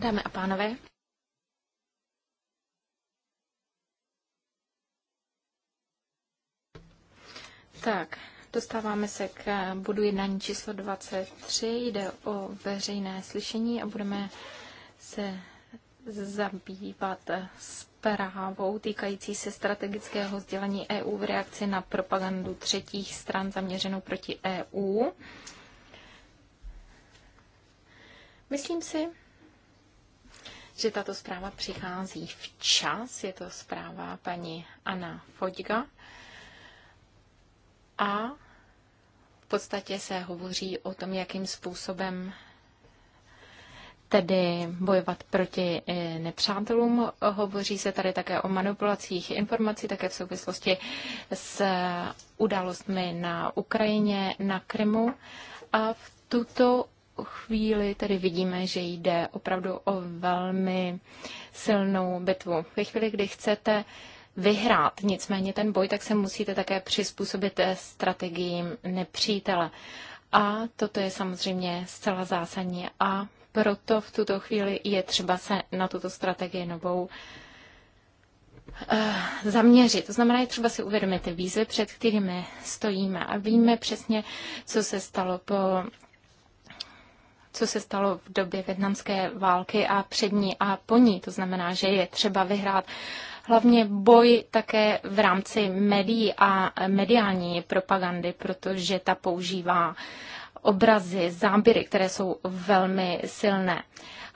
Dámy a pánové, tak, dostáváme se k bodu jednání číslo 23. Jde o veřejné slyšení a budeme se zabývat zprávou týkající se strategického sdělení EU v reakci na propagandu třetích stran zaměřenou proti EU. Myslím si, že tato zpráva přichází včas. Je to zpráva paní Anna Foďga. A v podstatě se hovoří o tom, jakým způsobem tedy bojovat proti eh, nepřátelům. Hovoří se tady také o manipulacích informací, také v souvislosti s eh, událostmi na Ukrajině, na Krymu. A v tuto chvíli tedy vidíme, že jde opravdu o velmi silnou bitvu. Ve chvíli, kdy chcete vyhrát nicméně ten boj, tak se musíte také přizpůsobit strategiím nepřítele. A toto je samozřejmě zcela zásadní a proto v tuto chvíli je třeba se na tuto strategii novou eh, zaměřit. To znamená, je třeba si uvědomit ty výzvy, před kterými stojíme a víme přesně, co se stalo po co se stalo v době větnamské války a před ní a po ní. To znamená, že je třeba vyhrát hlavně boj také v rámci médií a mediální propagandy, protože ta používá obrazy, záběry, které jsou velmi silné.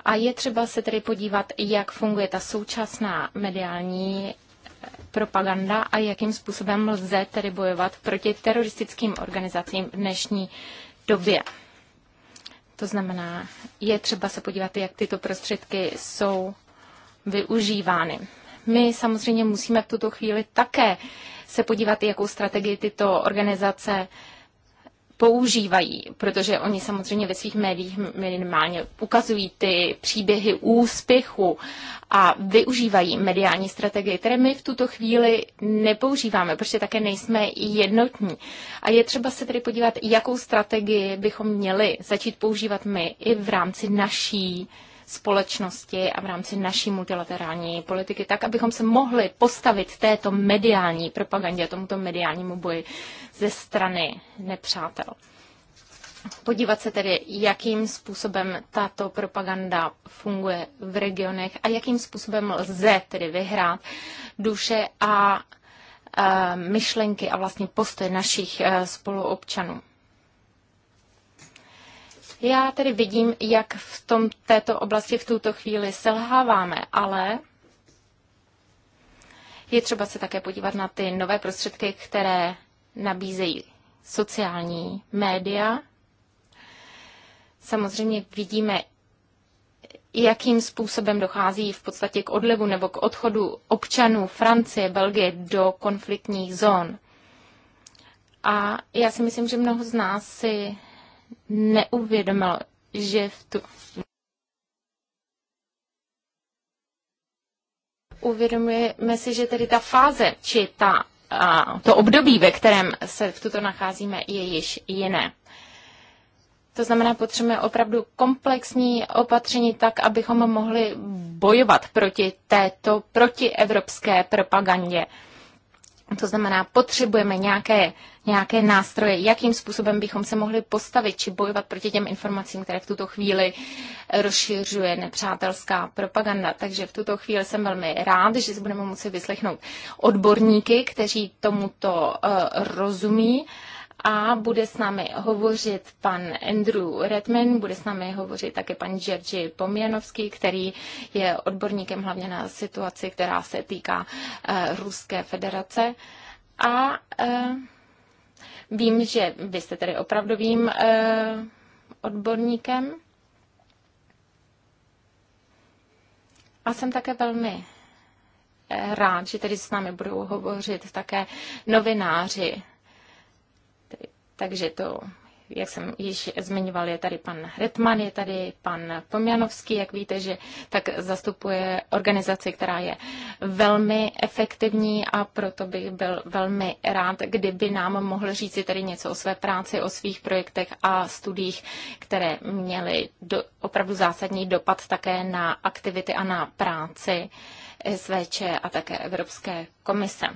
A je třeba se tedy podívat, jak funguje ta současná mediální eh, propaganda a jakým způsobem lze tedy bojovat proti teroristickým organizacím v dnešní době. To znamená, je třeba se podívat, jak tyto prostředky jsou využívány. My samozřejmě musíme v tuto chvíli také se podívat, jakou strategii tyto organizace používají, protože oni samozřejmě ve svých médiích minimálně ukazují ty příběhy úspěchu a využívají mediální strategie, které my v tuto chvíli nepoužíváme, protože také nejsme jednotní. A je třeba se tedy podívat, jakou strategii bychom měli začít používat my i v rámci naší společnosti a v rámci naší multilaterální politiky, tak abychom se mohli postavit této mediální propagandě, tomuto mediálnímu boji ze strany nepřátel. Podívat se tedy, jakým způsobem tato propaganda funguje v regionech a jakým způsobem lze tedy vyhrát duše a e, myšlenky a vlastně postoj našich e, spoluobčanů. Já tedy vidím, jak v tom, této oblasti v tuto chvíli selháváme, ale je třeba se také podívat na ty nové prostředky, které nabízejí sociální média. Samozřejmě vidíme, jakým způsobem dochází v podstatě k odlevu nebo k odchodu občanů Francie, Belgie do konfliktních zón. A já si myslím, že mnoho z nás si Neuvědomil, že v tu... Uvědomujeme si, že tedy ta fáze, či ta, a, to období, ve kterém se v tuto nacházíme, je již jiné. To znamená, potřebujeme opravdu komplexní opatření tak, abychom mohli bojovat proti této protievropské propagandě to znamená, potřebujeme nějaké, nějaké nástroje, jakým způsobem bychom se mohli postavit či bojovat proti těm informacím, které v tuto chvíli rozšiřuje nepřátelská propaganda. Takže v tuto chvíli jsem velmi rád, že se budeme moci vyslechnout odborníky, kteří tomuto uh, rozumí. Uh, a bude s námi hovořit pan Andrew Redman, bude s námi hovořit také pan Georgi Poměnovský, který je odborníkem hlavně na situaci, která se týká eh, Ruské federace. A eh, vím, že vy jste tedy opravdovým eh, odborníkem. A jsem také velmi rád, že tedy s námi budou hovořit také novináři takže to, jak jsem již zmiňoval, je tady pan Hretman, je tady pan Pomjanovský, jak víte, že tak zastupuje organizaci, která je velmi efektivní a proto bych byl velmi rád, kdyby nám mohl říci tady něco o své práci, o svých projektech a studiích, které měly do, opravdu zásadní dopad také na aktivity a na práci SVČ a také Evropské komise.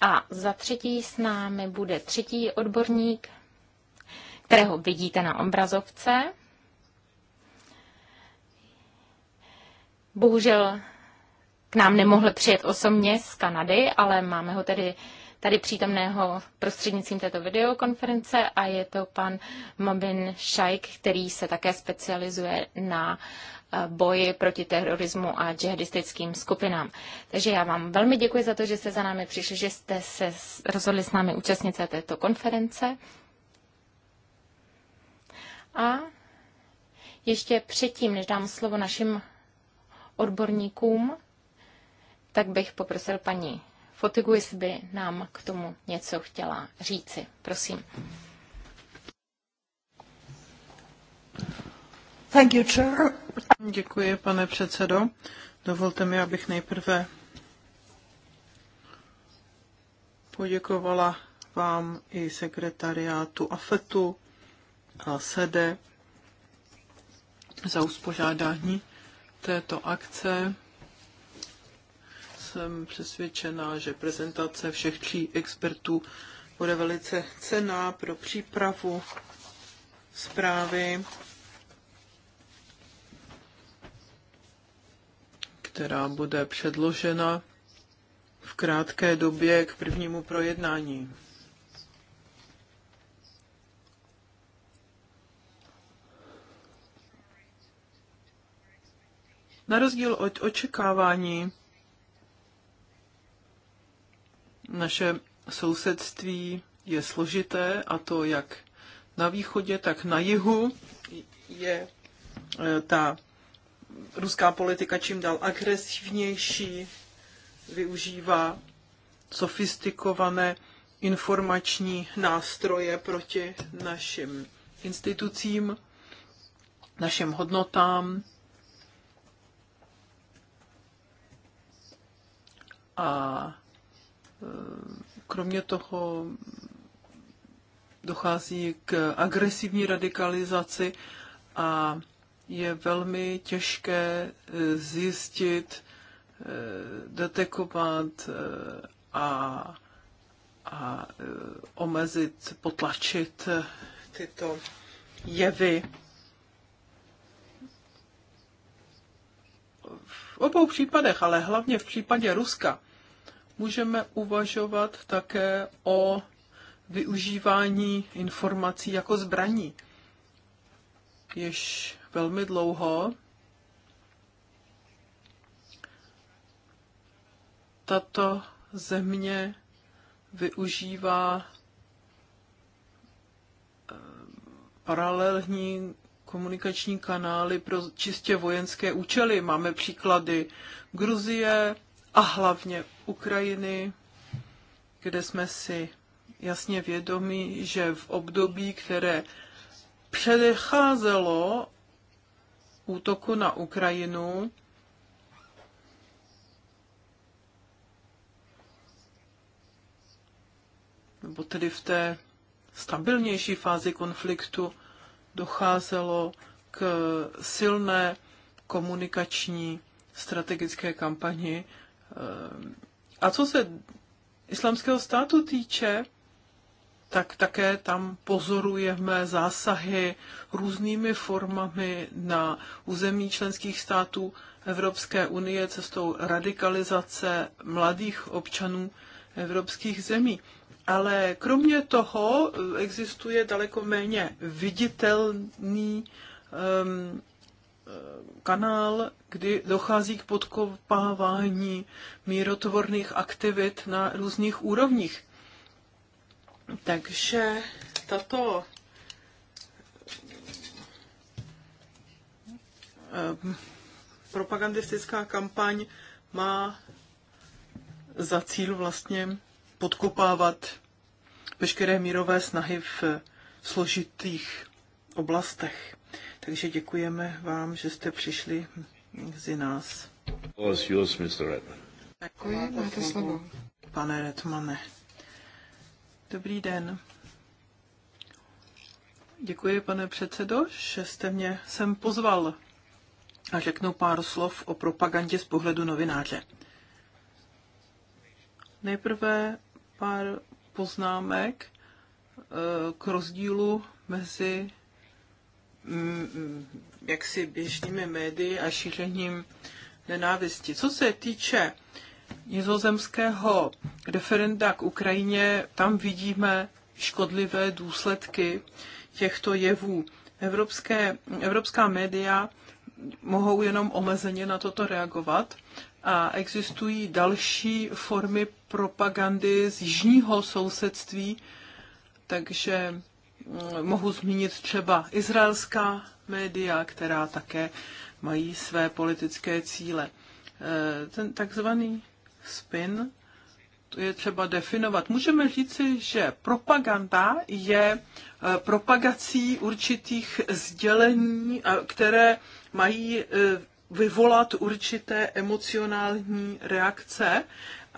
A za třetí s námi bude třetí odborník, kterého vidíte na obrazovce. Bohužel k nám nemohl přijet osobně z Kanady, ale máme ho tedy tady přítomného prostřednicím této videokonference a je to pan Mabin Šajk, který se také specializuje na eh, boji proti terorismu a džihadistickým skupinám. Takže já vám velmi děkuji za to, že jste za námi přišli, že jste se rozhodli s námi účastnit se této konference. A ještě předtím, než dám slovo našim odborníkům, tak bych poprosil paní Fotiguis by nám k tomu něco chtěla říci. Prosím. Thank you, chair. Děkuji, pane předsedo. Dovolte mi, abych nejprve poděkovala vám i sekretariátu AFETu a SEDE za uspořádání této akce jsem přesvědčená, že prezentace všech tří expertů bude velice cená pro přípravu zprávy, která bude předložena v krátké době k prvnímu projednání. Na rozdíl od očekávání Naše sousedství je složité a to jak na východě, tak na jihu je e, ta ruská politika čím dál agresivnější, využívá sofistikované informační nástroje proti našim institucím, našim hodnotám. A Kromě toho dochází k agresivní radikalizaci a je velmi těžké eh, zjistit, eh, detekovat eh, a, a omezit, potlačit tyto jevy. V obou případech, ale hlavně v případě Ruska, můžeme uvažovat také o využívání informací jako zbraní. Jež velmi dlouho tato země využívá eh, paralelní komunikační kanály pro čistě vojenské účely. Máme příklady Gruzie a hlavně Ukrajiny, kde jsme si jasně vědomi, že v období, které předcházelo útoku na Ukrajinu, nebo tedy v té stabilnější fázi konfliktu docházelo k silné komunikační strategické kampani a co se islamského státu týče, tak také tam pozorujeme zásahy různými formami na území členských států Evropské unie cestou radikalizace mladých občanů evropských zemí. Ale kromě toho existuje daleko méně viditelný um, Eh, kanál, kdy dochází k podkopávání mírotvorných aktivit na různých úrovních. Takže tato eh, propagandistická kampaň má za cíl vlastně podkopávat veškeré mírové snahy v složitých oblastech. Takže děkujeme vám, že jste přišli mezi nás. Děkuji, máte slovo. Pane Redmane. Dobrý den. Děkuji, pane předsedo, že jste mě sem pozval a řeknu pár slov o propagandě z pohledu novináře. Nejprve pár poznámek eh, k rozdílu mezi Mm, jaksi běžnými médii a šířením nenávisti. Co se týče nizozemského referenda k Ukrajině, tam vidíme škodlivé důsledky těchto jevů. Evropské, evropská média mohou jenom omezeně na toto reagovat a existují další formy propagandy z jižního sousedství, takže mohu zmínit třeba izraelská média, která také mají své politické cíle. E, ten takzvaný spin to je třeba definovat. Můžeme říci, že propaganda je e, propagací určitých sdělení, e, které mají vyvolat určité emocionální reakce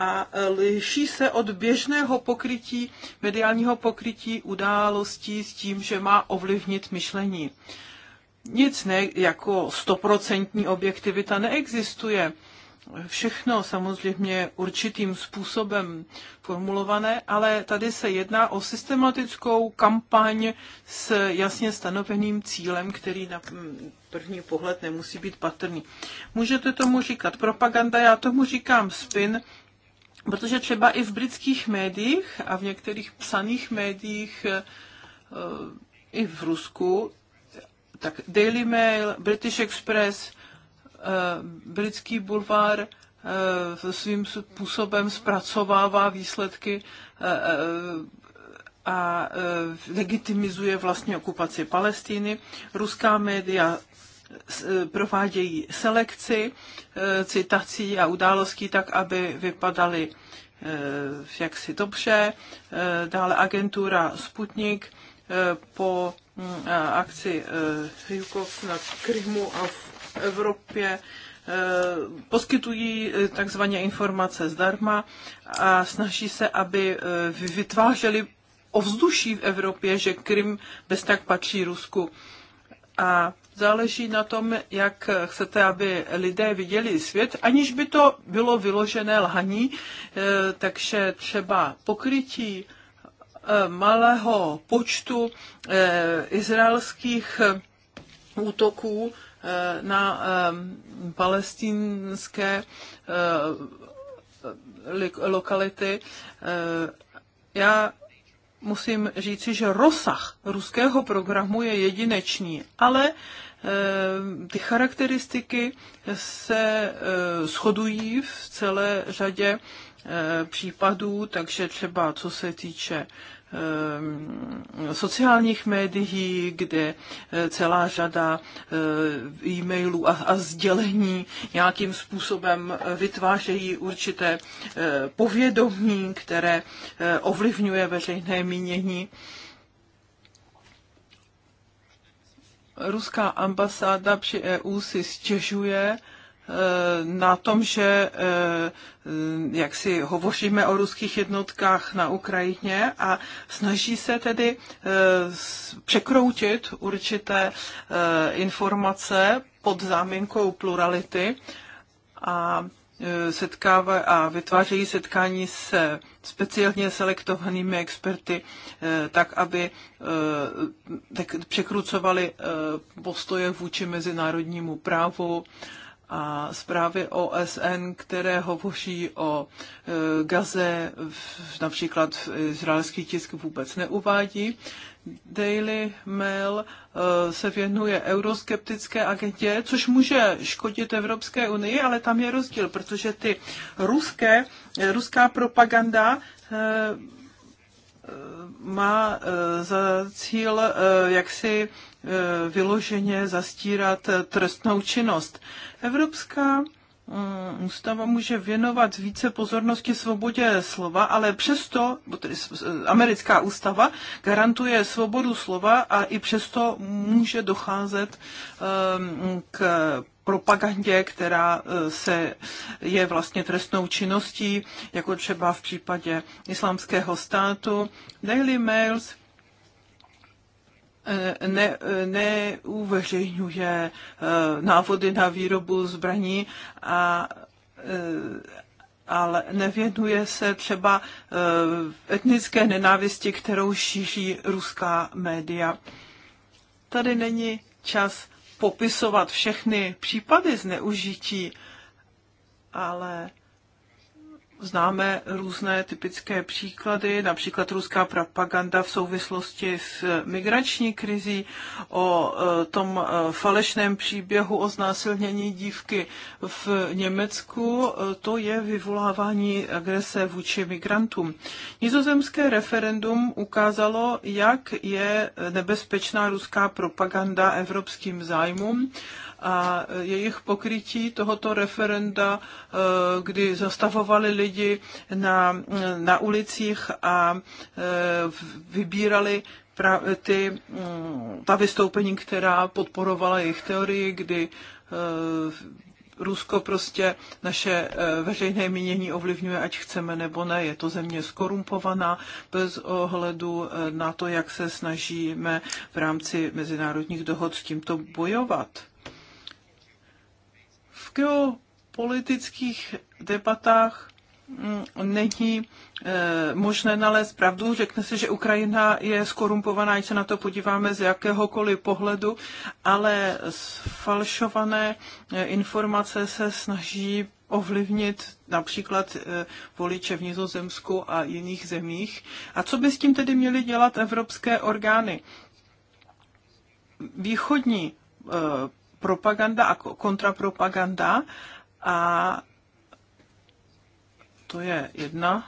a e, liší se od běžného pokrytí, mediálního pokrytí událostí s tím, že má ovlivnit myšlení. Nic ne, jako stoprocentní objektivita neexistuje. Všechno samozřejmě určitým způsobem formulované, ale tady se jedná o systematickou kampaň s jasně stanoveným cílem, který na mm, první pohled nemusí být patrný. Můžete tomu říkat propaganda, já tomu říkám spin, Protože třeba i v britských médiích a v některých psaných médiích eh, i v Rusku, tak Daily Mail, British Express, eh, britský bulvár eh, svým způsobem zpracovává výsledky a legitimizuje vlastně okupaci Palestíny. Ruská média Eh, provádějí selekci eh, citací a událostí tak, aby vypadaly eh, jaksi dobře. Dále agentura Sputnik po mm, akci Jukov na Krymu a v Evropě poskytují takzvané informace zdarma a snaží se, aby vytvářeli ovzduší v Evropě, že Krym bez tak patří Rusku. A záleží na tom, jak chcete, aby lidé viděli svět, aniž by to bylo vyložené lhaní, e, takže třeba pokrytí e, malého počtu e, izraelských útoků na palestinské lokality. Já musím říci, že rozsah ruského programu je jedinečný, ale Ehm, ty charakteristiky se eh, shodují v celé řadě eh, případů, takže třeba co se týče ehm, sociálních médií, kde eh, celá řada e-mailů a, a sdělení nějakým způsobem vytvářejí určité povědomí, které ovlivňuje veřejné mínění. ruská ambasáda při EU si stěžuje eh, na tom, že eh, jak si hovoříme o ruských jednotkách na Ukrajině a snaží se tedy eh, překroutit určité informace pod záminkou plurality. A E, setkávají a vytvářejí setkání se speciálně selektovanými experty, e, tak aby e, tak překrucovali postoje vůči mezinárodnímu právu a zprávy OSN, které hovoří o Gaze, například izraelský tisk vůbec neuvádí. Daily Mail eh, se věnuje euroskeptické agentě, což může škodit Evropské unii, ale tam je rozdíl, protože ty ruské, eh, ruská propaganda eh, má za cíl jaksi vyloženě zastírat trestnou činnost. Evropská Mm, ústava může věnovat více pozornosti svobodě slova, ale přesto, tedy americká ústava garantuje svobodu slova a i přesto může docházet ehm, k propagandě, která eh, se je vlastně trestnou činností, jako třeba v případě islámského státu. Daily Mails ne, neuveřejňuje eh, návody na výrobu zbraní a eh, ale nevěnuje se třeba eh, etnické nenávisti, kterou šíří ruská média. Tady není čas popisovat všechny případy zneužití, ale Známe různé typické příklady, například ruská propaganda v souvislosti s eh, migrační krizí, o eh, tom eh, falešném příběhu o znásilnění dívky v Německu. To je vyvolávání agrese vůči migrantům. Nizozemské referendum ukázalo, jak je nebezpečná ruská propaganda evropským zájmům a jejich pokrytí tohoto referenda, e, kdy zastavovali lidi na, na ulicích a e, vybírali ty, mm, ta vystoupení, která podporovala jejich teorii, kdy e, Rusko prostě naše veřejné mínění ovlivňuje, ať chceme nebo ne. Je to země skorumpovaná bez ohledu na to, jak se snažíme v rámci mezinárodních dohod s tímto bojovat geopolitických debatách mm, není eh, možné nalézt pravdu. Řekne se, že Ukrajina je skorumpovaná, ať se na to podíváme z jakéhokoliv pohledu, ale falšované eh, informace se snaží ovlivnit například eh, voliče v Nizozemsku a jiných zemích. A co by s tím tedy měly dělat evropské orgány? Východní propaganda a kontrapropaganda a to je jedna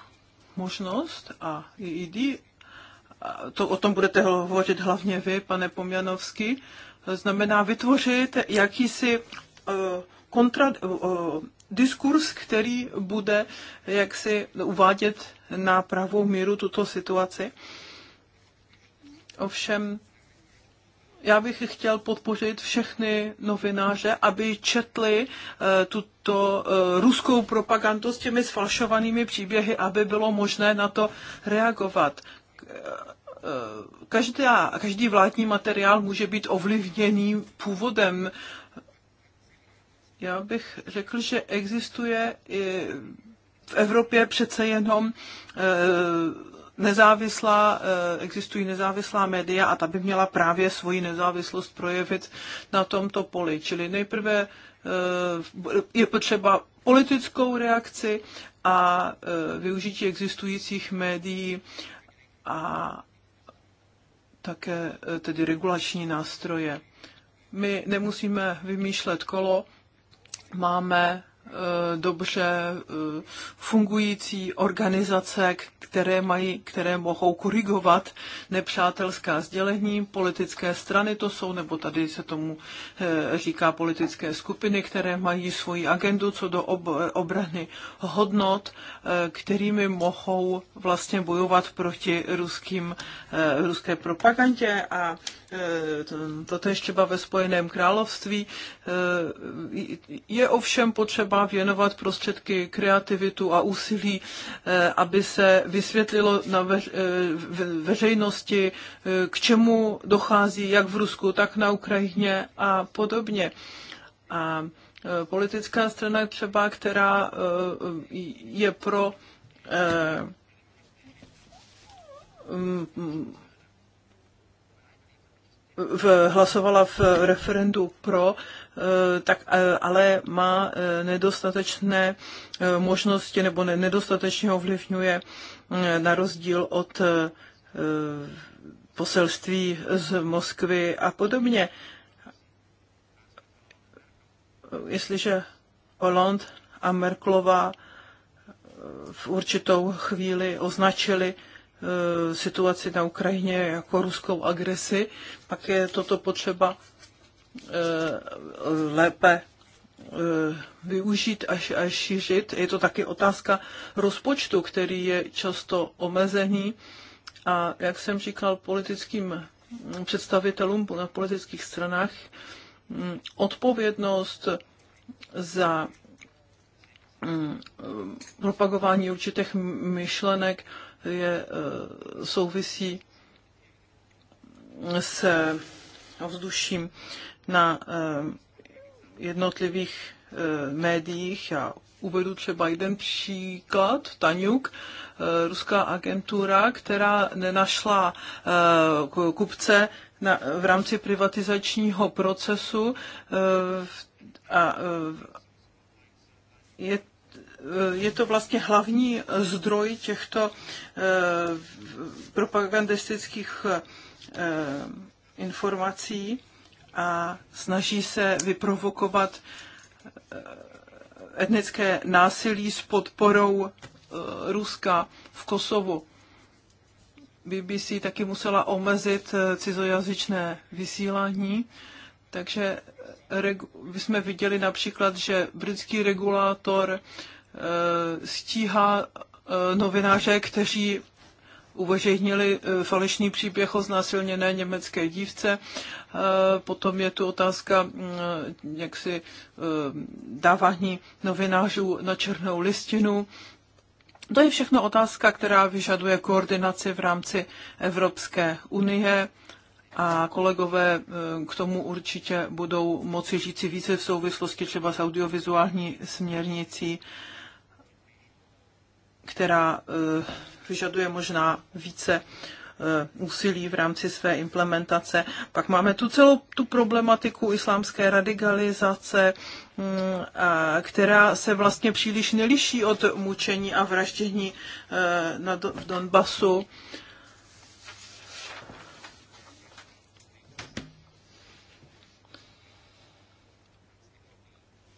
možnost a ID, to o tom budete hovořit hlavně vy, pane Pomjanovský, znamená vytvořit jakýsi eh, kontra, eh, diskurs, který bude jaksi uvádět na pravou míru tuto situaci. Ovšem já bych chtěl podpořit všechny novináře, aby četli eh, tuto eh, ruskou propagandu s těmi sfalšovanými příběhy, aby bylo možné na to reagovat. Eh, každá, každý vládní materiál může být ovlivněný původem. Já bych řekl, že existuje i v Evropě přece jenom nezávislá, eh, existují nezávislá média a ta by měla právě svoji nezávislost projevit na tomto poli. Čili nejprve eh, je potřeba politickou reakci a eh, využití existujících médií a také tedy regulační nástroje. My nemusíme vymýšlet kolo, máme Eh, dobře eh, fungující organizace, které, mají, které mohou korigovat nepřátelská sdělení. Politické strany to jsou, nebo tady se tomu eh, říká politické skupiny, které mají svoji agendu co do ob, obrany hodnot, kterými mohou vlastně bojovat proti ruským, ruské propagandě a to tež třeba ve Spojeném království. Eh, je ovšem potřeba věnovat prostředky, kreativitu a úsilí, eh, aby se vysvětlilo na eh, veřejnosti, k čemu dochází jak v Rusku, tak na Ukrajině a podobně. A politická strana třeba, která je pro v, hlasovala v referendu pro, eh, tak, eh, ale má eh, nedostatečné možnosti nebo nedostatečně ovlivňuje na rozdíl od poselství z Moskvy a podobně. Jestliže Hollande a Merklova v určitou chvíli označili Eh, situaci na Ukrajině jako ruskou agresi, pak je toto potřeba eh, lépe eh, využít až, až šířit. Je to taky otázka rozpočtu, který je často omezený a, jak jsem říkal, politickým představitelům na politických stranách mm, odpovědnost za mm, propagování určitých myšlenek je, eh, souvisí s ovzduším na eh, jednotlivých eh, médiích. Já uvedu třeba jeden příklad, Taňuk, ruská agentura, která nenašla kupce na, v rámci privatizačního procesu a je Eh, je to vlastně hlavní eh, zdroj těchto eh, propagandistických informací a snaží se vyprovokovat etnické násilí s podporou Ruska v Kosovu. BBC taky musela omezit cizojazyčné vysílání, takže jsme viděli například, že britský regulátor Eh, stíhá eh, novináře, kteří uveřejnili eh, falešný příběh o znásilněné německé dívce. Potom je tu otázka mm, jaksi dávání novinářů na černou listinu. To je všechno otázka, která vyžaduje koordinaci v rámci Evropské unie a kolegové k tomu určitě budou moci říci více v souvislosti třeba s audiovizuální směrnicí která eh, vyžaduje možná více eh, úsilí v rámci své implementace. Pak máme tu celou tu problematiku islámské radikalizace, mm, která se vlastně příliš neliší od mučení a vraždění eh, na Donbasu.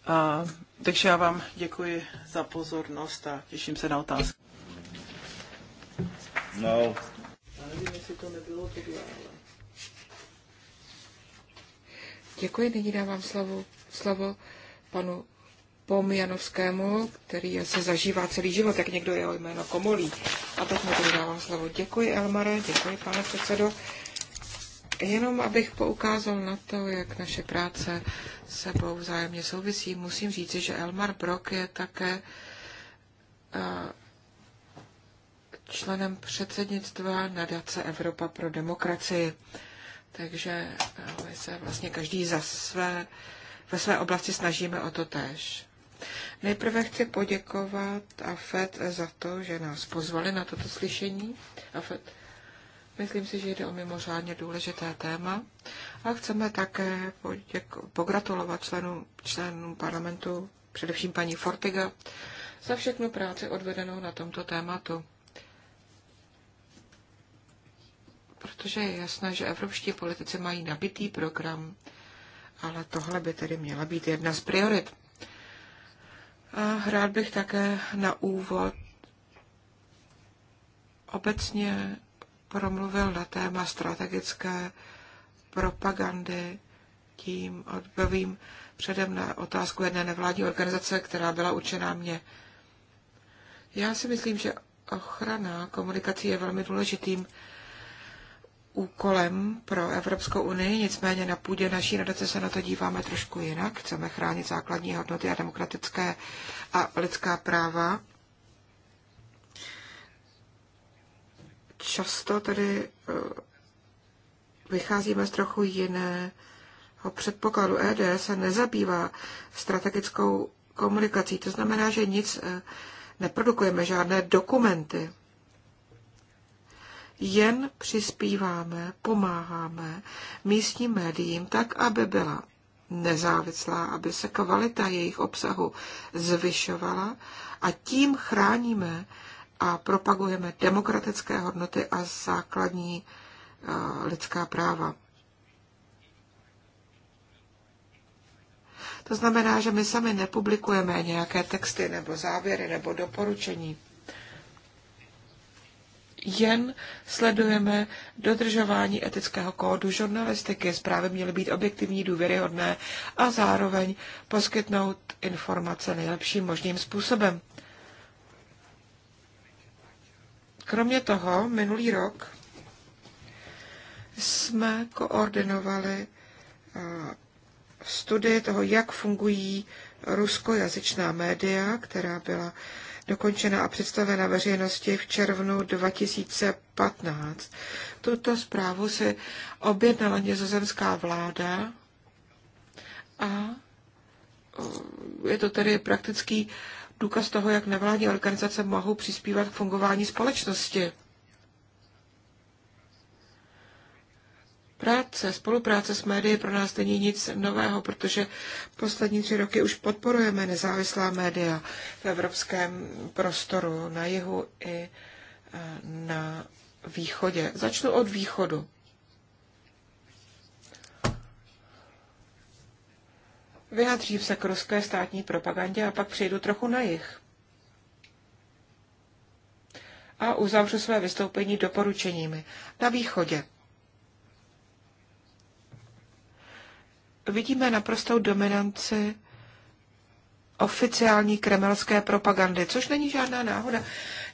A takže já vám děkuji za pozornost a těším se na otázky. No. Já nevím, jestli to nebylo tohle, ale... Děkuji, nyní dávám slovo, slovo panu Pomjanovskému, který se zažívá celý život, jak někdo jeho jméno komolí. A teď mu tedy dávám slovo. Děkuji, Elmare, děkuji, pane předsedo. Jenom abych poukázal na to, jak naše práce sebou vzájemně souvisí, musím říci, že Elmar Brok je také eh, členem předsednictva nadace Evropa pro demokracii. Takže eh, my se vlastně každý za své, ve své oblasti snažíme o to též. Nejprve chci poděkovat AFED za to, že nás pozvali na toto slyšení. AFED Myslím si, že jde o mimořádně důležité téma a chceme také pogratulovat členům, členům parlamentu, především paní Fortiga, za všechnu práci odvedenou na tomto tématu. Protože je jasné, že evropští politici mají nabitý program, ale tohle by tedy měla být jedna z priorit. A rád bych také na úvod obecně promluvil na téma strategické propagandy tím odpovím předem na otázku jedné nevládní organizace, která byla učená mě. Já si myslím, že ochrana komunikací je velmi důležitým úkolem pro Evropskou unii, nicméně na půdě naší nadace se na to díváme trošku jinak. Chceme chránit základní hodnoty a demokratické a lidská práva. často tedy eh, vycházíme z trochu jiného předpokladu. ED se nezabývá strategickou komunikací, to znamená, že nic eh, neprodukujeme, žádné dokumenty. Jen přispíváme, pomáháme místním médiím tak, aby byla nezávislá, aby se kvalita jejich obsahu zvyšovala a tím chráníme a propagujeme demokratické hodnoty a základní eh, lidská práva. To znamená, že my sami nepublikujeme nějaké texty nebo závěry nebo doporučení. Jen sledujeme dodržování etického kódu žurnalistiky. Zprávy měly být objektivní, důvěryhodné a zároveň poskytnout informace nejlepším možným způsobem. Kromě toho, minulý rok jsme koordinovali eh, studie toho, jak fungují ruskojazyčná média, která byla dokončena a představena veřejnosti v červnu 2015. Tuto zprávu si objednala nězozemská vláda a eh, je to tedy praktický důkaz toho, jak nevládní organizace mohou přispívat k fungování společnosti. Práce, spolupráce s médií pro nás není nic nového, protože poslední tři roky už podporujeme nezávislá média v evropském prostoru, na jihu i eh, na východě. Začnu od východu. Vyjádřím se k ruské státní propagandě a pak přejdu trochu na jich. A uzavřu své vystoupení doporučeními. Na východě. Vidíme naprostou dominanci oficiální kremelské propagandy, což není žádná náhoda.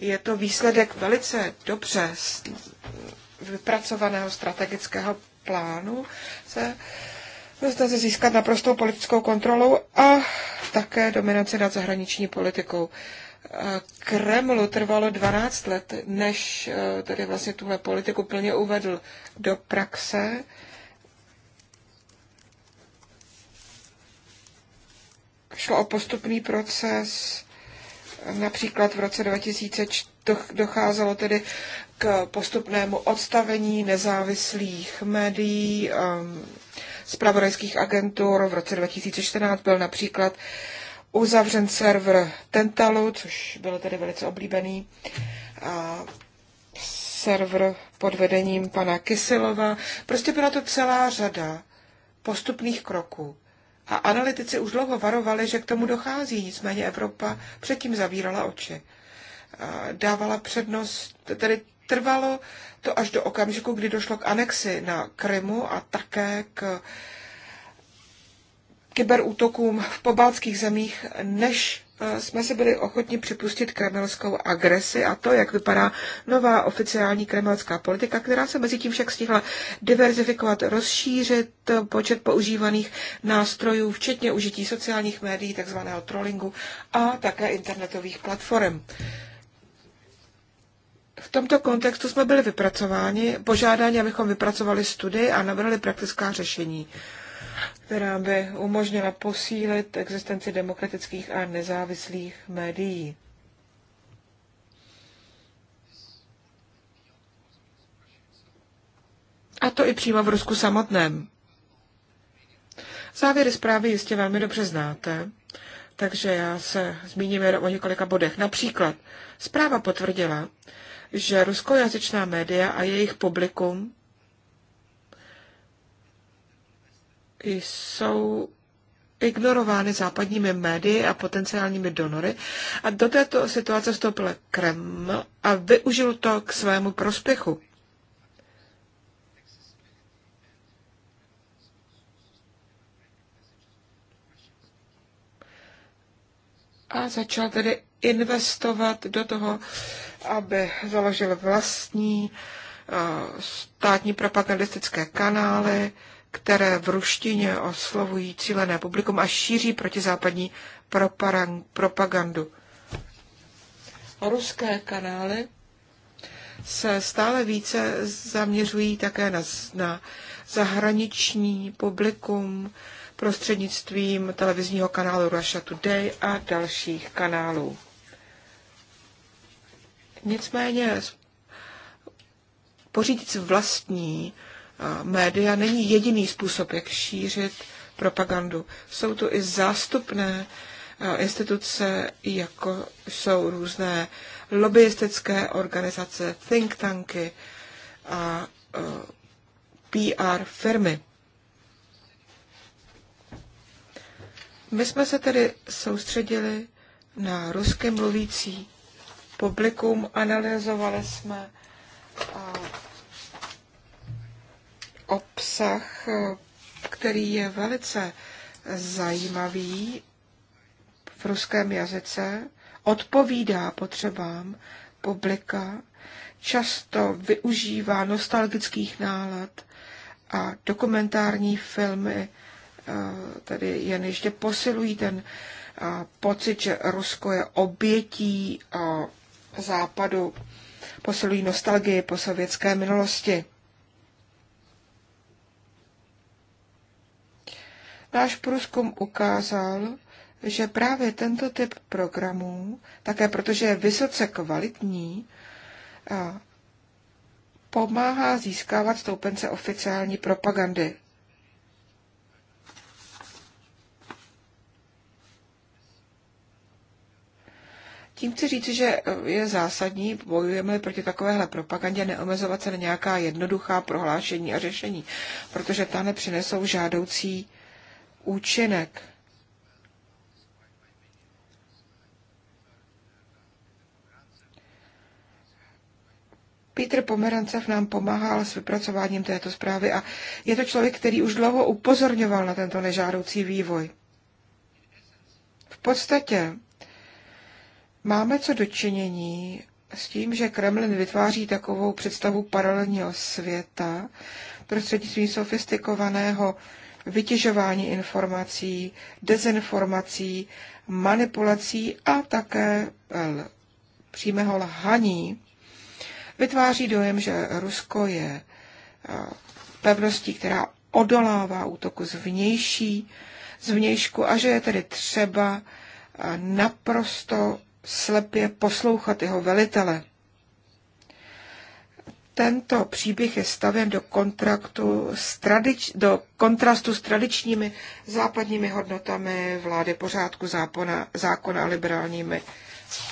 Je to výsledek velice dobře vypracovaného strategického plánu se lze získat naprostou politickou kontrolu a také dominaci nad zahraniční politikou. Eh, Kremlu trvalo 12 let, než eh, tedy vlastně tuhle politiku plně uvedl do praxe. Šlo o postupný proces, například v roce 2004 docházelo tedy k postupnému odstavení nezávislých médií, ehm, zpravodajských agentur. V roce 2014 byl například uzavřen server Tentalu, což byl tedy velice oblíbený a server pod vedením pana Kysilova. Prostě byla to celá řada postupných kroků. A analytici už dlouho varovali, že k tomu dochází, nicméně Evropa předtím zavírala oči. Dávala přednost, tedy trvalo to až do okamžiku, kdy došlo k anexi na Krymu a také k kyberútokům v pobaltských zemích, než eh, jsme se byli ochotni připustit kremelskou agresi a to, jak vypadá nová oficiální kremelská politika, která se mezi tím však stihla diverzifikovat, rozšířit počet používaných nástrojů, včetně užití sociálních médií, takzvaného trollingu a také internetových platform. V tomto kontextu jsme byli vypracováni, požádáni, abychom vypracovali studii a navrhli praktická řešení, která by umožnila posílit existenci demokratických a nezávislých médií. A to i přímo v Rusku samotném. Závěry zprávy jistě velmi dobře znáte, takže já se zmíním jen o několika bodech. Například zpráva potvrdila, že ruskojazyčná média a jejich publikum jsou ignorovány západními médii a potenciálními donory a do této situace vstoupil Kreml a využil to k svému prospěchu. A začal tedy investovat do toho, aby založil vlastní eh, státní propagandistické kanály, které v ruštině oslovují cílené publikum a šíří protizápadní propagandu. Ruské kanály se stále více zaměřují také na, na zahraniční publikum prostřednictvím televizního kanálu Russia Today a dalších kanálů. Nicméně pořídit vlastní média není jediný způsob, jak šířit propagandu. Jsou tu i zástupné instituce, jako jsou různé lobbyistické organizace, think tanky a PR firmy. My jsme se tedy soustředili na rusky mluvící publikum, analyzovali jsme obsah, e, který je velice zajímavý v ruském jazyce, odpovídá potřebám publika, často využívá nostalgických nálad a dokumentární filmy e, tedy jen ještě posilují ten pocit, že Rusko je obětí západu, posilují nostalgii po sovětské minulosti. Náš průzkum ukázal, že právě tento typ programů, také protože je vysoce kvalitní, pomáhá získávat stoupence oficiální propagandy. Tím chci říct, že eh, je zásadní, bojujeme proti takovéhle propagandě, neomezovat se na nějaká jednoduchá prohlášení a řešení, protože ta nepřinesou žádoucí účinek. Petr Pomerancev nám pomáhal s vypracováním této zprávy a je to člověk, který už dlouho upozorňoval na tento nežádoucí vývoj. V podstatě Máme co dočinění s tím, že Kremlin vytváří takovou představu paralelního světa prostřednictvím sofistikovaného vytěžování informací, dezinformací, manipulací a také eh, přímého lhaní. Vytváří dojem, že Rusko je eh, pevností, která odolává útoku zvnější, zvnějšku a že je tedy třeba eh, naprosto slepě poslouchat jeho velitele. Tento příběh je stavěn do, kontraktu tradič, do kontrastu s tradičními západními hodnotami vlády pořádku zápona, zákona a liberálními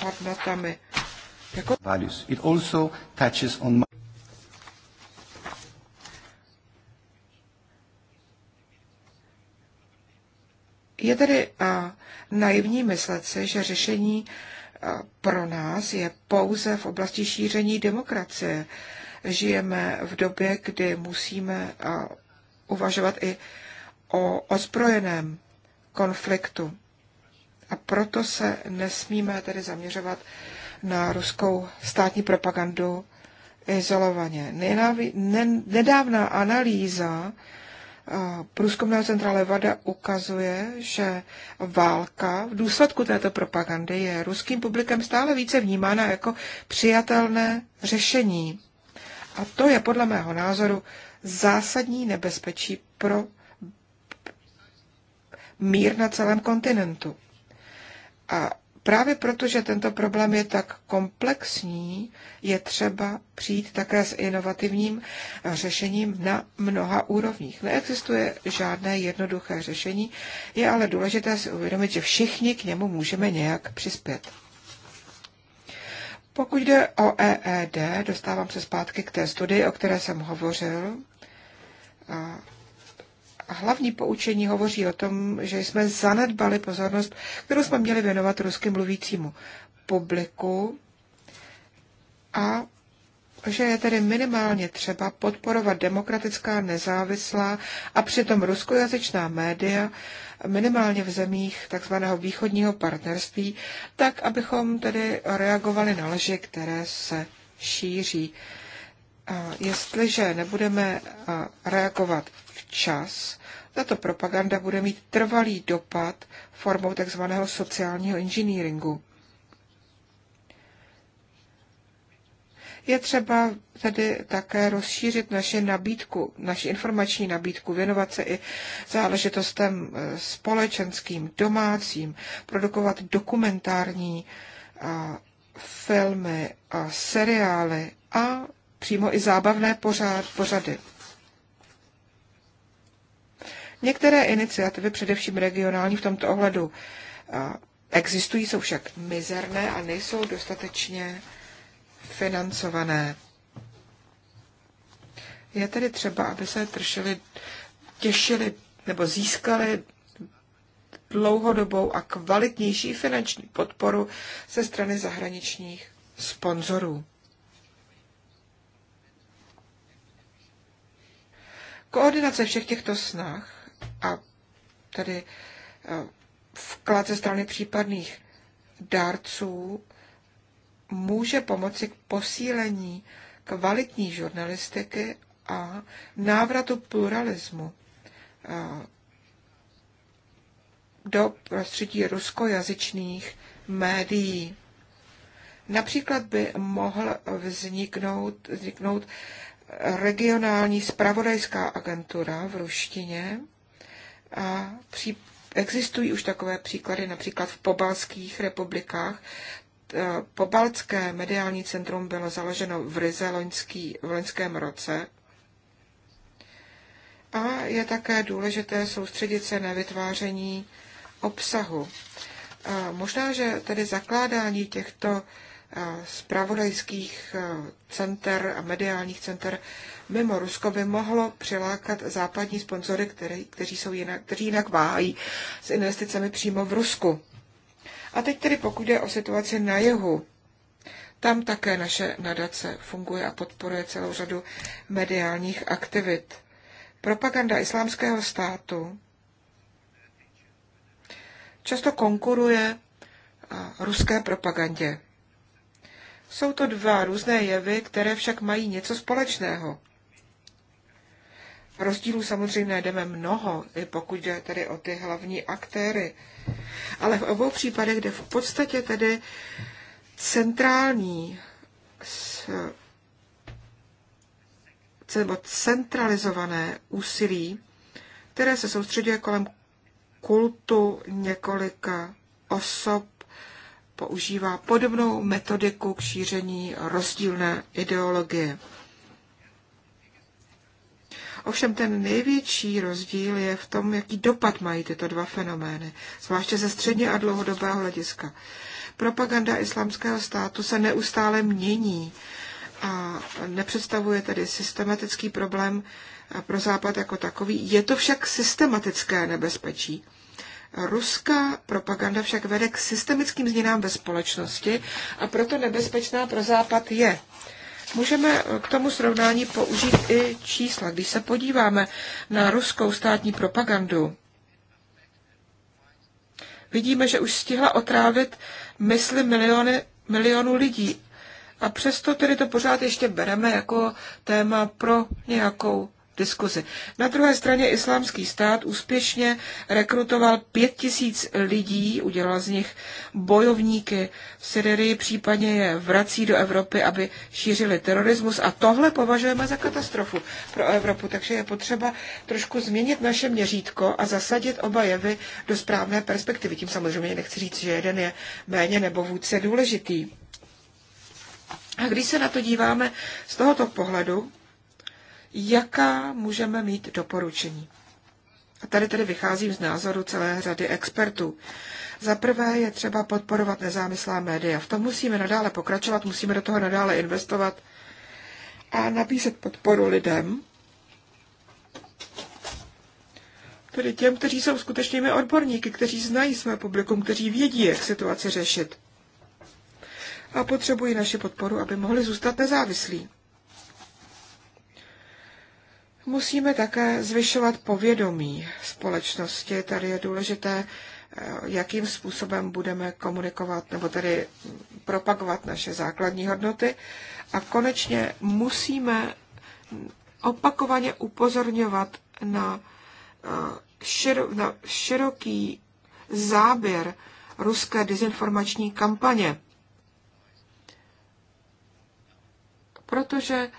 hodnotami. Jako... It also touches on... Je tedy a, naivní myslet si, že řešení pro nás je pouze v oblasti šíření demokracie. Žijeme v době, kdy musíme uvažovat i o ozbrojeném konfliktu. A proto se nesmíme tedy zaměřovat na ruskou státní propagandu izolovaně. Nenávi, ne, nedávná analýza Průzkumného centra Levada ukazuje, že válka v důsledku této propagandy je ruským publikem stále více vnímána jako přijatelné řešení. A to je podle mého názoru zásadní nebezpečí pro mír na celém kontinentu. A Právě proto, že tento problém je tak komplexní, je třeba přijít také s inovativním řešením na mnoha úrovních. Neexistuje žádné jednoduché řešení, je ale důležité si uvědomit, že všichni k němu můžeme nějak přispět. Pokud jde o EED, dostávám se zpátky k té studii, o které jsem hovořil hlavní poučení hovoří o tom, že jsme zanedbali pozornost, kterou jsme měli věnovat rusky mluvícímu publiku a že je tedy minimálně třeba podporovat demokratická, nezávislá a přitom ruskojazyčná média minimálně v zemích tzv. východního partnerství, tak abychom tedy reagovali na lži, které se šíří. Jestliže nebudeme reagovat včas, tato propaganda bude mít trvalý dopad formou tzv. sociálního inženýringu. Je třeba tedy také rozšířit naše nabídku, naši informační nabídku, věnovat se i záležitostem e, společenským, domácím, produkovat dokumentární a, e, filmy a seriály a přímo i zábavné pořad, pořady. Některé iniciativy, především regionální, v tomto ohledu existují, jsou však mizerné a nejsou dostatečně financované. Je tedy třeba, aby se tršili, těšili nebo získali dlouhodobou a kvalitnější finanční podporu ze strany zahraničních sponzorů. Koordinace všech těchto snah a tedy eh, vklad ze strany případných dárců může pomoci k posílení kvalitní žurnalistiky a návratu pluralismu eh, do prostředí ruskojazyčných médií. Například by mohl vzniknout, vzniknout regionální spravodajská agentura v ruštině, a při, existují už takové příklady, například v pobalských republikách. E, Pobalské mediální centrum bylo založeno v Rize loňský, v loňském roce. A je také důležité soustředit se na vytváření obsahu. A e, možná, že tedy zakládání těchto spravodajských e, center a mediálních center mimo Rusko by mohlo přilákat západní sponzory, který, kteří, jsou jinak, kteří jinak váhají s investicemi přímo v Rusku. A teď tedy pokud jde o situaci na jihu, tam také naše nadace funguje a podporuje celou řadu mediálních aktivit. Propaganda islámského státu často konkuruje ruské propagandě. Jsou to dva různé jevy, které však mají něco společného. Rozdílů samozřejmě najdeme mnoho, i pokud jde tedy o ty hlavní aktéry. Ale v obou případech jde v podstatě tedy centrální nebo centralizované úsilí, které se soustředuje kolem kultu několika osob, používá podobnou metodiku k šíření rozdílné ideologie. Ovšem ten největší rozdíl je v tom, jaký dopad mají tyto dva fenomény, zvláště ze středně a dlouhodobého hlediska. Propaganda islámského státu se neustále mění a nepředstavuje tedy systematický problém pro Západ jako takový. Je to však systematické nebezpečí. Ruská propaganda však vede k systemickým změnám ve společnosti a proto nebezpečná pro Západ je. Můžeme eh, k tomu srovnání použít i čísla. Když se podíváme na ruskou státní propagandu, vidíme, že už stihla otrávit mysli miliony, milionů lidí. A přesto tedy to pořád ještě bereme jako téma pro nějakou diskuzi. Na druhé straně islámský stát úspěšně rekrutoval pět tisíc lidí, udělal z nich bojovníky v Syrii, případně je vrací do Evropy, aby šířili terorismus a tohle považujeme za katastrofu pro Evropu, takže je potřeba trošku změnit naše měřítko a zasadit oba jevy do správné perspektivy. Tím samozřejmě nechci říct, že jeden je méně nebo vůdce důležitý. A když se na to díváme z tohoto pohledu, jaká můžeme mít doporučení. A tady tedy vycházím z názoru celé řady expertů. Za prvé je třeba podporovat nezávislá média. V tom musíme nadále pokračovat, musíme do toho nadále investovat a nabízet podporu lidem, tedy těm, kteří jsou skutečnými odborníky, kteří znají své publikum, kteří vědí, jak situaci řešit. A potřebují naši podporu, aby mohli zůstat nezávislí. Musíme také zvyšovat povědomí společnosti. Tady je důležité, eh, jakým způsobem budeme komunikovat nebo tedy propagovat naše základní hodnoty. A konečně musíme opakovaně upozorňovat na, eh, širo, na široký záběr ruské dezinformační kampaně. Protože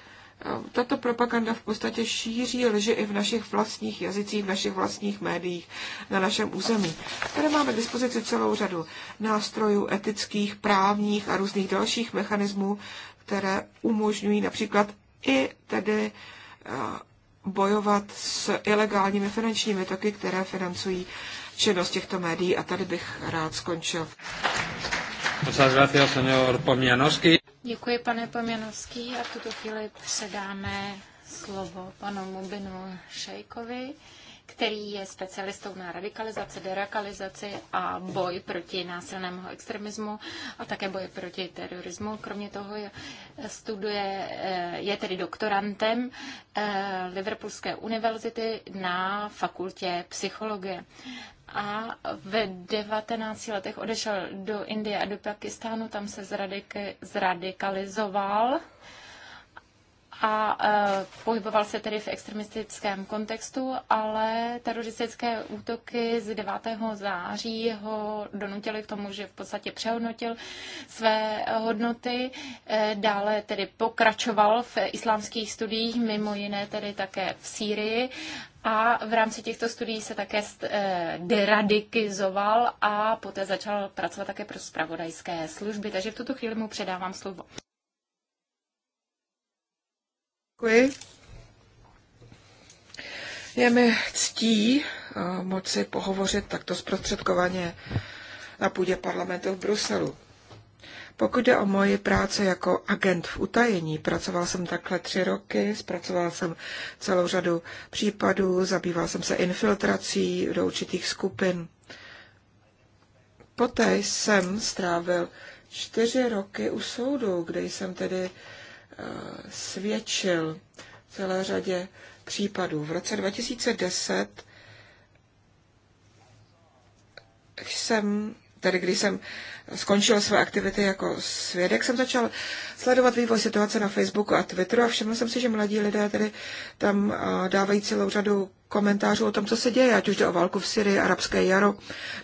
tato propaganda v podstatě šíří lži i v našich vlastních jazycích, v našich vlastních médiích na našem území. Tady máme k dispozici celou řadu nástrojů etických, právních a různých dalších mechanismů, které umožňují například i tedy eh, bojovat s ilegálními finančními toky, které financují činnost těchto médií. A tady bych rád skončil. Muchas gracias, señor Pomianowski. Děkuji, pane Poměnovský. A v tuto chvíli předáme slovo panu Mubinu Šejkovi, který je specialistou na radikalizaci, derakalizaci a boj proti násilnému extremismu a také boj proti terorismu. Kromě toho je, studuje, eh, je tedy doktorantem eh, Liverpoolské univerzity na fakultě psychologie a ve 19 letech odešel do Indie a do Pakistánu, tam se zradik- zradikalizoval a e, pohyboval se tedy v extremistickém kontextu, ale teroristické útoky z 9. září ho donutily k tomu, že v podstatě přehodnotil své hodnoty. E, dále tedy pokračoval v islámských studiích, mimo jiné tedy také v Sýrii a v rámci těchto studií se také eh, deradikizoval a poté začal pracovat také pro spravodajské služby. Takže v tuto chvíli mu předávám slovo. Děkuji. Je mi ctí eh, moci pohovořit takto zprostředkovaně na půdě parlamentu v Bruselu. Pokud jde o moji práci jako agent v utajení, pracoval jsem takhle tři roky, zpracoval jsem celou řadu případů, zabýval jsem se infiltrací do určitých skupin. Poté jsem strávil čtyři roky u soudu, kde jsem tedy eh, svědčil celé řadě případů. V roce 2010 jsem tedy když jsem skončil své aktivity jako svědek, jsem začal sledovat vývoj situace na Facebooku a Twitteru a všiml jsem si, že mladí lidé tedy tam dávají celou řadu komentářů o tom, co se děje, ať už jde o válku v Syrii, arabské jaro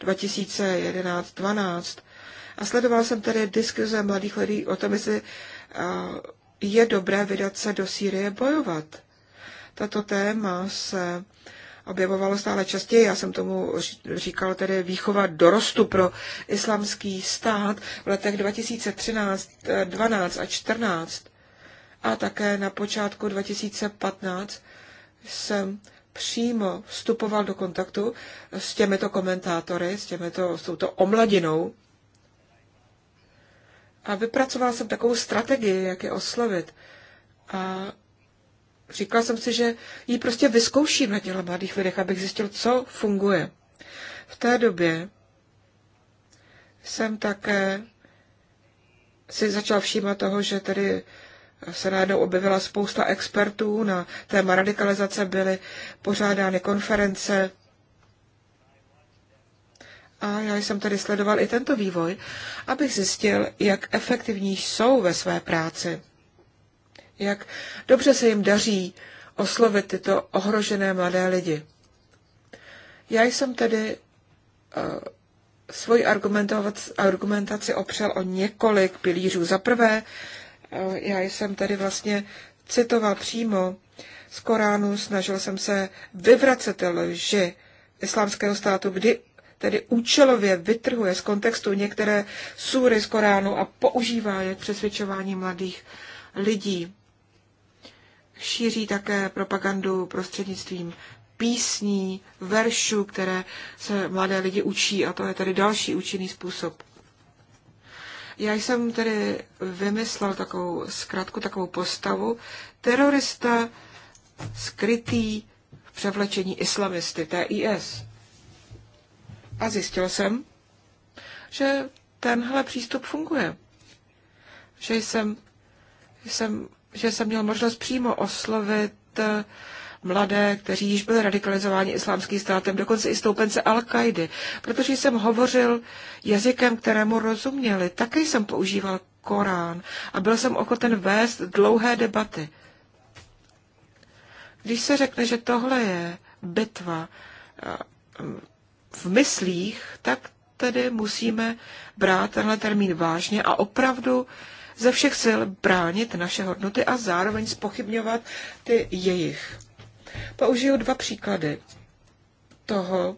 2011-12. A sledoval jsem tedy diskuze mladých lidí o tom, jestli je dobré vydat se do Sýrie bojovat. Tato téma se objevovalo stále častěji. Já jsem tomu říkal tedy výchova dorostu pro islamský stát v letech 2013, 12 eh, a 14 a také na počátku 2015 jsem přímo vstupoval do kontaktu s těmito komentátory, s, těmito, s touto omladinou a vypracoval jsem takovou strategii, jak je oslovit. A Říkala jsem si, že ji prostě vyzkouším na těle mladých lidech, abych zjistil, co funguje. V té době jsem také si začal všímat toho, že tedy se najednou objevila spousta expertů na téma radikalizace, byly pořádány konference. A já jsem tady sledoval i tento vývoj, abych zjistil, jak efektivní jsou ve své práci jak dobře se jim daří oslovit tyto ohrožené mladé lidi. Já jsem tedy uh, svoji argumentaci opřel o několik pilířů. Za prvé, uh, já jsem tedy vlastně citoval přímo z Koránu, snažil jsem se vyvracet lži islámského státu, kdy tedy účelově vytrhuje z kontextu některé súry z Koránu a používá je k přesvědčování mladých lidí. Šíří také propagandu prostřednictvím písní, veršů, které se mladé lidi učí a to je tedy další účinný způsob. Já jsem tedy vymyslel takovou zkratku, takovou postavu. Terorista skrytý v převlečení islamisty, TIS. A zjistil jsem, že tenhle přístup funguje. Že jsem, jsem že jsem měl možnost přímo oslovit eh, mladé, kteří již byli radikalizováni islámským státem, dokonce i stoupence al kaidy protože jsem hovořil jazykem, kterému rozuměli. taky jsem používal Korán a byl jsem ochoten vést dlouhé debaty. Když se řekne, že tohle je bitva eh, v myslích, tak tedy musíme brát tenhle termín vážně a opravdu ze všech sil bránit naše hodnoty a zároveň spochybňovat ty jejich. Použiju dva příklady toho,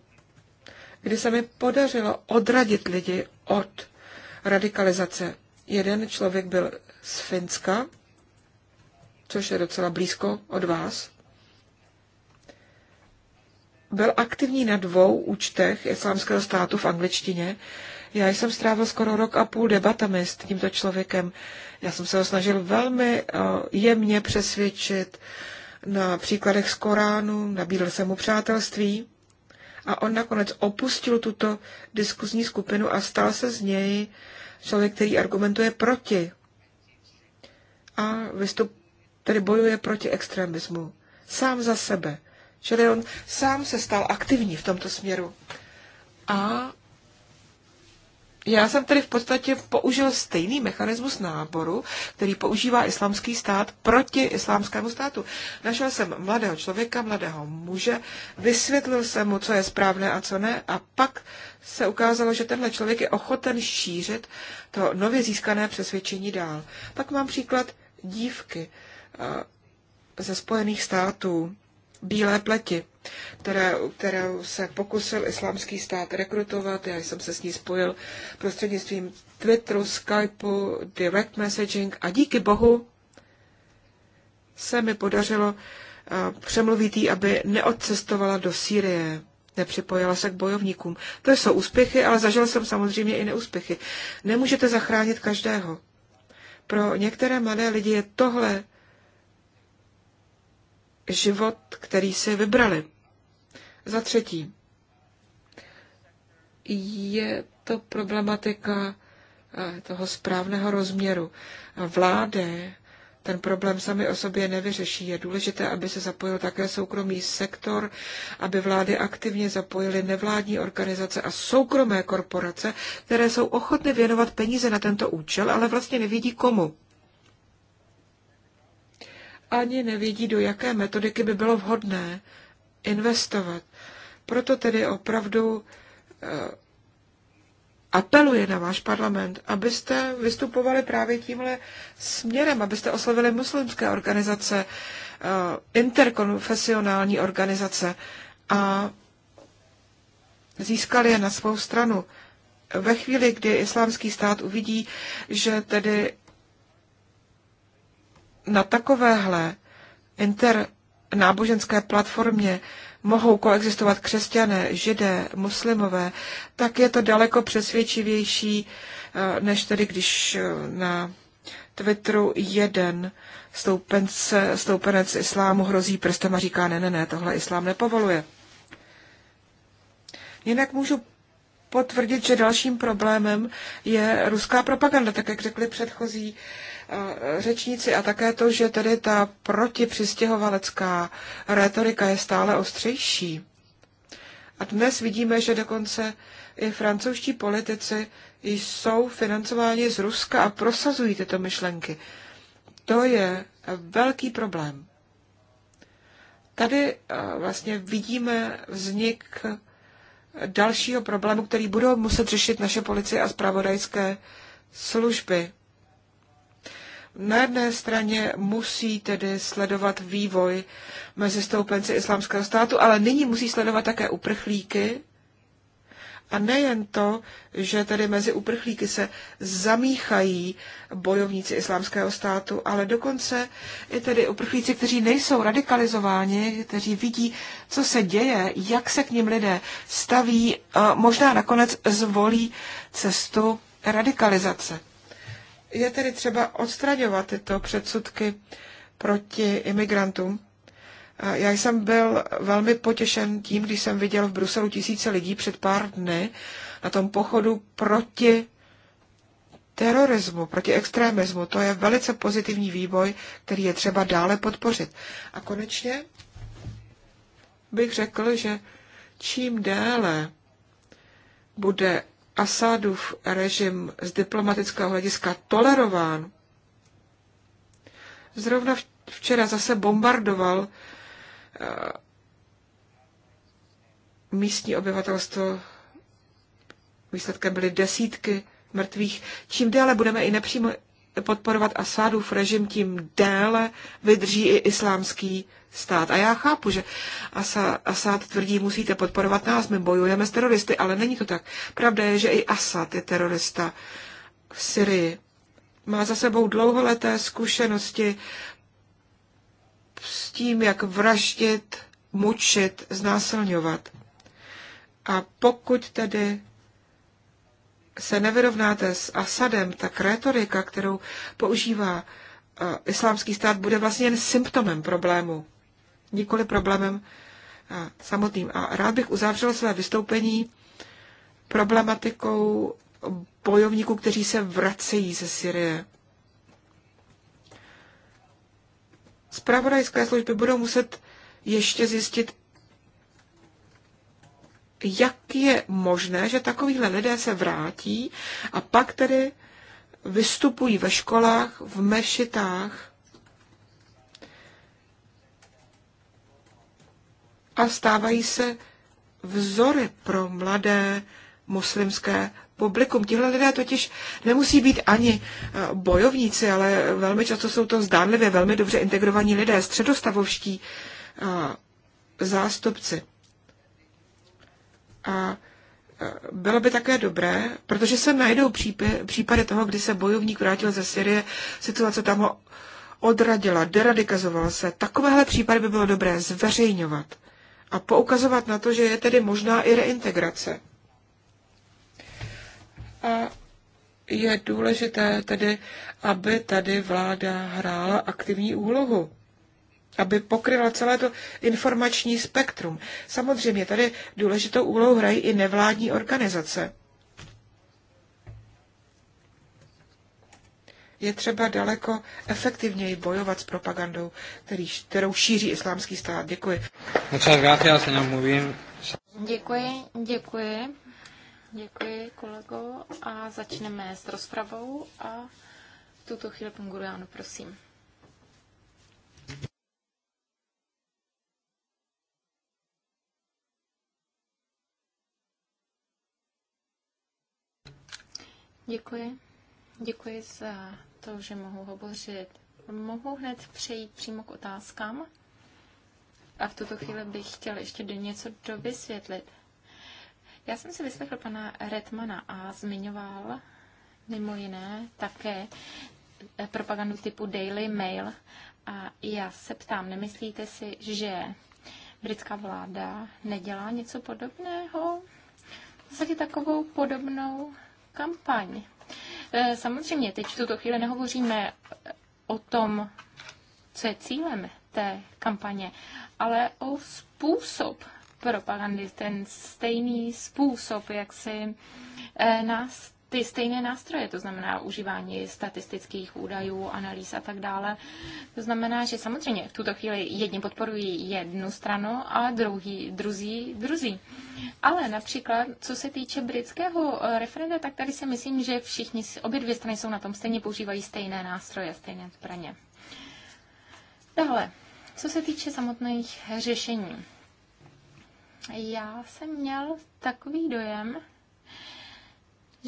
kdy se mi podařilo odradit lidi od radikalizace. Jeden člověk byl z Finska, což je docela blízko od vás. Byl aktivní na dvou účtech islámského státu v angličtině já jsem strávil skoro rok a půl debatami s tímto člověkem. Já jsem se ho snažil velmi eh, jemně přesvědčit na příkladech z Koránu, nabídl jsem mu přátelství a on nakonec opustil tuto diskuzní skupinu a stal se z něj člověk, který argumentuje proti a vystup, tedy bojuje proti extremismu. Sám za sebe. Čili on sám se stal aktivní v tomto směru. A já jsem tedy v podstatě použil stejný mechanismus náboru, který používá islamský stát proti islámskému státu. Našel jsem mladého člověka, mladého muže, vysvětlil jsem mu, co je správné a co ne, a pak se ukázalo, že tenhle člověk je ochoten šířit to nově získané přesvědčení dál. Pak mám příklad dívky eh, ze Spojených států, bílé pleti, které, které se pokusil islámský stát rekrutovat. Já jsem se s ní spojil prostřednictvím Twitteru, Skypeu, direct messaging a díky bohu se mi podařilo eh, přemluvit jí, aby neodcestovala do Sýrie, nepřipojila se k bojovníkům. To jsou úspěchy, ale zažil jsem samozřejmě i neúspěchy. Nemůžete zachránit každého. Pro některé mladé lidi je tohle život, který si vybrali. Za třetí, je to problematika eh, toho správného rozměru. Vláde ten problém sami o sobě nevyřeší. Je důležité, aby se zapojil také soukromý sektor, aby vlády aktivně zapojily nevládní organizace a soukromé korporace, které jsou ochotny věnovat peníze na tento účel, ale vlastně nevidí komu ani nevědí, do jaké metodiky by bylo vhodné investovat. Proto tedy opravdu eh, apeluje na váš parlament, abyste vystupovali právě tímhle směrem, abyste oslovili muslimské organizace, eh, interkonfesionální organizace a získali je na svou stranu. Ve chvíli, kdy islámský stát uvidí, že tedy na takovéhle internáboženské platformě mohou koexistovat křesťané, židé, muslimové, tak je to daleko přesvědčivější, eh, než tedy když eh, na Twitteru jeden stoupence, stoupenec islámu hrozí prstem a říká, ne, ne, ne, tohle islám nepovoluje. Jinak můžu potvrdit, že dalším problémem je ruská propaganda, tak jak řekli předchozí Eh, řečníci a také to, že tedy ta protipřistěhovalecká retorika je stále ostřejší. A dnes vidíme, že dokonce i francouzští politici jsou financováni z Ruska a prosazují tyto myšlenky. To je velký problém. Tady eh, vlastně vidíme vznik dalšího problému, který budou muset řešit naše policie a zpravodajské služby na jedné straně musí tedy sledovat vývoj mezi stoupenci islámského státu, ale nyní musí sledovat také uprchlíky. A nejen to, že tedy mezi uprchlíky se zamíchají bojovníci islámského státu, ale dokonce i tedy uprchlíci, kteří nejsou radikalizováni, kteří vidí, co se děje, jak se k ním lidé staví, možná nakonec zvolí cestu radikalizace. Je tedy třeba odstraňovat tyto předsudky proti imigrantům. Já jsem byl velmi potěšen tím, když jsem viděl v Bruselu tisíce lidí před pár dny na tom pochodu proti terorismu, proti extremismu. To je velice pozitivní výboj, který je třeba dále podpořit. A konečně bych řekl, že čím déle bude Asádův režim z diplomatického hlediska tolerován, zrovna včera zase bombardoval eh, místní obyvatelstvo. Výsledkem byly desítky mrtvých. Čím déle budeme i nepřímo podporovat Asádův režim, tím déle vydrží i islámský stát. A já chápu, že Asa, Asad tvrdí, musíte podporovat nás, my bojujeme s teroristy, ale není to tak. Pravda je, že i Asad je terorista v Syrii. Má za sebou dlouholeté zkušenosti s tím, jak vraždit, mučit, znásilňovat. A pokud tedy se nevyrovnáte s Asadem, tak retorika, kterou používá eh, islámský stát, bude vlastně jen symptomem problému, nikoli problémem eh, samotným. A rád bych uzavřel své vystoupení problematikou bojovníků, kteří se vracejí ze Syrie. Zpravodajské služby budou muset ještě zjistit, jak je možné, že takovýhle lidé se vrátí a pak tedy vystupují ve školách, v mešitách a stávají se vzory pro mladé muslimské publikum. Tihle lidé totiž nemusí být ani eh, bojovníci, ale velmi často jsou to zdánlivě velmi dobře integrovaní lidé, středostavovští eh, zástupci. A bylo by také dobré, protože se najdou případy toho, kdy se bojovník vrátil ze Syrie, situace tam ho odradila, deradikazovala se. Takovéhle případy by bylo dobré zveřejňovat a poukazovat na to, že je tedy možná i reintegrace. A je důležité tedy, aby tady vláda hrála aktivní úlohu aby pokryla celé to informační spektrum. Samozřejmě tady důležitou úlohu hrají i nevládní organizace. Je třeba daleko efektivněji bojovat s propagandou, který, kterou šíří islámský stát. Děkuji. Děkuji, děkuji. Děkuji, kolego. A začneme s rozpravou a v tuto chvíli pan Guriano, prosím. Děkuji. Děkuji za to, že mohu hovořit. Mohu hned přejít přímo k otázkám? A v tuto chvíli bych chtěl ještě do něco dovysvětlit. Já jsem si vyslechl pana Redmana a zmiňoval mimo jiné také eh, propagandu typu Daily Mail. A já se ptám, nemyslíte si, že britská vláda nedělá něco podobného? V podstatě takovou podobnou kampaň. E, samozřejmě, teď v tuto chvíli nehovoříme o tom, co je cílem té kampaně, ale o způsob propagandy, ten stejný způsob, jak si e, nás ty stejné nástroje, to znamená užívání statistických údajů, analýz a tak dále. To znamená, že samozřejmě v tuto chvíli jedni podporují jednu stranu a druhý, druzí, druzí. Ale například, co se týče britského eh, referenda, tak tady si myslím, že všichni, obě dvě strany jsou na tom stejně, používají stejné nástroje, stejné zbraně. Dále, co se týče samotných řešení. Já jsem měl takový dojem,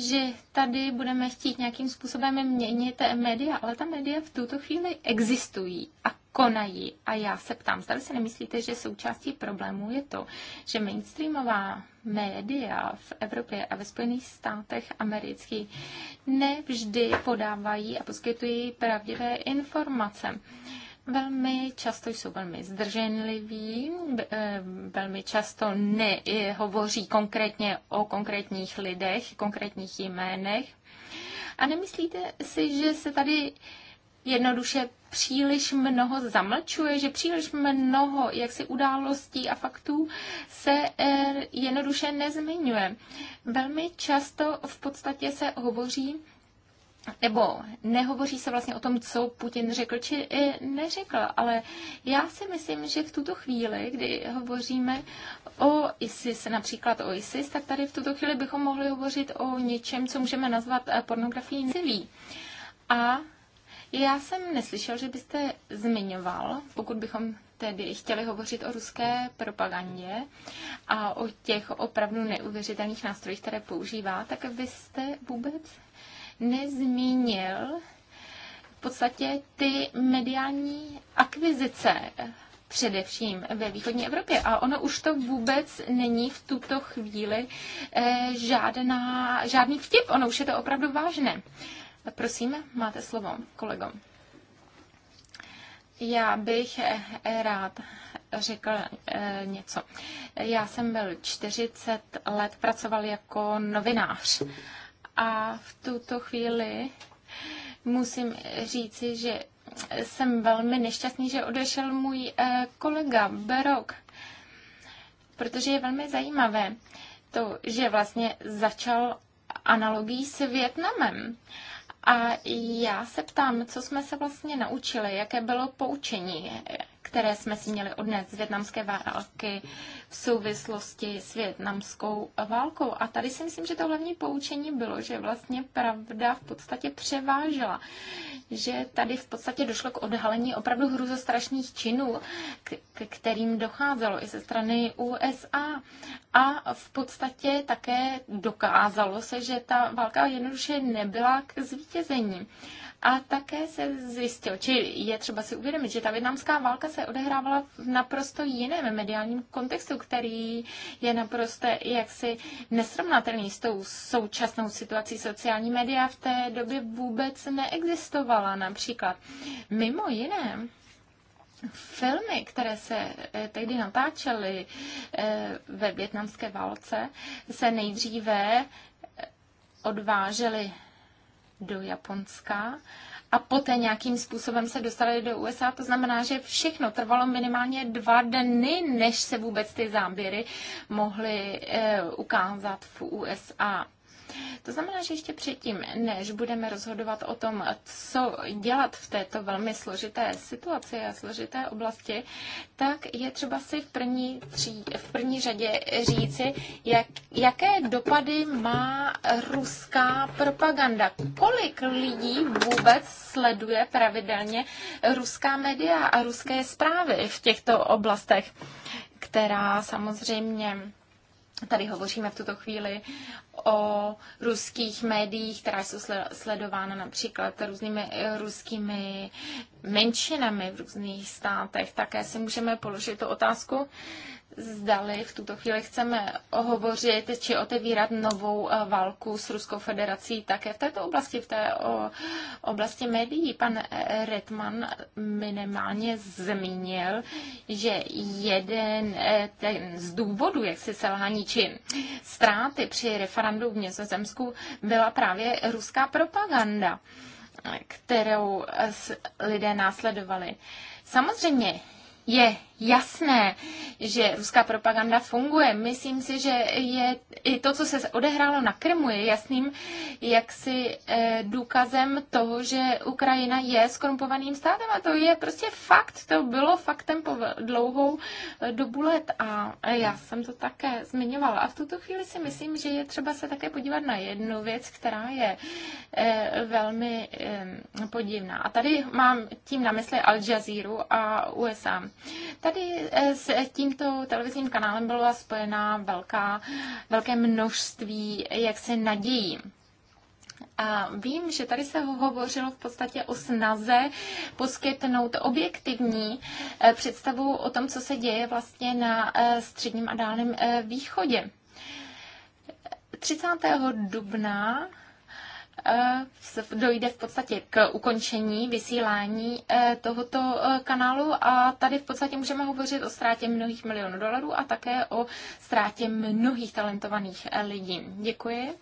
že tady budeme chtít nějakým způsobem měnit média, ale ta média v tuto chvíli existují a konají. A já se ptám, zda si nemyslíte, že součástí problému je to, že mainstreamová média v Evropě a ve Spojených státech amerických nevždy podávají a poskytují pravdivé informace. Velmi často jsou velmi zdrženliví, eh, velmi často nehovoří konkrétně o konkrétních lidech, konkrétních jménech. A nemyslíte si, že se tady jednoduše příliš mnoho zamlčuje, že příliš mnoho jaksi událostí a faktů se eh, jednoduše nezmiňuje. Velmi často v podstatě se hovoří nebo nehovoří se vlastně o tom, co Putin řekl či i neřekl, ale já si myslím, že v tuto chvíli, kdy hovoříme o ISIS, například o ISIS, tak tady v tuto chvíli bychom mohli hovořit o něčem, co můžeme nazvat eh, pornografií civí. A já jsem neslyšel, že byste zmiňoval, pokud bychom tedy chtěli hovořit o ruské propagandě a o těch opravdu neuvěřitelných nástrojích, které používá, tak byste vůbec nezmínil v podstatě ty mediální akvizice, především ve východní Evropě. A ono už to vůbec není v tuto chvíli eh, žádná, žádný vtip, ono už je to opravdu vážné. Prosím, máte slovo, kolego. Já bych eh, rád řekl eh, něco. Já jsem byl 40 let, pracoval jako novinář a v tuto chvíli musím říci, že jsem velmi nešťastný, že odešel můj eh, kolega Berok, protože je velmi zajímavé to, že vlastně začal analogii s Větnamem. A já se ptám, co jsme se vlastně naučili, jaké bylo poučení eh, které jsme si měli odnést z větnamské války v souvislosti s větnamskou válkou. A tady si myslím, že to hlavní poučení bylo, že vlastně pravda v podstatě převážela, že tady v podstatě došlo k odhalení opravdu hruzostrašných činů, k, k kterým docházelo i ze strany USA. A v podstatě také dokázalo se, že ta válka jednoduše nebyla k zvítězení. A také se zjistil, či je třeba si uvědomit, že ta větnamská válka se odehrávala v naprosto jiném mediálním kontextu, který je naprosto jaksi nesrovnatelný s tou současnou situací. Sociální média v té době vůbec neexistovala například. Mimo jiné, filmy, které se eh, tehdy natáčely eh, ve větnamské válce, se nejdříve eh, odvážely do Japonska a poté nějakým způsobem se dostali do USA. To znamená, že všechno trvalo minimálně dva dny, než se vůbec ty záběry mohly e, ukázat v USA. To znamená, že ještě předtím, než budeme rozhodovat o tom, co dělat v této velmi složité situaci a složité oblasti, tak je třeba si v první, tří, v první řadě říci, jak, jaké dopady má ruská propaganda. Kolik lidí vůbec sleduje pravidelně ruská média a ruské zprávy v těchto oblastech, která samozřejmě Tady hovoříme v tuto chvíli o ruských médiích, která jsou sledována například různými ruskými menšinami v různých státech. Také si můžeme položit tu otázku, zdali v tuto chvíli chceme hovořit či otevírat novou eh, válku s Ruskou federací také v této oblasti, v té oblasti médií. Pan eh, Redman minimálně zmínil, že jeden eh, ten z důvodů, jak si selhání či ztráty při referendu v Nězozemsku, byla právě ruská propaganda, kterou lidé následovali. Samozřejmě je jasné, že ruská propaganda funguje. Myslím si, že je i to, co se odehrálo na Krymu, je jasným jaksi eh, důkazem toho, že Ukrajina je skorumpovaným státem a to je prostě fakt. To bylo faktem po dlouhou eh, dobu let a já jsem to také zmiňovala. A v tuto chvíli si myslím, že je třeba se také podívat na jednu věc, která je eh, velmi podivná. A tady mám tím na mysli Al Jazeera a USA. Tady Tady eh, s tímto televizním kanálem byla spojená velká, velké množství jaksi nadějí. A vím, že tady se hovořilo v podstatě o snaze poskytnout objektivní eh, představu o tom, co se děje vlastně na eh, středním a dálném východě. 30. dubna Eh, dojde v podstatě k ukončení vysílání eh, tohoto eh, kanálu a tady v podstatě můžeme hovořit o ztrátě mnohých milionů dolarů a také o ztrátě mnohých talentovaných lidí. Děkuji.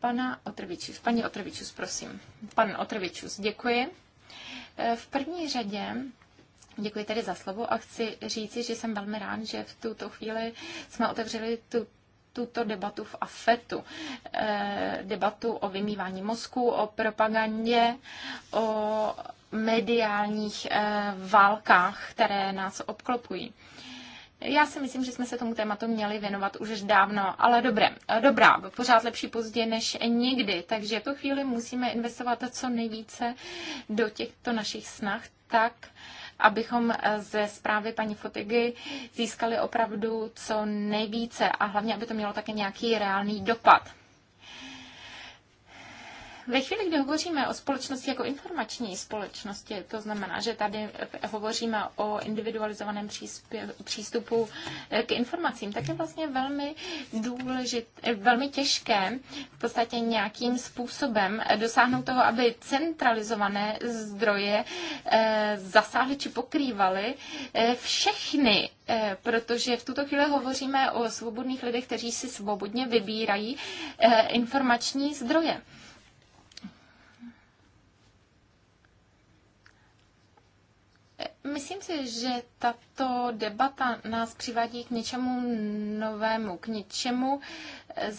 Pana Otrvičus, paní Otrvičus, prosím. Pan Otrvičus, děkuji. V první řadě Děkuji tedy za slovo a chci říci, že jsem velmi rád, že v tuto chvíli jsme otevřeli tu tuto debatu v AFETu. Eh, debatu o vymývání mozku, o propagandě, o mediálních eh, válkách, které nás obklopují. Já si myslím, že jsme se tomu tématu měli věnovat už dávno, ale dobré, dobrá, pořád lepší pozdě než nikdy, takže v tu chvíli musíme investovat co nejvíce do těchto našich snah, tak, abychom eh, ze zprávy paní Fotigy získali opravdu co nejvíce a hlavně, aby to mělo také nějaký reálný dopad. Ve chvíli, kdy hovoříme o společnosti jako informační společnosti, to znamená, že tady hovoříme o individualizovaném přístupu eh, k informacím, tak je vlastně velmi důležité, eh, velmi těžké v podstatě nějakým způsobem eh, dosáhnout toho, aby centralizované zdroje zasáhly či pokrývaly všechny protože v tuto chvíli hovoříme o svobodných lidech, kteří si svobodně vybírají informační zdroje. Myslím si, že tato debata nás přivádí k něčemu novému, k něčemu, eh,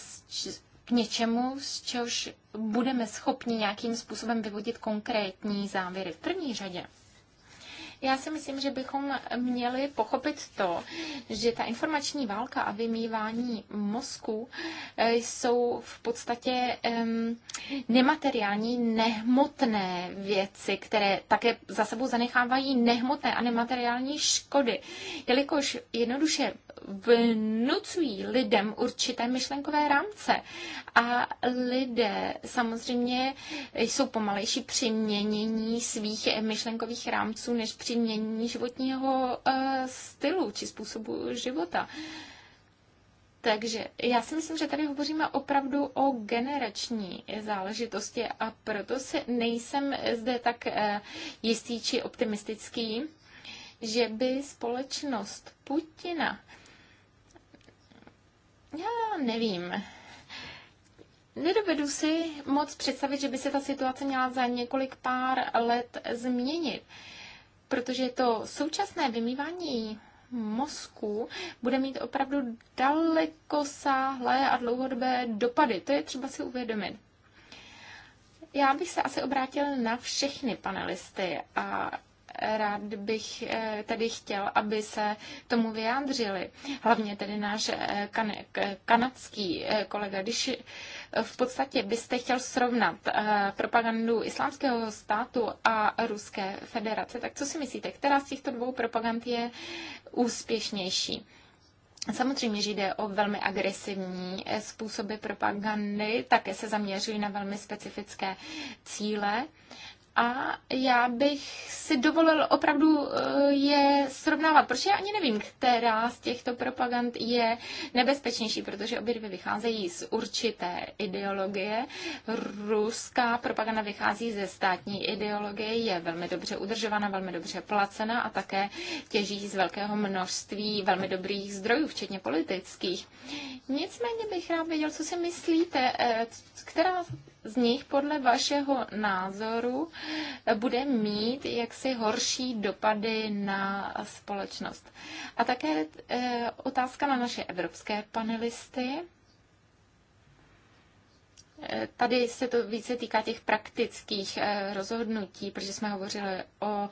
k něčemu, z čehož budeme schopni nějakým způsobem vyvodit konkrétní závěry. V první řadě já si myslím, že bychom měli pochopit to, že ta informační válka a vymývání mozku eh, jsou v podstatě nemateriální, nehmotné věci, které také za sebou zanechávají nehmotné a nemateriální škody. Jelikož jednoduše vnucují lidem určité myšlenkové rámce. A lidé samozřejmě jsou pomalejší při měnění svých myšlenkových rámců než při měnění životního eh, stylu či způsobu života. Takže já si myslím, že tady hovoříme opravdu o generační záležitosti a proto se nejsem zde tak eh, jistý či optimistický, že by společnost Putina já nevím. Nedovedu si moc představit, že by se ta situace měla za několik pár let změnit, protože to současné vymývání mozku bude mít opravdu dalekosáhlé a dlouhodobé dopady. To je třeba si uvědomit. Já bych se asi obrátil na všechny panelisty a rád bych eh, tedy chtěl, aby se tomu vyjádřili. Hlavně tedy náš eh, kan- kanadský eh, kolega, když v podstatě byste chtěl srovnat propagandu islámského státu a Ruské federace, tak co si myslíte, která z těchto dvou propagand je úspěšnější? Samozřejmě, že jde o velmi agresivní způsoby propagandy, také se zaměřují na velmi specifické cíle. Uh, a já bych si dovolil opravdu eh, je srovnávat, protože já ani nevím, která z těchto propagand je nebezpečnější, protože obě dvě vycházejí z určité ideologie. Ruská propaganda vychází ze státní ideologie, je velmi dobře udržovaná, velmi dobře placena a také těží z velkého množství velmi dobrých zdrojů, včetně politických. Nicméně bych rád věděl, co si myslíte, eh, která z nich podle vašeho názoru bude mít jaksi horší dopady na společnost? A také eh, otázka na naše evropské panelisty. Eh, tady se to více týká těch praktických eh, rozhodnutí, protože jsme hovořili o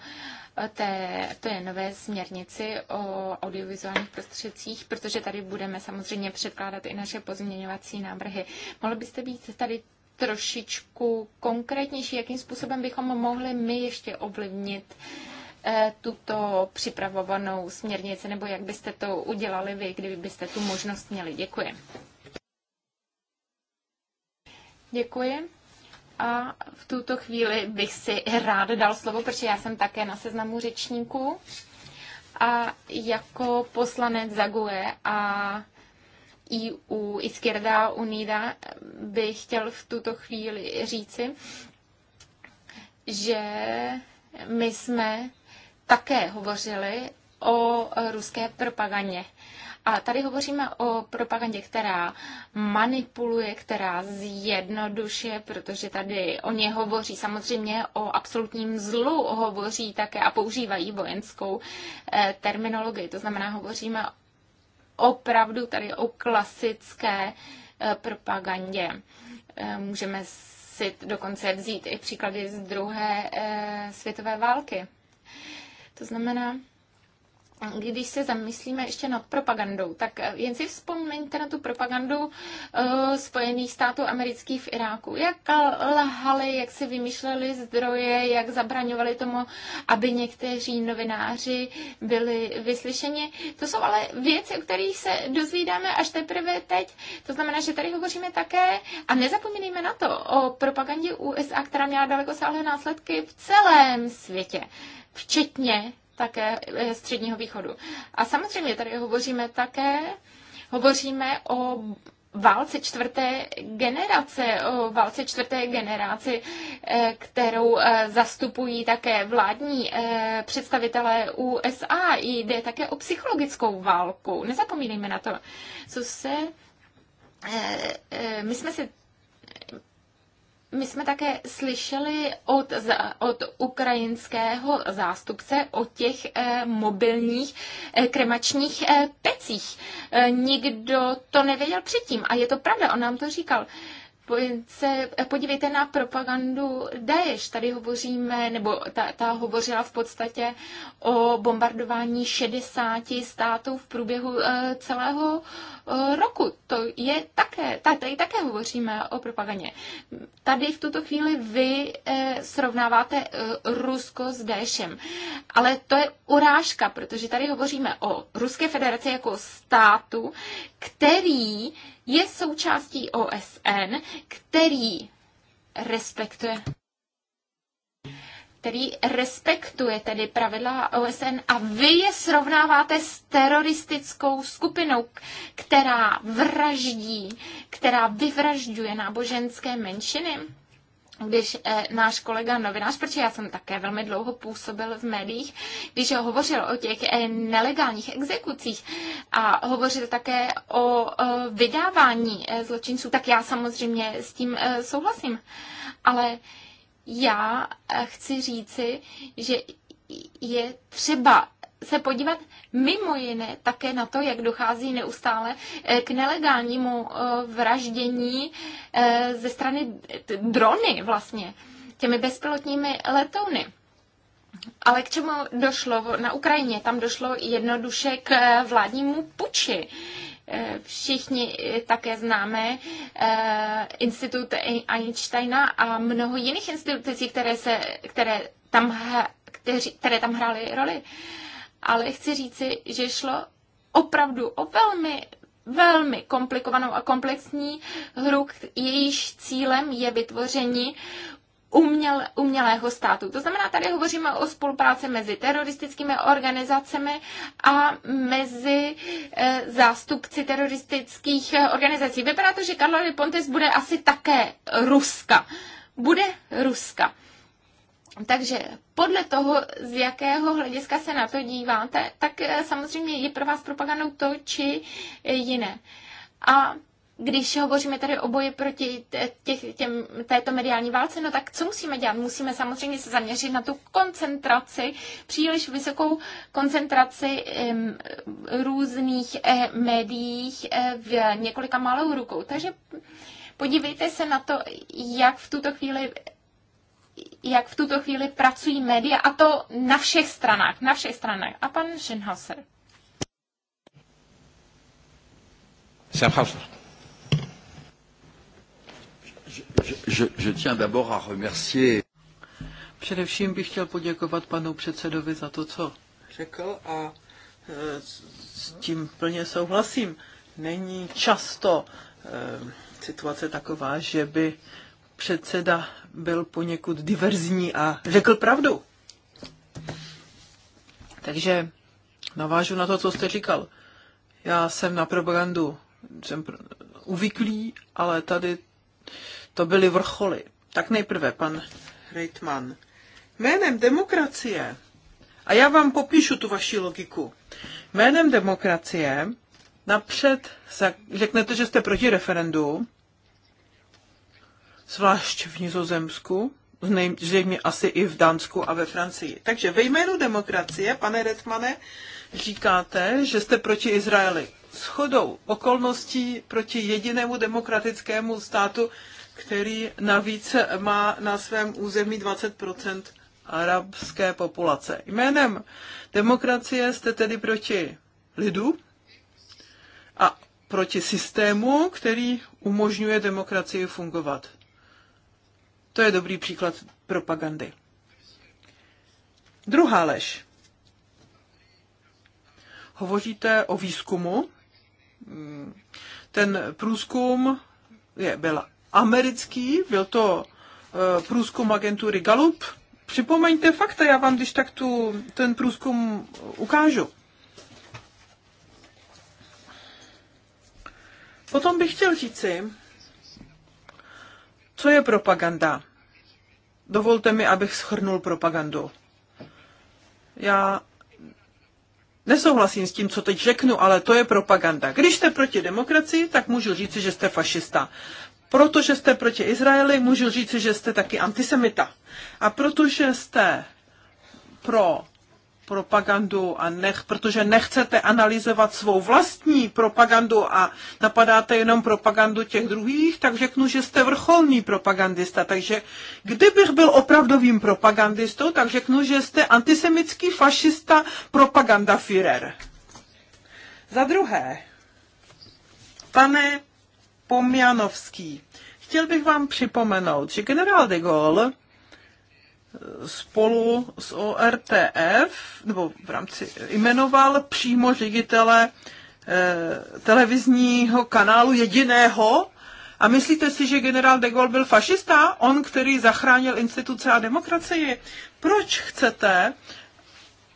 té, to je nové směrnici o audiovizuálních prostředcích, protože tady budeme samozřejmě předkládat i naše pozměňovací návrhy. Mohl byste být tady trošičku konkrétnější, jakým způsobem bychom mohli my ještě ovlivnit eh, tuto připravovanou směrnici, nebo jak byste to udělali vy, kdybyste tu možnost měli. Děkuji. Děkuji. A v tuto chvíli bych si rád dal slovo, protože já jsem také na seznamu řečníků. A jako poslanec Zague a EU, Izquierda Unida, bych chtěl v tuto chvíli říci, že my jsme také hovořili o ruské propagandě. A tady hovoříme o propagandě, která manipuluje, která zjednodušuje, protože tady o ně hovoří samozřejmě o absolutním zlu, hovoří také a používají vojenskou eh, terminologii. To znamená, hovoříme opravdu tady o klasické eh, propagandě. Eh, můžeme si dokonce vzít i příklady z druhé eh, světové války. To znamená, když se zamyslíme ještě nad propagandou, tak eh, jen si vzpomeňte na tu propagandu uh, Spojených států amerických v Iráku. Jak lhali, jak si vymýšleli zdroje, jak zabraňovali tomu, aby někteří novináři byli vyslyšeni. To jsou ale věci, o kterých se dozvídáme až teprve teď. To znamená, že tady hovoříme také, a nezapomínejme na to, o propagandě USA, která měla daleko sáhlé následky v celém světě včetně také eh, středního východu. A samozřejmě tady hovoříme také, hovoříme o válce čtvrté generace, o válce čtvrté generaci, eh, kterou eh, zastupují také vládní představitelé USA. Jde také o psychologickou válku. Nezapomínejme na to, co se my jsme si my jsme také slyšeli od, od ukrajinského zástupce o těch eh, mobilních eh, kremačních eh, pecích. Nikdo to nevěděl předtím a je to pravda, on nám to říkal se eh, podívejte na propagandu Daješ. Tady hovoříme, nebo ta, ta hovořila v podstatě o bombardování 60 států v průběhu eh, celého eh, roku. To je také, tady také hovoříme o propagandě. Tady v tuto chvíli vy srovnáváte Rusko s Daješem. Ale to je urážka, protože tady hovoříme o Ruské federaci jako státu, který je součástí OSN, který respektuje který respektuje tedy pravidla OSN a vy je srovnáváte s teroristickou skupinou, která vraždí, která vyvražďuje náboženské menšiny? když eh, náš kolega novinář, protože já jsem také velmi dlouho působil v médiích, když hovořil o těch eh, nelegálních exekucích a hovořil také o eh, vydávání zločinců, tak já samozřejmě s tím souhlasím. Ale já chci říci, že je třeba se podívat mimo jiné také na to, jak dochází neustále eh, k nelegálnímu eh, vraždění eh, ze strany drony vlastně, těmi bezpilotními letouny. Ale k čemu došlo na Ukrajině? Tam došlo jednoduše k vládnímu puči. Všichni také známe institut Einsteina a mnoho jiných institucí, které, se, které, tam, které tam hrály roli. Uh, ale chci říci, že šlo opravdu o velmi velmi komplikovanou a komplexní hru, jejíž cílem je vytvoření uměl, umělého státu. To znamená, tady hovoříme o spolupráci mezi teroristickými organizacemi a mezi e, zástupci teroristických eh, organizací. Vypadá to, že Karla de Pontes bude asi také Ruska. Bude Ruska. Takže podle toho, z jakého hlediska se na to díváte, tak eh, samozřejmě je pro vás propagandou to či jiné. A když hovoříme tady o boji proti těch, těm, této mediální válce, no tak co musíme dělat? Musíme samozřejmě se zaměřit na tu koncentraci, příliš vysokou koncentraci em, různých eh, médiích eh, v několika malou rukou. Takže podívejte se na to, jak v tuto chvíli jak v tuto chvíli pracují média, a to na všech stranách, na všech stranách. A pan Schenhauser. Schenhauser. Především bych chtěl poděkovat panu předsedovi za to, co řekl a e, s tím plně souhlasím. Není často e, situace taková, že by předseda byl poněkud diverzní a řekl pravdu. Takže navážu na to, co jste říkal. Já jsem na propagandu jsem uvyklý, ale tady to byly vrcholy. Tak nejprve pan Reitman. Jménem demokracie, a já vám popíšu tu vaši logiku. Jménem demokracie napřed řeknete, že jste proti referendu, zvlášť v Nizozemsku, zřejmě asi i v Dánsku a ve Francii. Takže ve jménu demokracie, pane Retmane, říkáte, že jste proti Izraeli. Schodou okolností proti jedinému demokratickému státu, který navíc má na svém území 20 arabské populace. Jménem demokracie jste tedy proti lidu a proti systému, který umožňuje demokracii fungovat. To je dobrý příklad propagandy. Druhá lež. Hovoříte o výzkumu. Ten průzkum je, byl americký, byl to eh, průzkum agentury Gallup. Připomeňte fakta, já vám když tak tu, ten průzkum ukážu. Potom bych chtěl říci, co je propaganda. Dovolte mi, abych schrnul propagandu. Já Nesouhlasím s tím, co teď řeknu, ale to je propaganda. Když jste proti demokracii, tak můžu říci, že jste fašista. Protože jste proti Izraeli, můžu říci, že jste taky antisemita. A protože jste pro propagandu a nech, protože nechcete analyzovat svou vlastní propagandu a napadáte jenom propagandu těch druhých, tak řeknu, že jste vrcholný propagandista. Takže kdybych byl opravdovým propagandistou, tak řeknu, že jste antisemický fašista propaganda Führer. Za druhé, pane Pomjanovský, chtěl bych vám připomenout, že generál de Gaulle spolu s ORTF, nebo v rámci jmenoval přímo ředitele eh, televizního kanálu jediného. A myslíte si, že generál de Gaulle byl fašista? On, který zachránil instituce a demokracii? Proč chcete,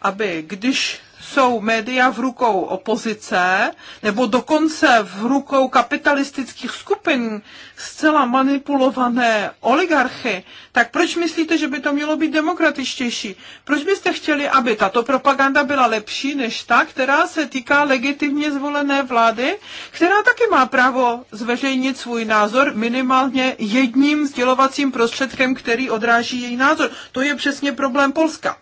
aby když jsou média v rukou opozice nebo dokonce v rukou kapitalistických skupin, zcela manipulované oligarchy, tak proč myslíte, že by to mělo být demokratičtější? Proč byste chtěli, aby tato propaganda byla lepší než ta, která se týká legitimně zvolené vlády, která taky má právo zveřejnit svůj názor minimálně jedním sdělovacím prostředkem, který odráží její názor? To je přesně problém Polska.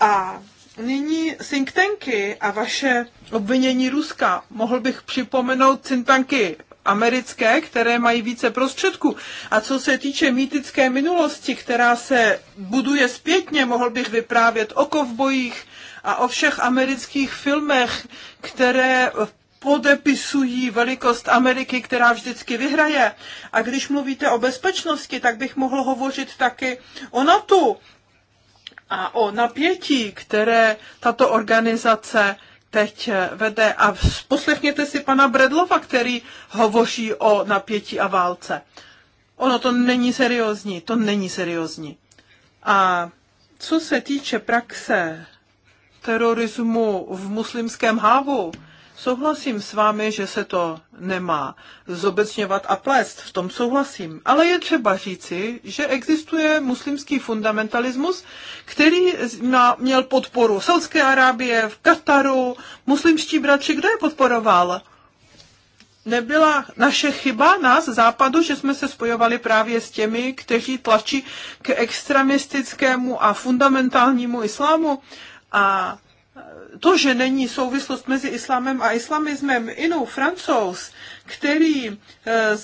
A nyní think tanky a vaše obvinění Ruska. Mohl bych připomenout think tanky americké, které mají více prostředků. A co se týče mýtické minulosti, která se buduje zpětně, mohl bych vyprávět o kovbojích a o všech amerických filmech, které podepisují velikost Ameriky, která vždycky vyhraje. A když mluvíte o bezpečnosti, tak bych mohl hovořit taky o NATO, a o napětí, které tato organizace teď vede. A poslechněte si pana Bredlova, který hovoří o napětí a válce. Ono to není seriózní, to není seriózní. A co se týče praxe terorismu v muslimském hávu, Souhlasím s vámi, že se to nemá zobecňovat a plést, v tom souhlasím. Ale je třeba říci, že existuje muslimský fundamentalismus, který měl podporu v Saudské Arábie, v Kataru, muslimští bratři, kdo je podporoval? Nebyla naše chyba nás, západu, že jsme se spojovali právě s těmi, kteří tlačí k extremistickému a fundamentálnímu islámu? A to, že není souvislost mezi islámem a islamismem, jinou francouz, který eh, eh,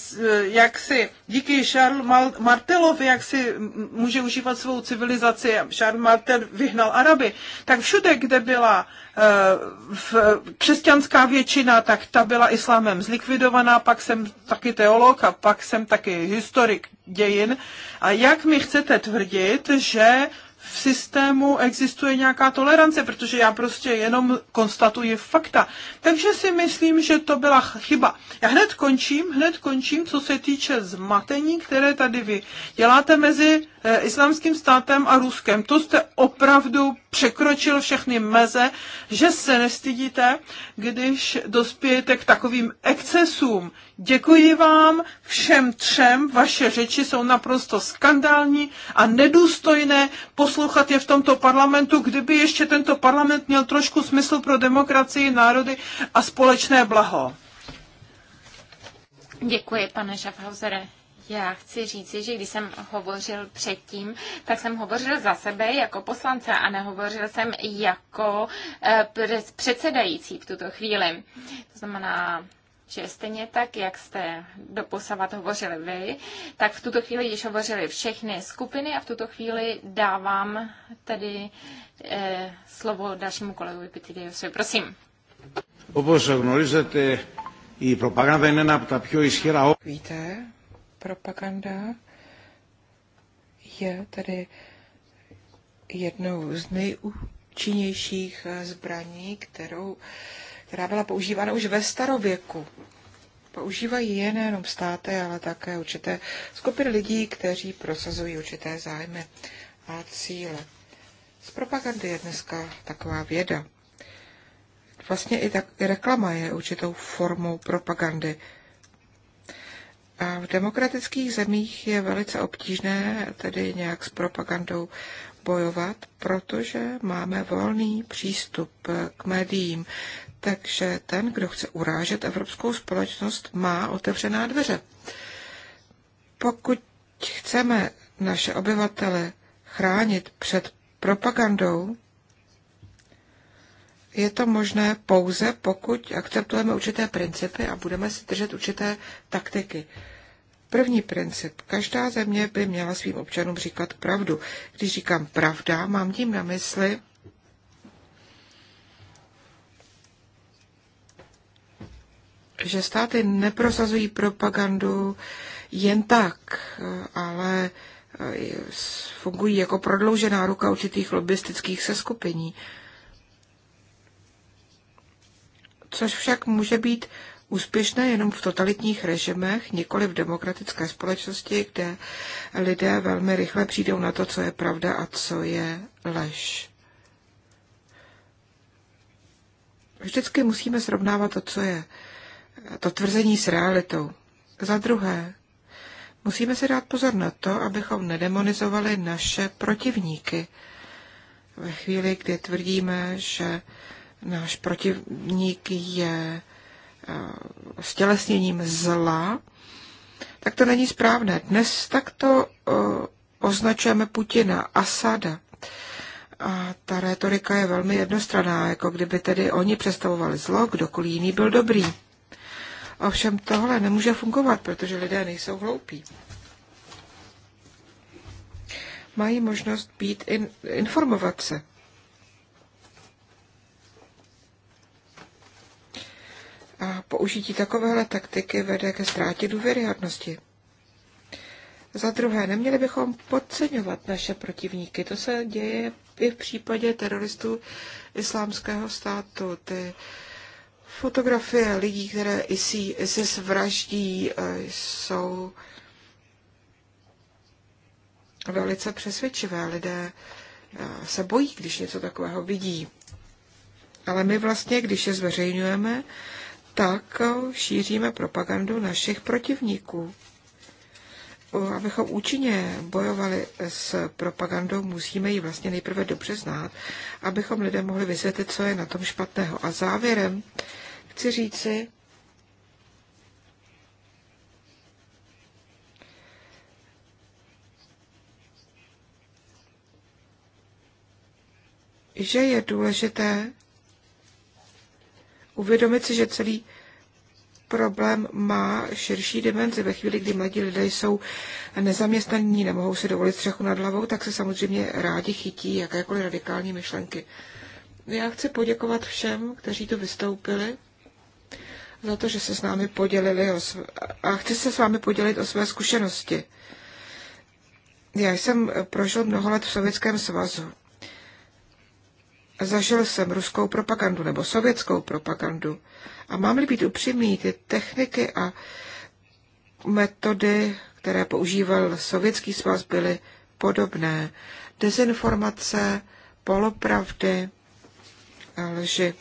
jak si díky Charles Martelovi, jak si může užívat svou civilizaci, Charles Martel vyhnal Araby, tak všude, kde byla eh, v křesťanská většina, tak ta byla islámem zlikvidovaná, pak jsem taky teolog a pak jsem taky historik dějin. A jak mi chcete tvrdit, že v systému existuje nějaká tolerance, protože já prostě jenom konstatuji fakta. Takže si myslím, že to byla chyba. Já hned končím, hned končím, co se týče zmatení, které tady vy děláte mezi eh, islámským státem a Ruskem. To jste opravdu překročil všechny meze, že se nestydíte, když dospějete k takovým excesům. Děkuji vám všem třem, vaše řeči jsou naprosto skandální a nedůstojné poslouchat je v tomto parlamentu, kdyby ještě tento parlament měl trošku smysl pro demokracii, národy a společné blaho. Děkuji, pane Schaffhausere. Já chci říci, že když jsem hovořil předtím, tak jsem hovořil za sebe jako poslance a nehovořil jsem jako eh, předsedající v tuto chvíli. To znamená, že stejně tak, jak jste doposavat hovořili vy, tak v tuto chvíli již hovořili všechny skupiny a v tuto chvíli dávám tedy e, slovo dalšímu kolegovi Pitidiusovi. Prosím. Víte, propaganda je tady jednou z nejúčinnějších eh, zbraní, kterou eh, která byla používána už ve starověku. Používají je nejenom státy, ale také určité skupiny lidí, kteří prosazují určité zájmy a cíle. Z propagandy je dneska taková věda. Vlastně i, tak, i reklama je určitou formou propagandy. A v demokratických zemích je velice obtížné tedy nějak s propagandou bojovat, protože máme volný přístup k médiím. Takže ten, kdo chce urážet evropskou společnost, má otevřená dveře. Pokud chceme naše obyvatele chránit před propagandou, je to možné pouze, pokud akceptujeme určité principy a budeme si držet určité taktiky. První princip. Každá země by měla svým občanům říkat pravdu. Když říkám pravda, mám tím na mysli že státy neprosazují propagandu jen tak, ale eh, fungují jako prodloužená ruka určitých lobbystických seskupení. Což však může být úspěšné jenom v totalitních režimech, nikoli v demokratické společnosti, kde lidé velmi rychle přijdou na to, co je pravda a co je lež. Vždycky musíme srovnávat to, co je to tvrzení s realitou. Za druhé, musíme si dát pozor na to, abychom nedemonizovali naše protivníky. Ve chvíli, kdy tvrdíme, že náš protivník je eh, stělesněním zla, tak to není správné. Dnes takto eh, označujeme Putina, Asada. A ta retorika je velmi jednostraná, jako kdyby tedy oni představovali zlo, kdokoliv jiný byl dobrý. Ovšem tohle nemůže fungovat, protože lidé nejsou hloupí. Mají možnost být in, informovat se. A použití takovéhle taktiky vede ke ztrátě důvěryhodnosti. Za druhé, neměli bychom podceňovat naše protivníky. To se děje i v případě teroristů islámského státu. Ty uh, Fotografie lidí, které ISIS vraždí, eh, jsou velice přesvědčivé. Lidé eh, se bojí, když něco takového vidí. Ale my vlastně, když je zveřejňujeme, tak eh, šíříme propagandu našich protivníků. Abychom účinně bojovali s propagandou, musíme ji vlastně nejprve dobře znát, abychom lidem mohli vysvětlit, co je na tom špatného. A závěrem chci říci, že je důležité uvědomit si, že celý problém má širší dimenzi. Ve chvíli, kdy mladí lidé jsou nezaměstnaní, nemohou si dovolit střechu nad hlavou, tak se samozřejmě rádi chytí jakékoliv radikální myšlenky. Já chci poděkovat všem, kteří tu vystoupili za to, že se s námi podělili o sv... a chci se s vámi podělit o své zkušenosti. Já jsem prožil mnoho let v Sovětském svazu. Zažil jsem ruskou propagandu nebo sovětskou propagandu. A mám-li být upřímný, ty techniky a metody, které používal Sovětský svaz, byly podobné. Dezinformace, polopravdy, lži.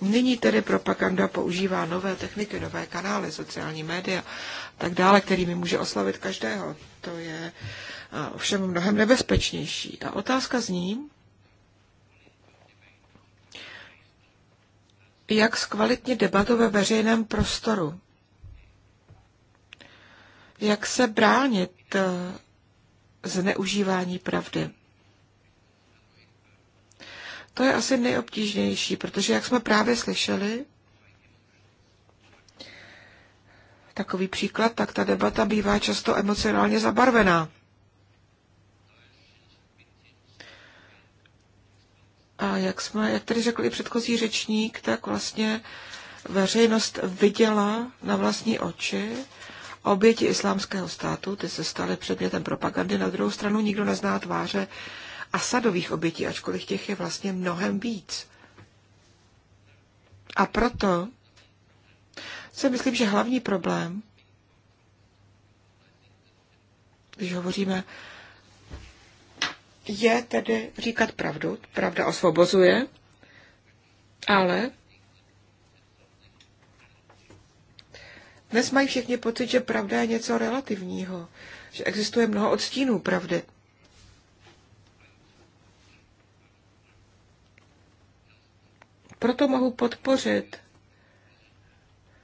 Nyní tedy propaganda používá nové techniky, nové kanály, sociální média tak dále, kterými může oslavit každého. To je eh, ovšem mnohem nebezpečnější. A otázka zní, jak zkvalitnit debatu ve veřejném prostoru. Jak se bránit eh, zneužívání pravdy. To je asi nejobtížnější, protože jak jsme právě slyšeli, takový příklad, tak ta debata bývá často emocionálně zabarvená. A jak jsme, jak tady řekl i předchozí řečník, tak vlastně veřejnost viděla na vlastní oči oběti islámského státu, ty se staly předmětem propagandy, na druhou stranu nikdo nezná tváře Asadových obětí, ačkoliv těch je vlastně mnohem víc. A proto si myslím, že hlavní problém, když hovoříme, je tedy říkat pravdu. Pravda osvobozuje, ale dnes mají všichni pocit, že pravda je něco relativního, že existuje mnoho odstínů pravdy. mohu podpořit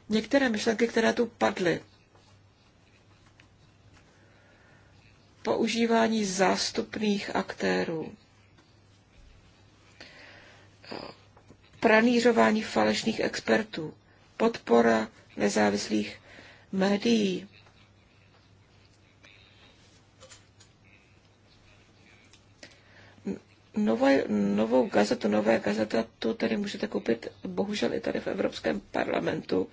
některé myšlenky, které tu padly. Používání zástupných aktérů, pranířování falešných expertů, podpora nezávislých médií, nové, novou gazetu, nové gazeta, tu tedy můžete koupit bohužel i tady v Evropském parlamentu.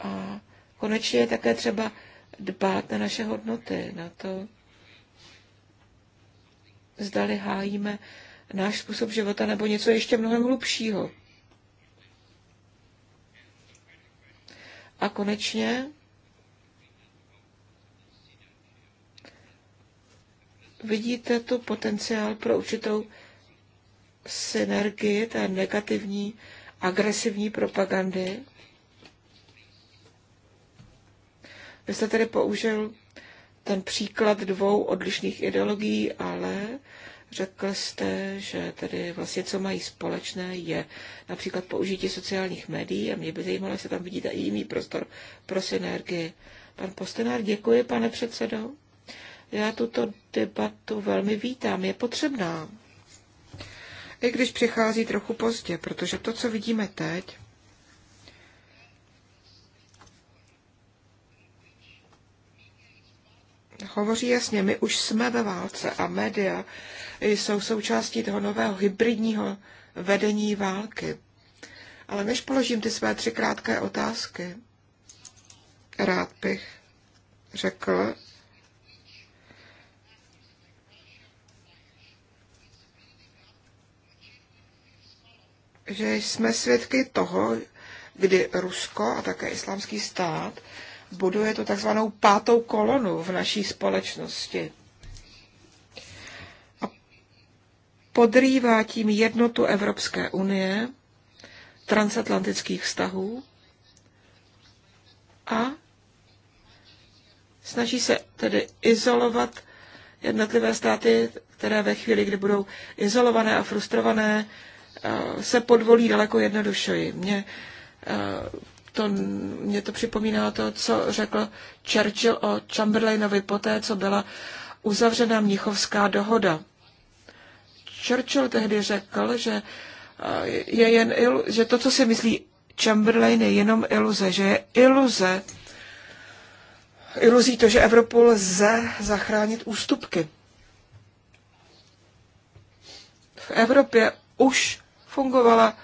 A konečně je také třeba dbát na naše hodnoty, na to, zdali hájíme náš způsob života nebo něco ještě mnohem hlubšího. A konečně vidíte tu potenciál pro určitou synergii té negativní, agresivní propagandy? Vy jste tedy použil ten příklad dvou odlišných ideologií, ale řekl jste, že tedy vlastně co mají společné je například použití sociálních médií a mě by zajímalo, jestli tam vidíte i jiný prostor pro synergii. Pan Postenár, děkuji, pane předsedo. Já tuto debatu velmi vítám, je potřebná. I když přichází trochu pozdě, protože to, co vidíme teď, hovoří jasně, my už jsme ve válce a média jsou součástí toho nového hybridního vedení války. Ale než položím ty své tři krátké otázky, rád bych řekl, že jsme svědky toho, kdy Rusko a také islámský stát buduje tu takzvanou pátou kolonu v naší společnosti. A podrývá tím jednotu Evropské unie, transatlantických vztahů a snaží se tedy izolovat jednotlivé státy, které ve chvíli, kdy budou izolované a frustrované, Eh, se podvolí daleko jednodušeji. Mě eh, to, mě to připomíná to, co řekl Churchill o Chamberlainovi poté, co byla uzavřena mnichovská dohoda. Churchill tehdy řekl, že, eh, je jen ilu, že to, co si myslí Chamberlain, je jenom iluze, že je iluze, iluzí to, že Evropu lze zachránit ústupky. V Evropě už fungovala,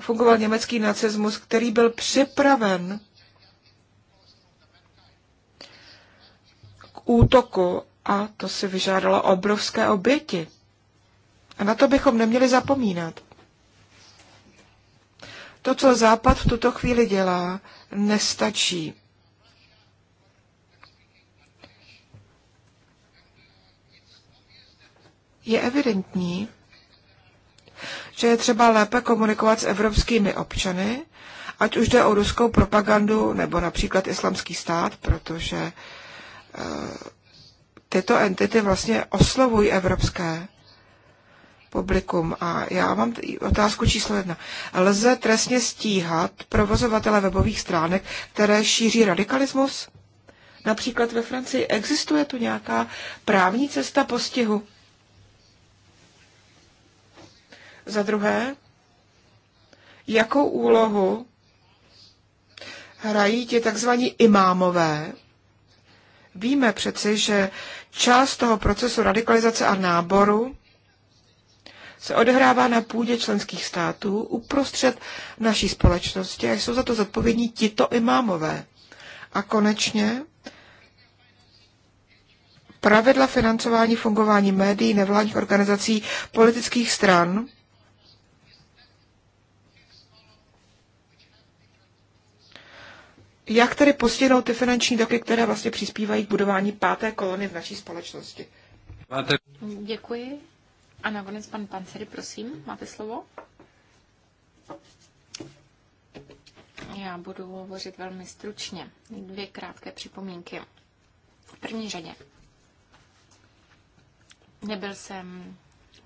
fungoval německý nacismus, který byl připraven k útoku a to si vyžádalo obrovské oběti. A na to bychom neměli zapomínat. To, co Západ v tuto chvíli dělá, nestačí. Je evidentní, že je třeba lépe komunikovat s evropskými občany, ať už jde o ruskou propagandu nebo například islamský stát, protože eh, tyto entity vlastně oslovují evropské publikum. A já mám otázku číslo jedna. Lze trestně stíhat provozovatele webových stránek, které šíří radikalismus? Například ve Francii existuje tu nějaká právní cesta postihu? Za druhé, jakou úlohu hrají ti takzvaní imámové. Víme přeci, že část toho procesu radikalizace a náboru se odehrává na půdě členských států uprostřed naší společnosti a jsou za to zodpovědní tito imámové. A konečně pravidla financování fungování médií, nevládních organizací, politických stran – jak tedy postihnout ty finanční toky, které vlastně přispívají k budování páté kolony v naší společnosti? Máte... Děkuji. A nakonec pan Pancery, prosím, máte slovo. Já budu hovořit velmi stručně. Dvě krátké připomínky. V první řadě. Nebyl jsem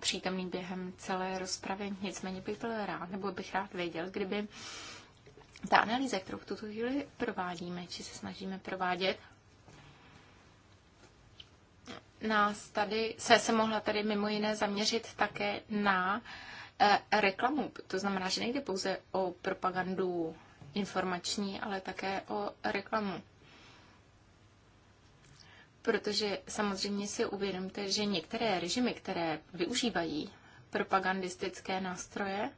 přítomný během celé rozpravy, nicméně bych byl rád, nebo bych rád věděl, kdyby ta analýza, kterou v tuto chvíli provádíme, či se snažíme provádět, nás tady, se, se mohla tady mimo jiné zaměřit také na e, reklamu. To znamená, že nejde pouze o propagandu informační, ale také o reklamu. Protože samozřejmě si uvědomte, že některé režimy, které využívají propagandistické nástroje,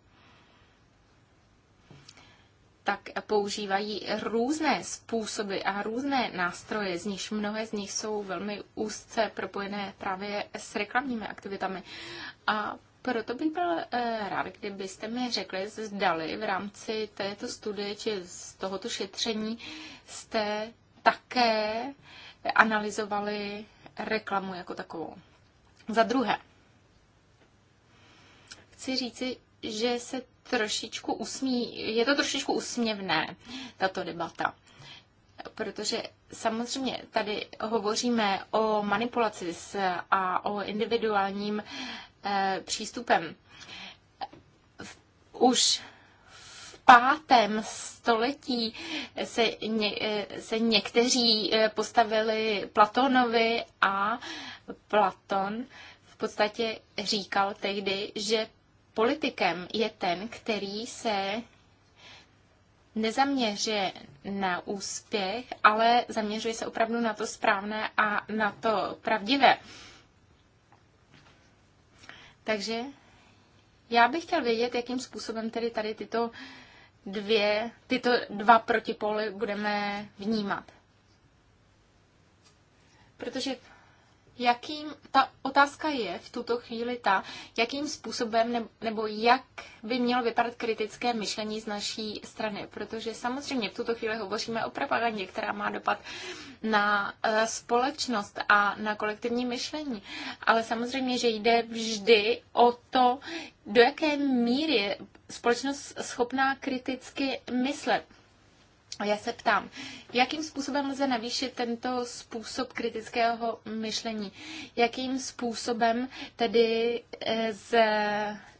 tak používají různé způsoby a různé nástroje, z nichž mnohé z nich jsou velmi úzce propojené právě s reklamními aktivitami. A proto bych byl eh, rád, kdybyste mi řekli, zdali v rámci této studie či z tohoto šetření jste také analyzovali reklamu jako takovou. Za druhé, chci říci, že se trošičku usmí, je to trošičku usměvné, tato debata. Protože samozřejmě tady hovoříme o manipulaci a o individuálním eh, přístupem. Už v pátém století se, ně, eh, se někteří eh, postavili Platonovi a Platon v podstatě říkal tehdy, že politikem je ten, který se nezaměřuje na úspěch, ale zaměřuje se opravdu na to správné a na to pravdivé. Takže já bych chtěl vědět, jakým způsobem tedy tady tyto dvě, tyto dva protipoly budeme vnímat. Protože jakým, ta otázka je v tuto chvíli ta, jakým způsobem nebo jak by mělo vypadat kritické myšlení z naší strany, protože samozřejmě v tuto chvíli hovoříme o propagandě, která má dopad na eh, společnost a na kolektivní myšlení, ale samozřejmě, že jde vždy o to, do jaké míry je společnost schopná kriticky myslet. A já se ptám, jakým způsobem lze navýšit tento způsob kritického myšlení? Jakým způsobem tedy eh, z,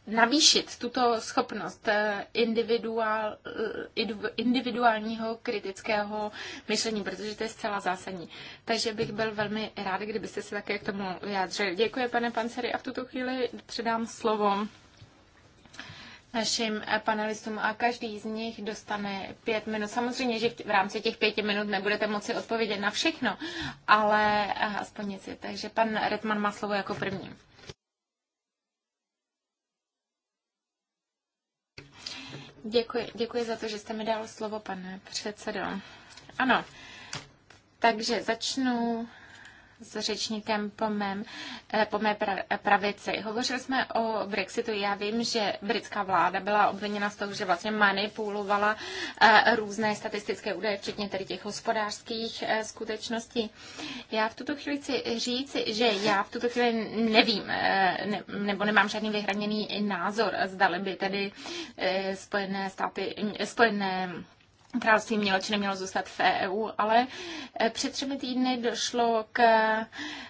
navýšit tuto schopnost eh, individuál, eh, individuálního kritického myšlení, protože to je zcela zásadní. Takže bych byl velmi rád, kdybyste se také k tomu vyjádřili. Děkuji, pane Pancery, a v tuto chvíli předám slovo našim eh, panelistům a každý z nich dostane pět minut. Samozřejmě, že v rámci těch pěti minut nebudete moci odpovědět na všechno, ale eh, aspoň nic. Takže pan Redman má slovo jako první. Děkuji, děkuji za to, že jste mi dal slovo, pane předsedo. Ano, takže začnu s řečníkem po, mém, eh, po mé pravici. Hovořili jsme o Brexitu. Já vím, že britská vláda byla obviněna z toho, že vlastně manipulovala eh, různé statistické údaje, včetně tedy těch hospodářských eh, skutečností. Já v tuto chvíli chci říct, že já v tuto chvíli nevím, nebo nemám žádný vyhraněný názor, zdali by tedy Spojené státy, Spojené království mělo či nemělo zůstat v EU, ale eh, před třemi týdny došlo k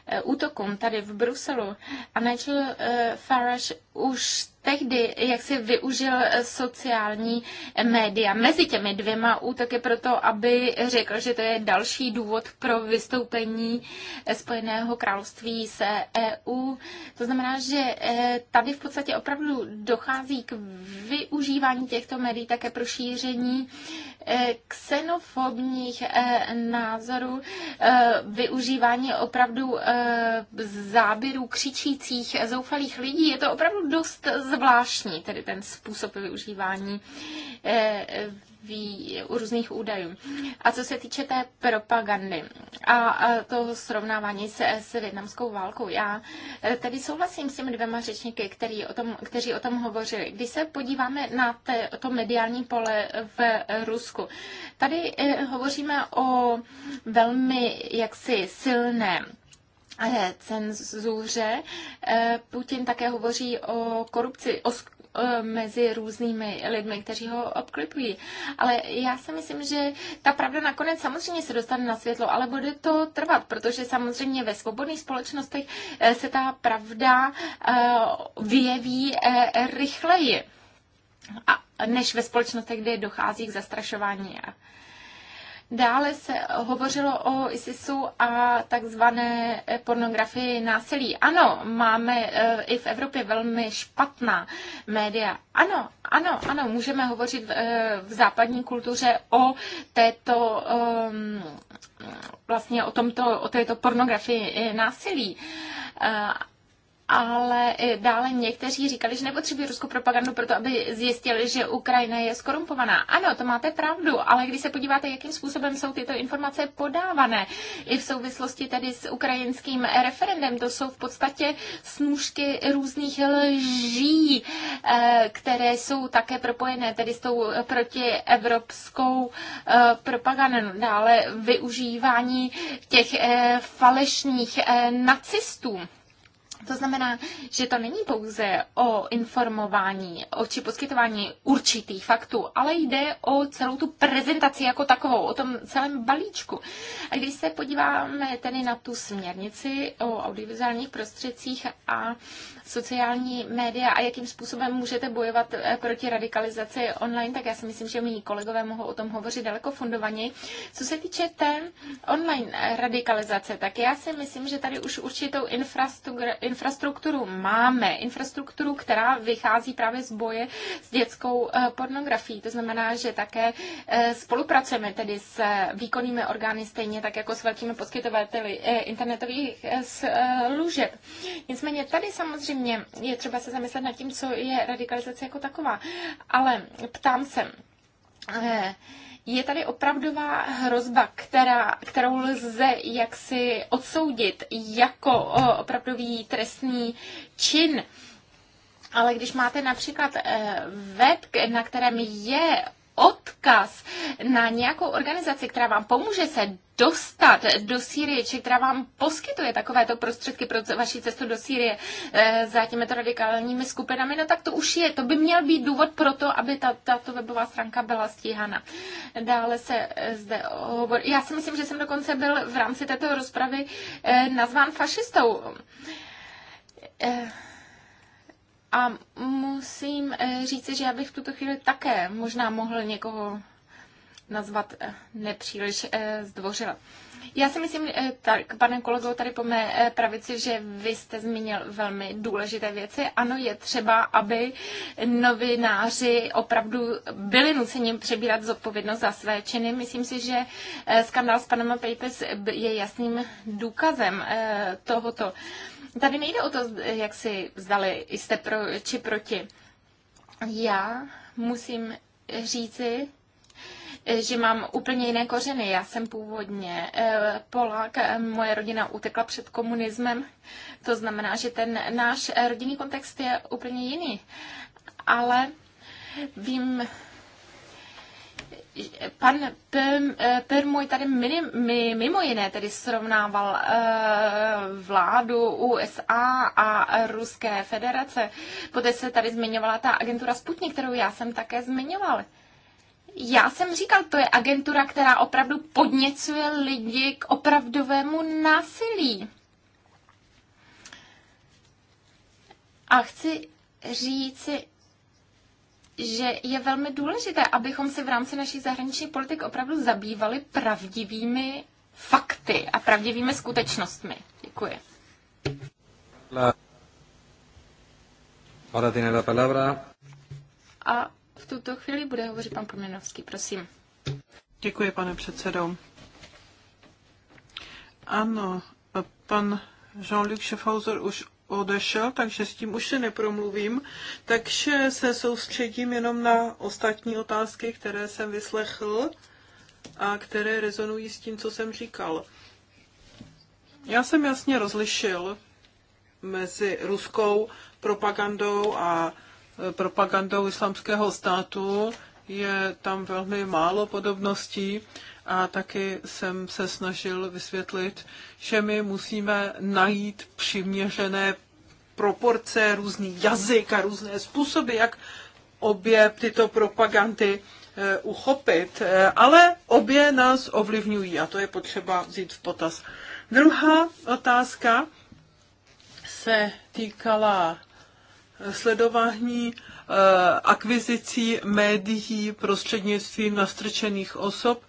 eh, útokům tady v Bruselu a Nigel eh, Farage už tehdy, jak si využil sociální média mezi těmi dvěma útoky proto, aby řekl, že to je další důvod pro vystoupení Spojeného království se EU. To znamená, že tady v podstatě opravdu dochází k využívání těchto médií také pro šíření E, ksenofobních e, názorů, e, využívání opravdu záběrů křičících zoufalých lidí. Je to opravdu dost zvláštní, tedy ten způsob využívání ví, u různých údajů. A co se týče té propagandy a toho srovnávání se s větnamskou válkou, já eh, tedy souhlasím s těmi dvěma řečníky, který o tom, kteří o tom hovořili. Když se podíváme na té, to mediální pole v Rusku, tady eh, hovoříme o velmi jaksi silném eh, cenzuře. Putin také hovoří o korupci, o Eh, mezi různými lidmi, kteří ho obklipují. Ale já si myslím, že ta pravda nakonec samozřejmě se dostane na světlo, ale bude to trvat, protože samozřejmě ve svobodných společnostech eh, se ta pravda eh, vyjeví rychleji než ve společnostech, kde dochází k zastrašování Dále se hovořilo o ISISu a takzvané eh, pornografii násilí. Ano, máme eh, i v Evropě velmi špatná média. Ano, ano, ano, můžeme hovořit v eh, západní kultuře o této ehm, vlastně o, tomto, o této pornografii násilí ale eh, dále někteří říkali, že nepotřebují ruskou propagandu proto, aby zjistili, že Ukrajina je skorumpovaná. Ano, to máte pravdu, ale když se podíváte, jakým způsobem jsou tyto informace podávané i v souvislosti tedy s ukrajinským referendem, to jsou v podstatě snůžky různých lží, eh, které jsou také propojené tedy s tou protievropskou eh, propagandou. Dále využívání těch falešných nacistů. To znamená, že to není pouze o informování, o či poskytování určitých faktů, ale jde o celou tu prezentaci jako takovou, o tom celém balíčku. A když se podíváme tedy na tu směrnici o audiovizuálních prostředcích a sociální média a jakým způsobem můžete bojovat eh, proti radikalizaci online, tak já si myslím, že mý kolegové mohou o tom hovořit daleko fundovaněji. Co se týče té online radikalizace, tak já si myslím, že tady už určitou infrastrukturu infrastrukturu. Máme infrastrukturu, která vychází právě z boje s dětskou eh, pornografií. To znamená, že také eh, spolupracujeme tedy s výkonnými orgány, stejně tak jako s velkými poskytovateli eh, internetových služeb. Nicméně tady samozřejmě je třeba se zamyslet nad tím, co je radikalizace jako taková. Ale ptám se, je tady opravdová hrozba, která, kterou lze jaksi odsoudit jako opravdový trestný čin. Ale když máte například eh, web, na kterém je odkaz na nějakou organizaci, která vám pomůže se dostat do Sýrie, či která vám poskytuje takovéto prostředky pro vaši cestu do Sýrie eh, za těmito radikálními skupinami, no tak to už je, to by měl být důvod pro to, aby ta, tato webová stránka byla stíhana. Dále se eh, zde hovor... Já si myslím, že jsem dokonce byl v rámci této rozpravy eh, nazván fašistou. E, a musím eh, říct, že já bych v tuto chvíli také možná mohl někoho nazvat eh, nepříliš eh, zdvořile. Já si myslím, tak, pane kolego, tady po mé pravici, že vy jste zmínil velmi důležité věci. Ano, je třeba, aby novináři opravdu byli nuceni přebírat zodpovědnost za své činy. Myslím si, že skandál s Panama Papers je jasným důkazem tohoto tady nejde o to, jak si zdali jste pro či proti. Já musím říci, že mám úplně jiné kořeny. Já jsem původně eh, Polák, eh, moje rodina utekla před komunismem, to znamená, že ten náš rodinný kontext je úplně jiný. Ale vím, pan eh, Permuj tady mimo jiné tedy srovnával eh, vládu USA a Ruské federace. Poté se tady zmiňovala ta agentura Sputnik, kterou já jsem také zmiňoval. Já jsem říkal, to je agentura, která opravdu podněcuje lidi k opravdovému násilí. A chci říci že je velmi důležité, abychom se v rámci naší zahraniční politiky opravdu zabývali pravdivými fakty a pravdivými skutečnostmi. Děkuji. A v tuto chvíli bude hovořit pan Poměnovský, prosím. Děkuji, pane předsedo. Ano, pan Jean-Luc Schaffhauser už odešel, takže s tím už se nepromluvím. Takže se soustředím jenom na ostatní otázky, které jsem vyslechl a které rezonují s tím, co jsem říkal. Já jsem jasně rozlišil mezi ruskou propagandou a e, propagandou islamského státu. Je tam velmi málo podobností a taky jsem se snažil vysvětlit, že my musíme najít přiměřené proporce, různý jazyk a různé způsoby, jak obě tyto propagandy eh, uchopit, eh, ale obě nás ovlivňují a to je potřeba vzít v potaz. Druhá otázka se týkala eh, sledování akvizicí médií prostřednictvím nastrčených osob.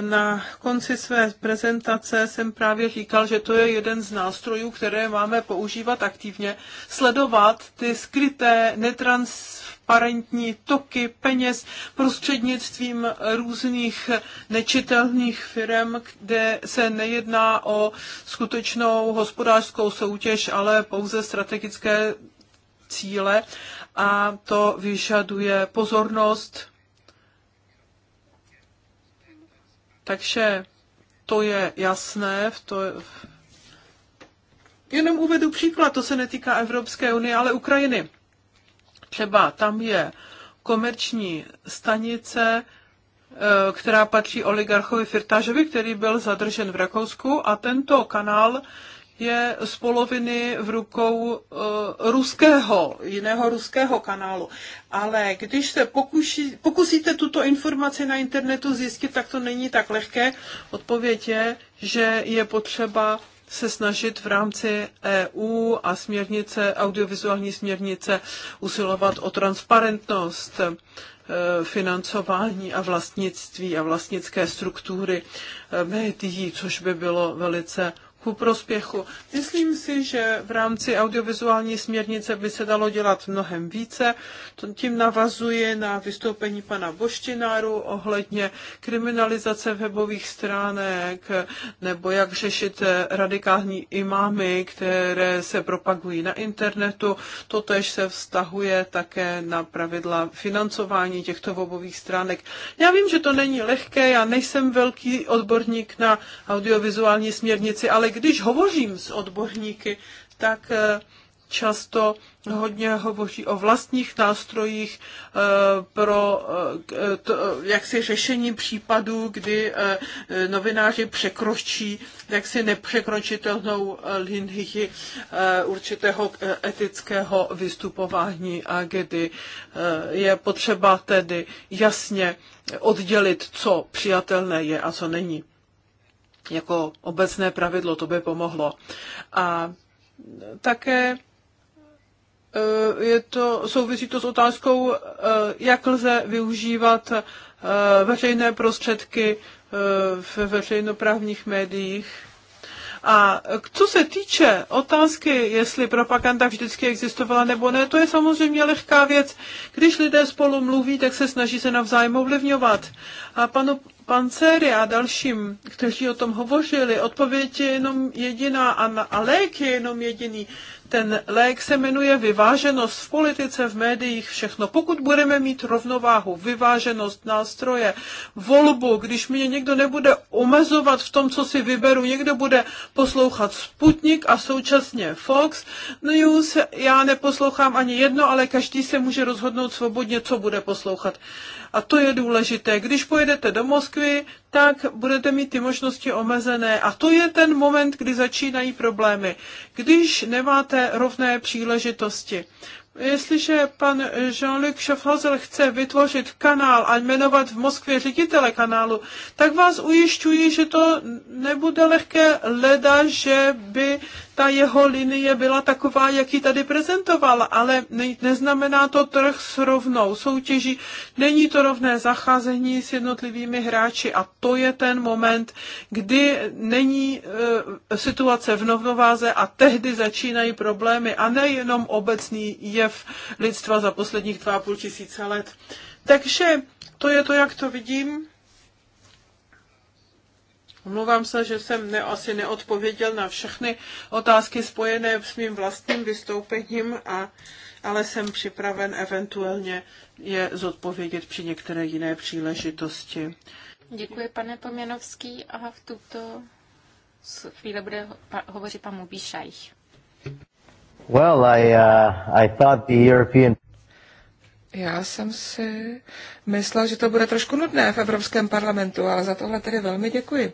Na konci své prezentace jsem právě říkal, že to je jeden z nástrojů, které máme používat aktivně, sledovat ty skryté, netransparentní toky peněz prostřednictvím různých nečitelných firm, kde se nejedná o skutečnou hospodářskou soutěž, ale pouze strategické cíle a to vyžaduje pozornost Takže to je jasné, v to, Jenom uvedu příklad, to se netýká Evropské unie, ale Ukrajiny. Třeba tam je komerční stanice, e, která patří oligarchovi Firtážovi, který byl zadržen v Rakousku a tento kanál je z poloviny v rukou uh, ruského, jiného ruského kanálu. Ale když se pokuší, pokusíte tuto informaci na internetu zjistit, tak to není tak lehké. Odpověď je, že je potřeba se snažit v rámci EU a směrnice, audiovizuální směrnice usilovat o transparentnost eh, financování a vlastnictví a vlastnické struktury eh, médií, což by bylo velice ku prospěchu. Myslím si, že v rámci audiovizuální směrnice by se dalo dělat mnohem více. Tím navazuje na vystoupení pana Boštináru ohledně kriminalizace webových stránek nebo jak řešit radikální imámy, které se propagují na internetu. Totež se vztahuje také na pravidla financování těchto webových stránek. Já vím, že to není lehké, já nejsem velký odborník na audiovizuální směrnici, ale když hovořím s odborníky, tak eh, často hodně hovoří o vlastních nástrojích eh, pro eh, jaksi řešení případů, kdy novináři překročí jaksi nepřekročitelnou linii určitého etického vystupování a kdy je potřeba tedy jasně oddělit, co přijatelné je a co není jako obecné pravidlo, to by pomohlo. A také eh, je to, souvisí to s otázkou, eh, jak lze využívat eh, veřejné prostředky v veřejnoprávních médiích. A co se týče otázky, jestli propaganda vždycky existovala nebo ne, to je samozřejmě lehká věc. Když lidé spolu mluví, tak se snaží se navzájem ovlivňovat. A panu Panceri a dalším, kteří o tom hovořili, odpověď je jenom jediná a, na, a lék je jenom jediný ten lék se jmenuje vyváženost v politice, v médiích, všechno. Pokud budeme mít rovnováhu, vyváženost, nástroje, volbu, když mě někdo nebude omezovat v tom, co si vyberu, někdo bude poslouchat Sputnik a současně Fox News, já neposlouchám ani jedno, ale každý se může rozhodnout svobodně, co bude poslouchat. A to je důležité. Když pojedete do Moskvy, tak budete mít ty možnosti omezené. A to je ten moment, kdy začínají problémy. Když nemáte rovné příležitosti. Jestliže pan Jean-Luc Schaffhauser chce vytvořit kanál a jmenovat v Moskvě ředitele kanálu, tak vás ujišťuji, že to nebude lehké leda, že by ta jeho linie byla taková, jak ji tady prezentoval, ale ne, neznamená to trh s rovnou soutěží, není to rovné zacházení s jednotlivými hráči a to je ten moment, kdy není e, situace v rovnováze a tehdy začínají problémy a nejenom obecný je projev lidstva za posledních dva a půl tisíce let. Takže to je to, jak to vidím. Omlouvám se, že jsem ne, asi neodpověděl na všechny otázky spojené s mým vlastním vystoupením, a, ale jsem připraven eventuálně je zodpovědět při některé jiné příležitosti. Děkuji, pane Poměnovský, a v tuto chvíli bude hovořit pan Mubíšaj. Well, I, uh, I thought the European... Já jsem si myslel, že to bude trošku nudné v Evropském parlamentu, ale za tohle tedy velmi děkuji.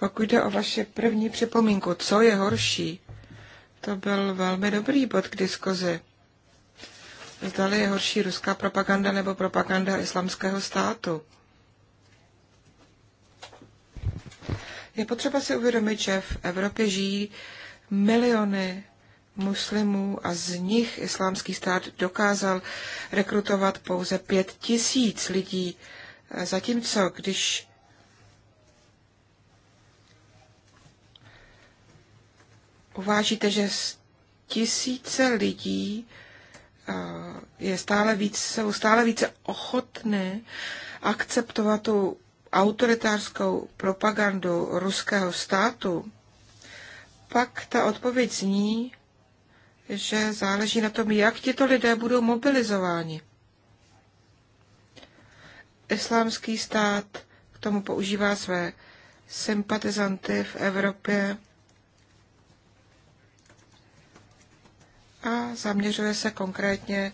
Pokud jde o vaše první připomínku, co je horší, to byl velmi dobrý bod k diskuzi. Zdali je horší ruská propaganda nebo propaganda islamského státu. Je potřeba si uvědomit, že v Evropě žijí miliony muslimů a z nich islámský stát dokázal rekrutovat pouze pět tisíc lidí, zatímco když uvážíte, že tisíce lidí eh, je stále víc, jsou stále více ochotné akceptovat tu autoritářskou propagandu ruského státu, pak ta odpověď zní, že záleží na tom, jak tito lidé budou mobilizováni. Islámský stát k tomu používá své sympatizanty v Evropě a zaměřuje se konkrétně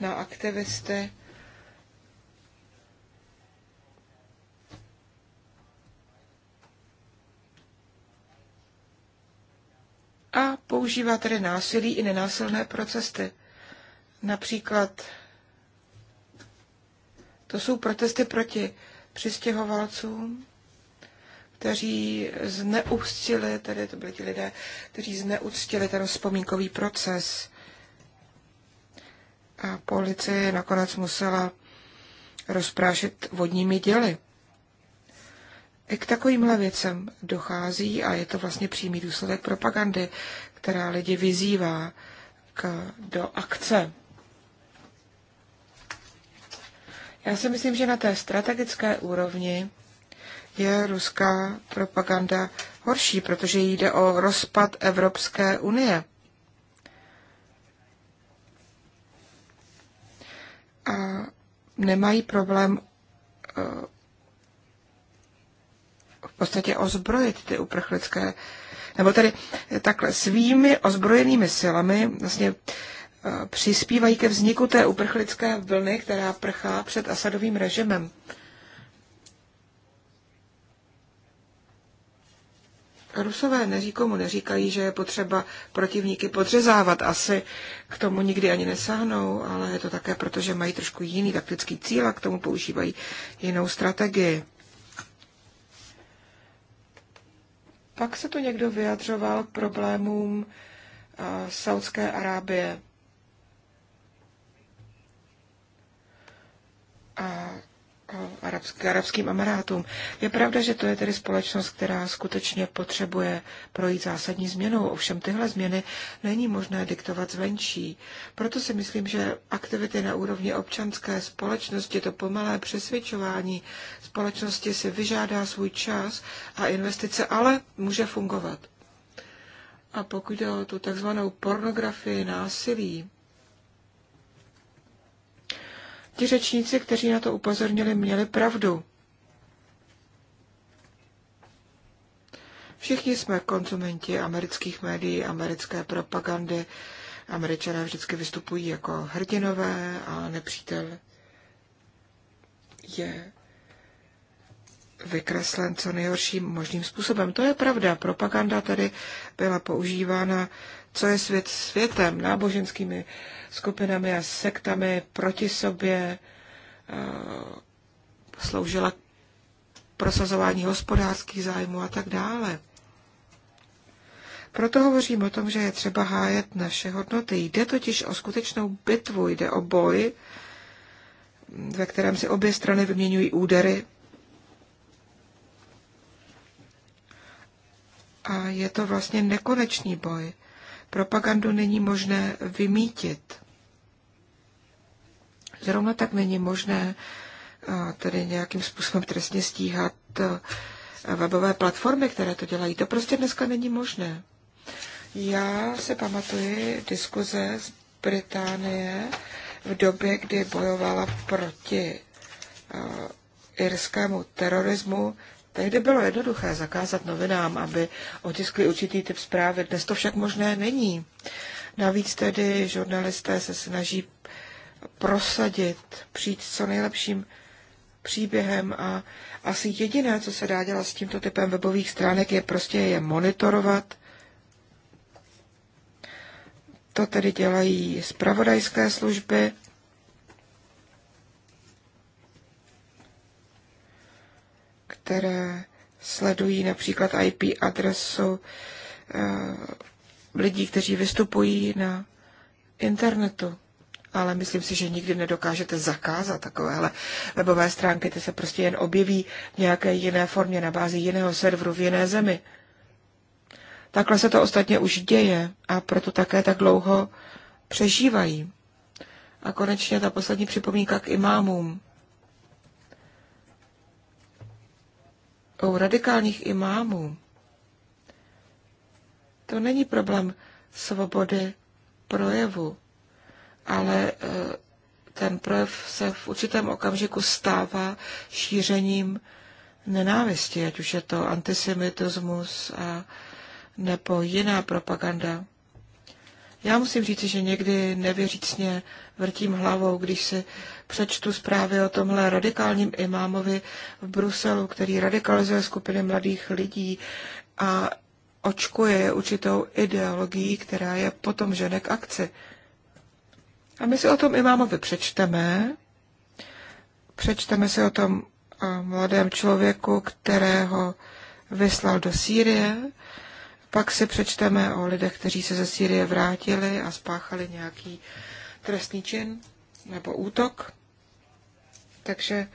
na aktivisty a používá tedy násilí i nenásilné procesy. Například to jsou protesty proti přistěhovalcům, kteří zneuctili, tedy to byli ti lidé, kteří zneuctili ten vzpomínkový proces. A policie nakonec musela rozprášit vodními děly k takovýmhle věcem dochází a je to vlastně přímý důsledek propagandy, která lidi vyzývá k, do akce. Já si myslím, že na té strategické úrovni je ruská propaganda horší, protože jde o rozpad Evropské unie. A nemají problém eh, podstatě ozbrojit ty uprchlické, nebo tedy takhle, svými ozbrojenými silami vlastně eh, přispívají ke vzniku té uprchlické vlny, která prchá před Asadovým režimem. Rusové neříkomu neříkají, že je potřeba protivníky podřezávat. Asi k tomu nikdy ani nesáhnou, ale je to také proto, že mají trošku jiný taktický cíl a k tomu používají jinou strategii. Pak se tu někdo vyjadřoval k problémům eh, Saudské Arábie. A arabský, arabským amarátům. Je pravda, že to je tedy společnost, která skutečně potřebuje projít zásadní změnou, ovšem tyhle změny není možné diktovat zvenčí. Proto si myslím, že aktivity na úrovni občanské společnosti, to pomalé přesvědčování společnosti si vyžádá svůj čas a investice, ale může fungovat. A pokud jde o tu takzvanou pornografii násilí, ti řečníci, kteří na to upozornili, měli pravdu. Všichni jsme konzumenti amerických médií, americké propagandy. Američané vždycky vystupují jako hrdinové a nepřítel je vykreslen co nejhorším možným způsobem. To je pravda. Propaganda tedy byla používána co je svět světem, náboženskými skupinami a sektami proti sobě, sloužila k prosazování hospodářských zájmů a tak dále. Proto hovořím o tom, že je třeba hájet naše hodnoty. Jde totiž o skutečnou bitvu, jde o boj, ve kterém si obě strany vyměňují údery. A je to vlastně nekonečný boj. Propagandu není možné vymítit. Zrovna tak není možné eh, tedy nějakým způsobem trestně stíhat eh, webové platformy, které to dělají. To prostě dneska není možné. Já se pamatuji diskuze z Británie v době, kdy bojovala proti eh, irskému terorismu Tehdy bylo jednoduché zakázat novinám, aby otiskli určitý typ zprávy. Dnes to však možné není. Navíc tedy žurnalisté se snaží prosadit, přijít s co nejlepším příběhem a asi jediné, co se dá dělat s tímto typem webových stránek, je prostě je monitorovat. To tedy dělají zpravodajské služby které sledují například IP adresu eh, lidí, kteří vystupují na internetu. Ale myslím si, že nikdy nedokážete zakázat takovéhle webové stránky, ty se prostě jen objeví v nějaké jiné formě na bázi jiného serveru v jiné zemi. Takhle se to ostatně už děje a proto také tak dlouho přežívají. A konečně ta poslední připomínka k imámům. u radikálních imámů to není problém svobody projevu, ale eh, ten projev se v určitém okamžiku stává šířením nenávisti, ať už je to antisemitismus a, nebo jiná propaganda. Já musím říct, že někdy nevěřícně vrtím hlavou, když si přečtu zprávy o tomhle radikálním imámovi v Bruselu, který radikalizuje skupiny mladých lidí a očkuje je určitou ideologií, která je potom žene k akci. A my si o tom imámovi přečteme, přečteme si o tom eh, mladém člověku, kterého vyslal do Sýrie, pak si přečteme o lidech, kteří se ze Sýrie vrátili a spáchali nějaký trestný čin nebo útok. Takže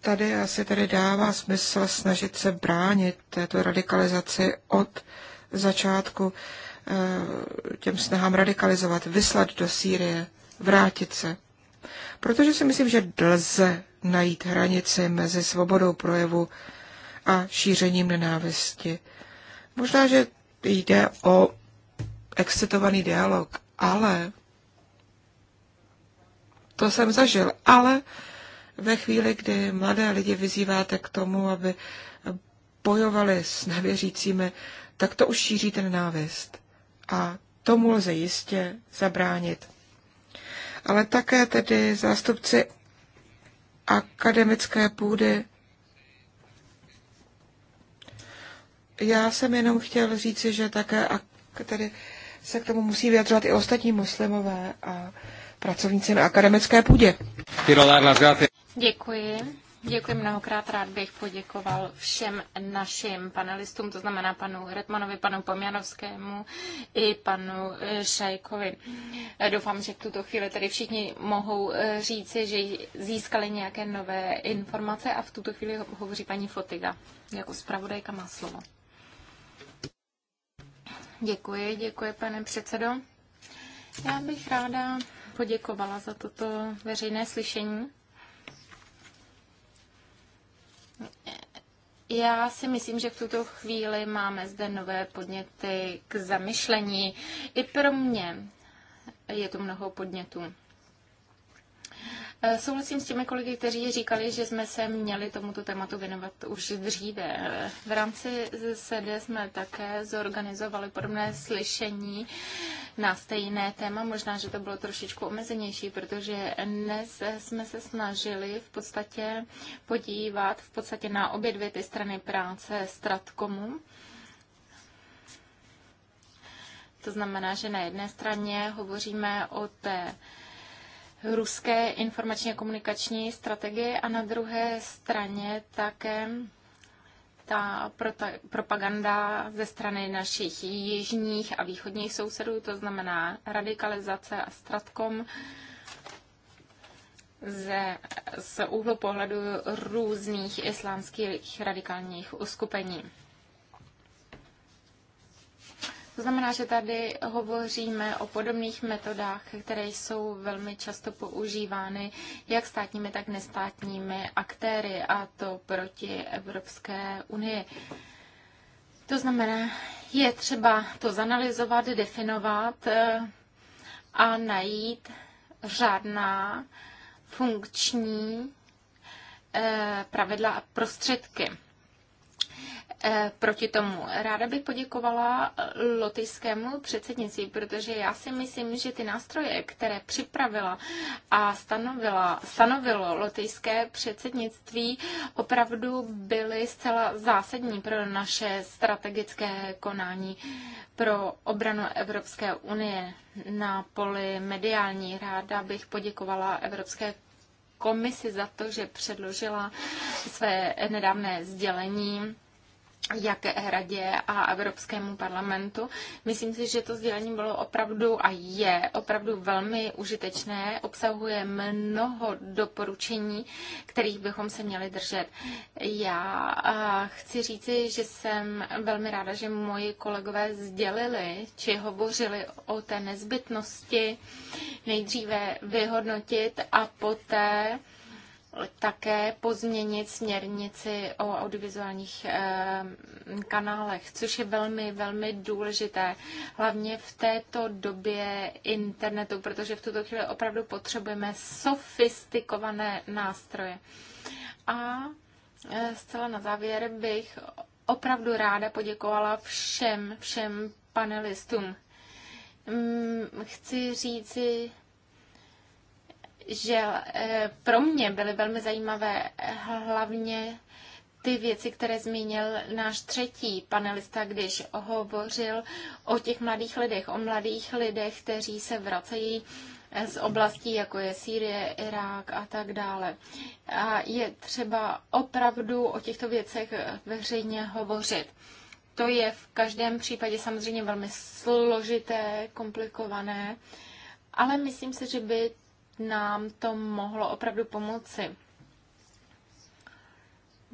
tady asi tady dává smysl snažit se bránit této radikalizaci od začátku eh, těm snahám radikalizovat, vyslat do Sýrie, vrátit se. Protože si myslím, že lze najít hranici mezi svobodou projevu a šířením nenávisti. Možná, že jde o excitovaný dialog, ale to jsem zažil. Ale ve chvíli, kdy mladé lidi vyzýváte k tomu, aby bojovali s nevěřícími, tak to už šíří ten návist. A tomu lze jistě zabránit. Ale také tedy zástupci akademické půdy. Já jsem jenom chtěl říci, že také tedy se k tomu musí vyjadřovat i ostatní muslimové a pracovníci na akademické půdě. Děkuji. Děkuji mnohokrát, rád bych poděkoval všem našim panelistům, to znamená panu Hretmanovi, panu Pomjanovskému i panu eh, Šajkovi. Doufám, že v tuto chvíli tady všichni mohou eh, říci, že získali nějaké nové informace a v tuto chvíli hovoří paní Fotiga. Jako zpravodajka má slovo. Děkuji, děkuji, pane předsedo. Já bych ráda poděkovala za toto veřejné slyšení. Já si myslím, že v tuto chvíli máme zde nové podněty k zamyšlení. I pro mě je to mnoho podnětů. Eh, souhlasím s těmi kolegy, kteří říkali, že jsme se měli tomuto tématu věnovat už dříve. V rámci SED jsme také zorganizovali podobné slyšení na stejné téma. Možná, že to bylo trošičku omezenější, protože dnes jsme se snažili v podstatě podívat v podstatě na obě dvě ty strany práce Stratkomu. To znamená, že na jedné straně hovoříme o té ruské informačně komunikační strategie a na druhé straně také ta propaganda ze strany našich jižních a východních sousedů, to znamená radikalizace a stratkom ze, z úhlu pohledu různých islámských radikálních uskupení. To znamená, že tady hovoříme o podobných metodách, které jsou velmi často používány jak státními, tak nestátními aktéry a to proti Evropské unii. To znamená, je třeba to zanalizovat, definovat eh, a najít řádná funkční eh, pravidla a prostředky. Eh, proti tomu. Ráda bych poděkovala eh, lotyšskému předsednictví, protože já si myslím, že ty nástroje, které připravila a stanovila, stanovilo lotyšské předsednictví, opravdu byly zcela zásadní pro naše strategické konání pro obranu Evropské unie na poli mediální. Ráda bych poděkovala Evropské komisi za to, že předložila své nedávné sdělení jak radě a Evropskému parlamentu. Myslím si, že to sdělení bylo opravdu a je opravdu velmi užitečné, obsahuje mnoho doporučení, kterých bychom se měli držet. Já chci říci, že jsem velmi ráda, že moji kolegové sdělili, či hovořili o té nezbytnosti nejdříve vyhodnotit a poté také pozměnit směrnici o audiovizuálních eh, kanálech, což je velmi, velmi důležité, hlavně v této době internetu, protože v tuto chvíli opravdu potřebujeme sofistikované nástroje. A eh, zcela na závěr bych opravdu ráda poděkovala všem, všem panelistům. Mm, chci říci, že eh, pro mě byly velmi zajímavé eh, hlavně ty věci, které zmínil náš třetí panelista, když hovořil o těch mladých lidech, o mladých lidech, kteří se vracejí eh, z oblastí, jako je Sýrie, Irák a tak dále. A je třeba opravdu o těchto věcech veřejně hovořit. To je v každém případě samozřejmě velmi složité, komplikované, ale myslím si, že by nám to mohlo opravdu pomoci.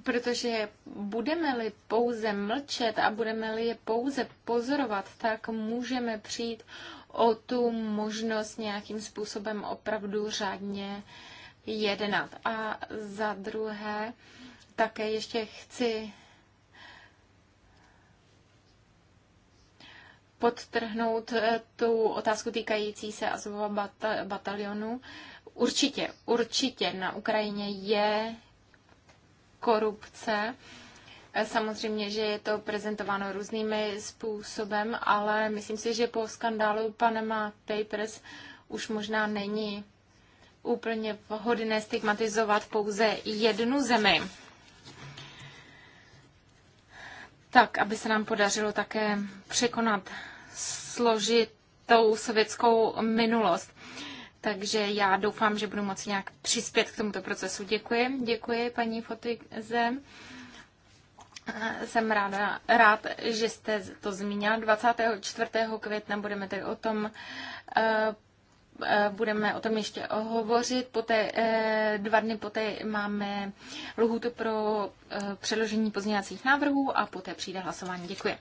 Protože budeme-li pouze mlčet a budeme-li je pouze pozorovat, tak můžeme přijít o tu možnost nějakým způsobem opravdu řádně jednat. A za druhé, také ještě chci podtrhnout eh, tu otázku týkající se Azova bata, batalionu. Určitě, určitě na Ukrajině je korupce. Eh, samozřejmě, že je to prezentováno různými způsobem, ale myslím si, že po skandálu Panama Papers už možná není úplně vhodné stigmatizovat pouze jednu zemi. tak aby se nám podařilo také překonat složitou sovětskou minulost. Takže já doufám, že budu moci nějak přispět k tomuto procesu. Děkuji, děkuji paní Fotyze. Jsem ráda, rád, že jste to zmínila. 24. května budeme tedy o tom eh, Eh, budeme o tom ještě hovořit. Poté, eh, dva dny poté máme lhůtu pro eh, předložení pozměňovacích návrhů a poté přijde hlasování. Děkuji.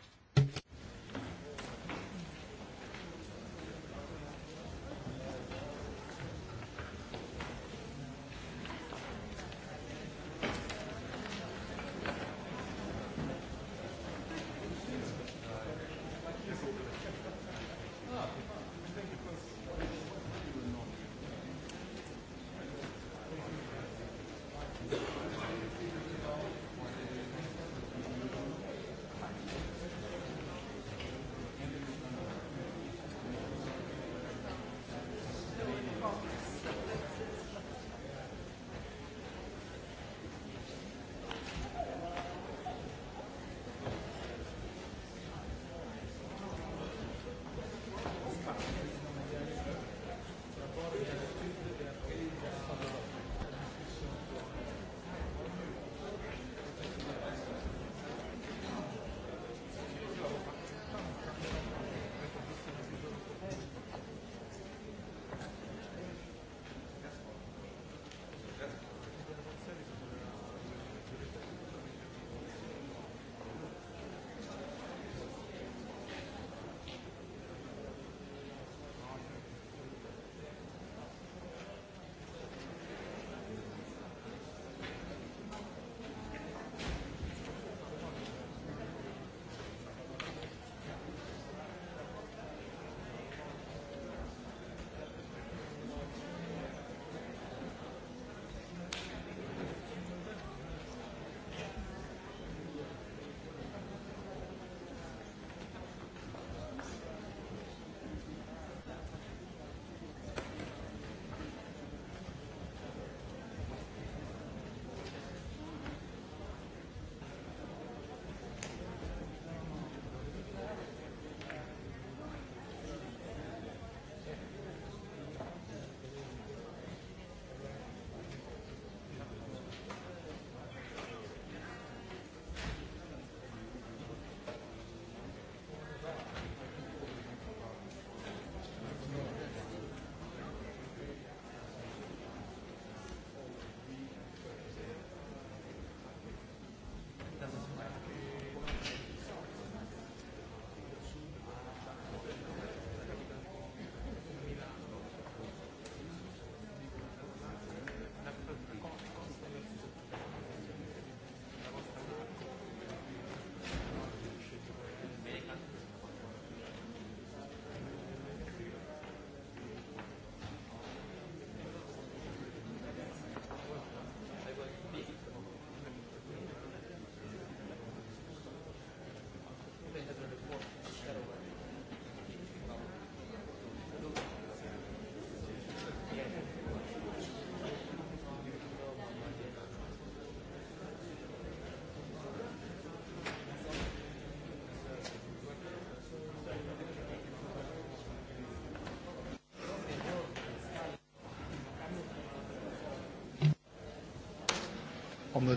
on me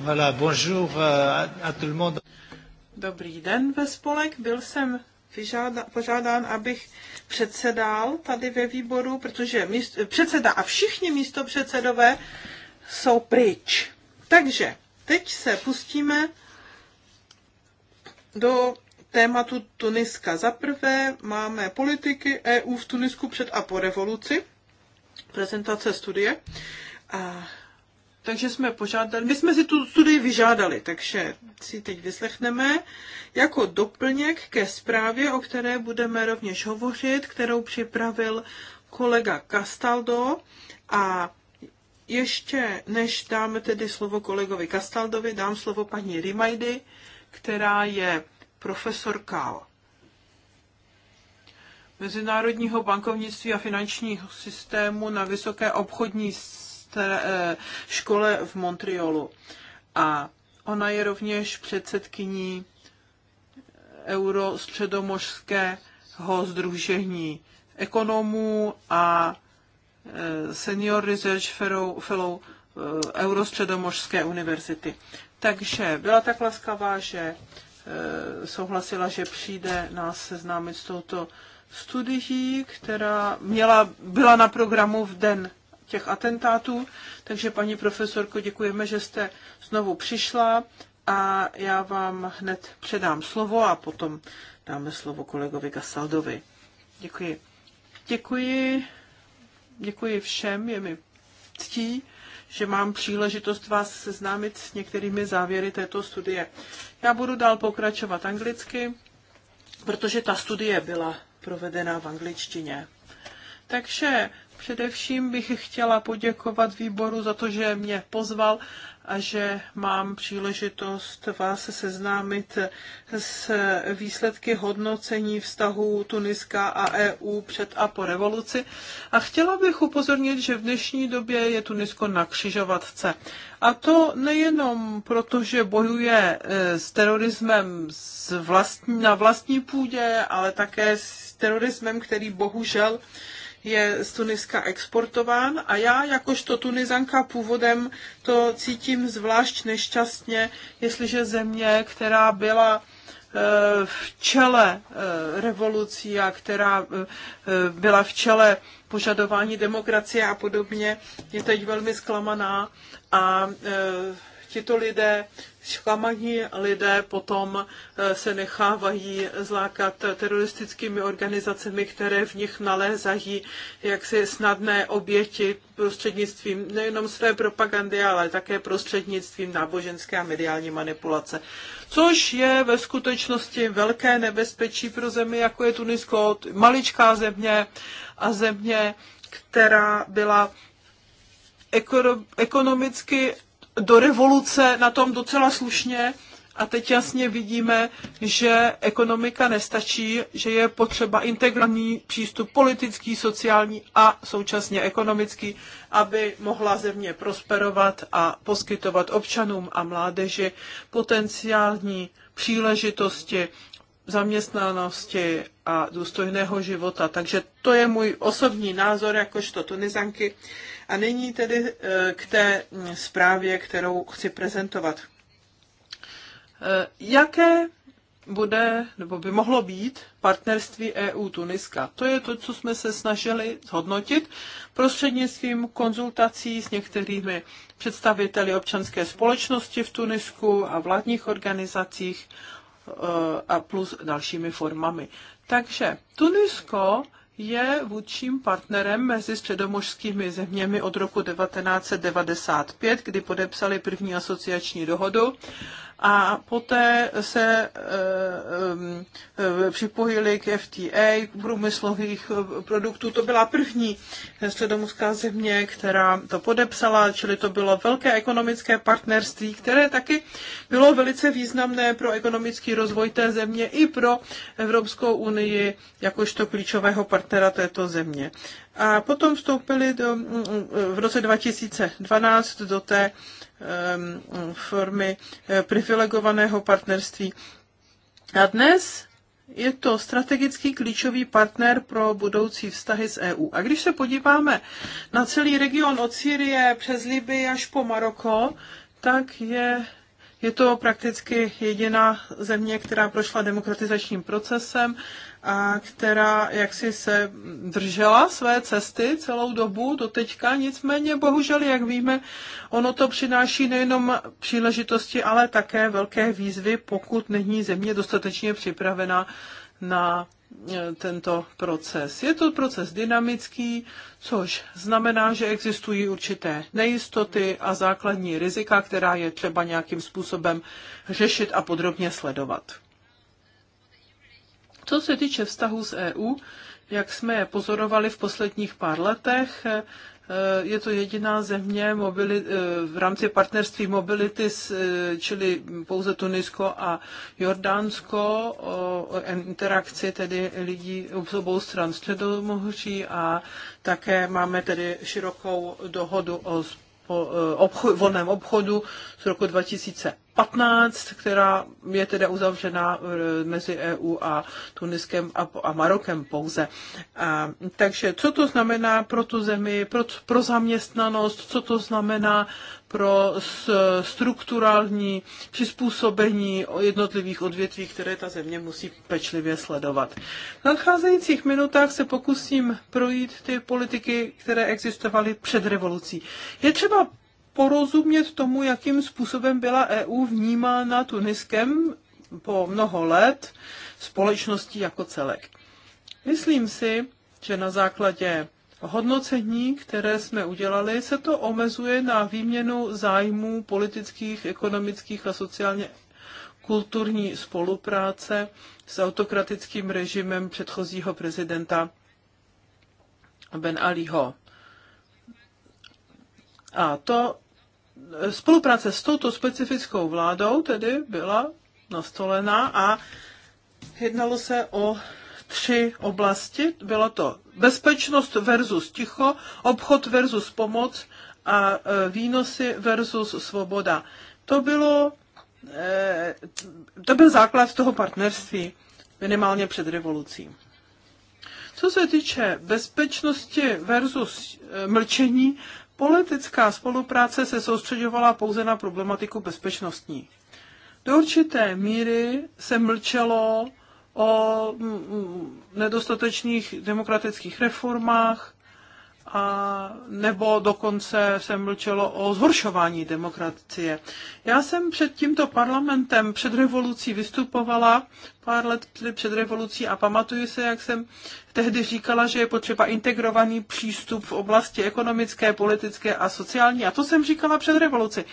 Voilà, bonjour euh, à, à tout le monde. Dobrý den ve spolek, byl jsem vyžáda, požádán, abych předsedal tady ve výboru, protože míst, předseda a všichni místo předsedové jsou pryč. Takže teď se pustíme do tématu Tuniska. Za prvé máme politiky EU v Tunisku před a po revoluci, prezentace studie. A takže jsme požádali, my jsme si tu studii vyžádali, takže si teď vyslechneme jako doplněk ke zprávě, o které budeme rovněž hovořit, kterou připravil kolega Castaldo a ještě než dáme tedy slovo kolegovi Castaldovi, dám slovo paní Rimajdy, která je profesorka Mezinárodního bankovnictví a finančního systému na Vysoké obchodní Eh, škole v Montrealu. A ona je rovněž předsedkyní eh, Eurostředomořského združení ekonomů a eh, Senior Research Fellow, fellow Eurostředomořské univerzity. Takže byla tak laskavá, že souhlasila, že přijde nás seznámit s touto studií, která měla, byla na programu v den těch atentátů. Takže paní profesorko, děkujeme, že jste znovu přišla a já vám hned předám slovo a potom dáme slovo kolegovi Gasaldovi. Děkuji. Děkuji. Děkuji všem, je mi ctí, že mám příležitost vás seznámit s některými závěry této studie. Já budu dál pokračovat anglicky, protože ta studie byla provedena v angličtině. Takže Především bych chtěla poděkovat výboru za to, že mě pozval a že mám příležitost vás seznámit s výsledky hodnocení vztahu Tuniska a EU před a po revoluci. A chtěla bych upozornit, že v dnešní době je Tunisko na křižovatce. A to nejenom proto, že bojuje e, s terorismem z vlastní, na vlastní půdě, ale také s terorismem, který bohužel je z Tuniska exportován a já jakožto Tunizanka původem to cítím zvlášť nešťastně, jestliže země, která byla eh, v čele eh, revolucí a která eh, byla v čele požadování demokracie a podobně, je teď velmi zklamaná a tito lidé, šklamaní lidé potom eh, se nechávají zlákat teroristickými organizacemi, které v nich nalézají jaksi snadné oběti prostřednictvím nejenom své propagandy, ale také prostřednictvím náboženské a mediální manipulace. Což je ve skutečnosti velké nebezpečí pro zemi, jako je Tunisko, maličká země a země, která byla ekonomicky do revoluce na tom docela slušně a teď jasně vidíme, že ekonomika nestačí, že je potřeba integrální přístup politický, sociální a současně ekonomický, aby mohla země prosperovat a poskytovat občanům a mládeži potenciální příležitosti zaměstnanosti a důstojného života. Takže to je můj osobní názor jakožto tunizanky. A nyní tedy eh, k té mm, zprávě, kterou chci prezentovat. Eh, jaké bude, nebo by mohlo být partnerství EU-Tuniska. To je to, co jsme se snažili zhodnotit prostřednictvím konzultací s některými představiteli občanské společnosti v Tunisku a vládních organizacích Eh, a plus dalšími formami. Takže Tunisko je vůdčím partnerem mezi středomořskými zeměmi od roku 1995, kdy podepsali první asociační dohodu a poté se eh, eh, připojili k FTA, k průmyslových eh, produktů. To byla první středomorská země, která to podepsala, čili to bylo velké ekonomické partnerství, které taky bylo velice významné pro ekonomický rozvoj té země i pro Evropskou unii jakožto klíčového partnera této země. A potom vstoupili do, mm, mm, v roce 2012 do té Um, formy eh, privilegovaného partnerství. A dnes je to strategický klíčový partner pro budoucí vztahy s EU. A když se podíváme na celý region od Syrie přes Liby až po Maroko, tak je, je to prakticky jediná země, která prošla demokratizačním procesem a která jaksi se držela své cesty celou dobu do teďka, nicméně bohužel, jak víme, ono to přináší nejenom příležitosti, ale také velké výzvy, pokud není země dostatečně připravena na e, tento proces. Je to proces dynamický, což znamená, že existují určité nejistoty a základní rizika, která je třeba nějakým způsobem řešit a podrobně sledovat. Co se týče vztahu s EU, jak jsme je pozorovali v posledních pár letech, eh, je to jediná země eh, v rámci partnerství mobility, eh, čili pouze Tunisko a Jordánsko, o interakci tedy lidí z obou stran středomohří a také máme tedy širokou dohodu o volném obchodu z roku 2000 15, která je teda uzavřena eh, mezi EU a Tuniskem a, a Marokem pouze. A, takže co to znamená pro tu zemi, pro, pro zaměstnanost, co to znamená pro strukturální přizpůsobení jednotlivých odvětví, které ta země musí pečlivě sledovat. V nadcházejících minutách se pokusím projít ty politiky, které existovaly před revolucí. Je třeba porozumět tomu, jakým způsobem byla EU vnímána Tuniskem po mnoho let společností jako celek. Myslím si, že na základě hodnocení, které jsme udělali, se to omezuje na výměnu zájmů politických, ekonomických a sociálně kulturní spolupráce s autokratickým režimem předchozího prezidenta Ben Aliho. A to spolupráce s touto specifickou vládou tedy byla nastolená a jednalo se o tři oblasti. Bylo to bezpečnost versus ticho, obchod versus pomoc a e, výnosy versus svoboda. To, bylo, e, to byl základ toho partnerství minimálně před revolucí. Co se týče bezpečnosti versus e, mlčení, politická spolupráce se soustředovala pouze na problematiku bezpečnostní. Do určité míry se mlčelo o mm, mm, nedostatečných demokratických reformách, a nebo dokonce se mlčelo o zhoršování demokracie. Já jsem před tímto parlamentem před revolucí vystupovala pár let před revolucí a pamatuju se, jak jsem tehdy říkala, že je potřeba integrovaný přístup v oblasti ekonomické, politické a sociální. A to jsem říkala před revoluci.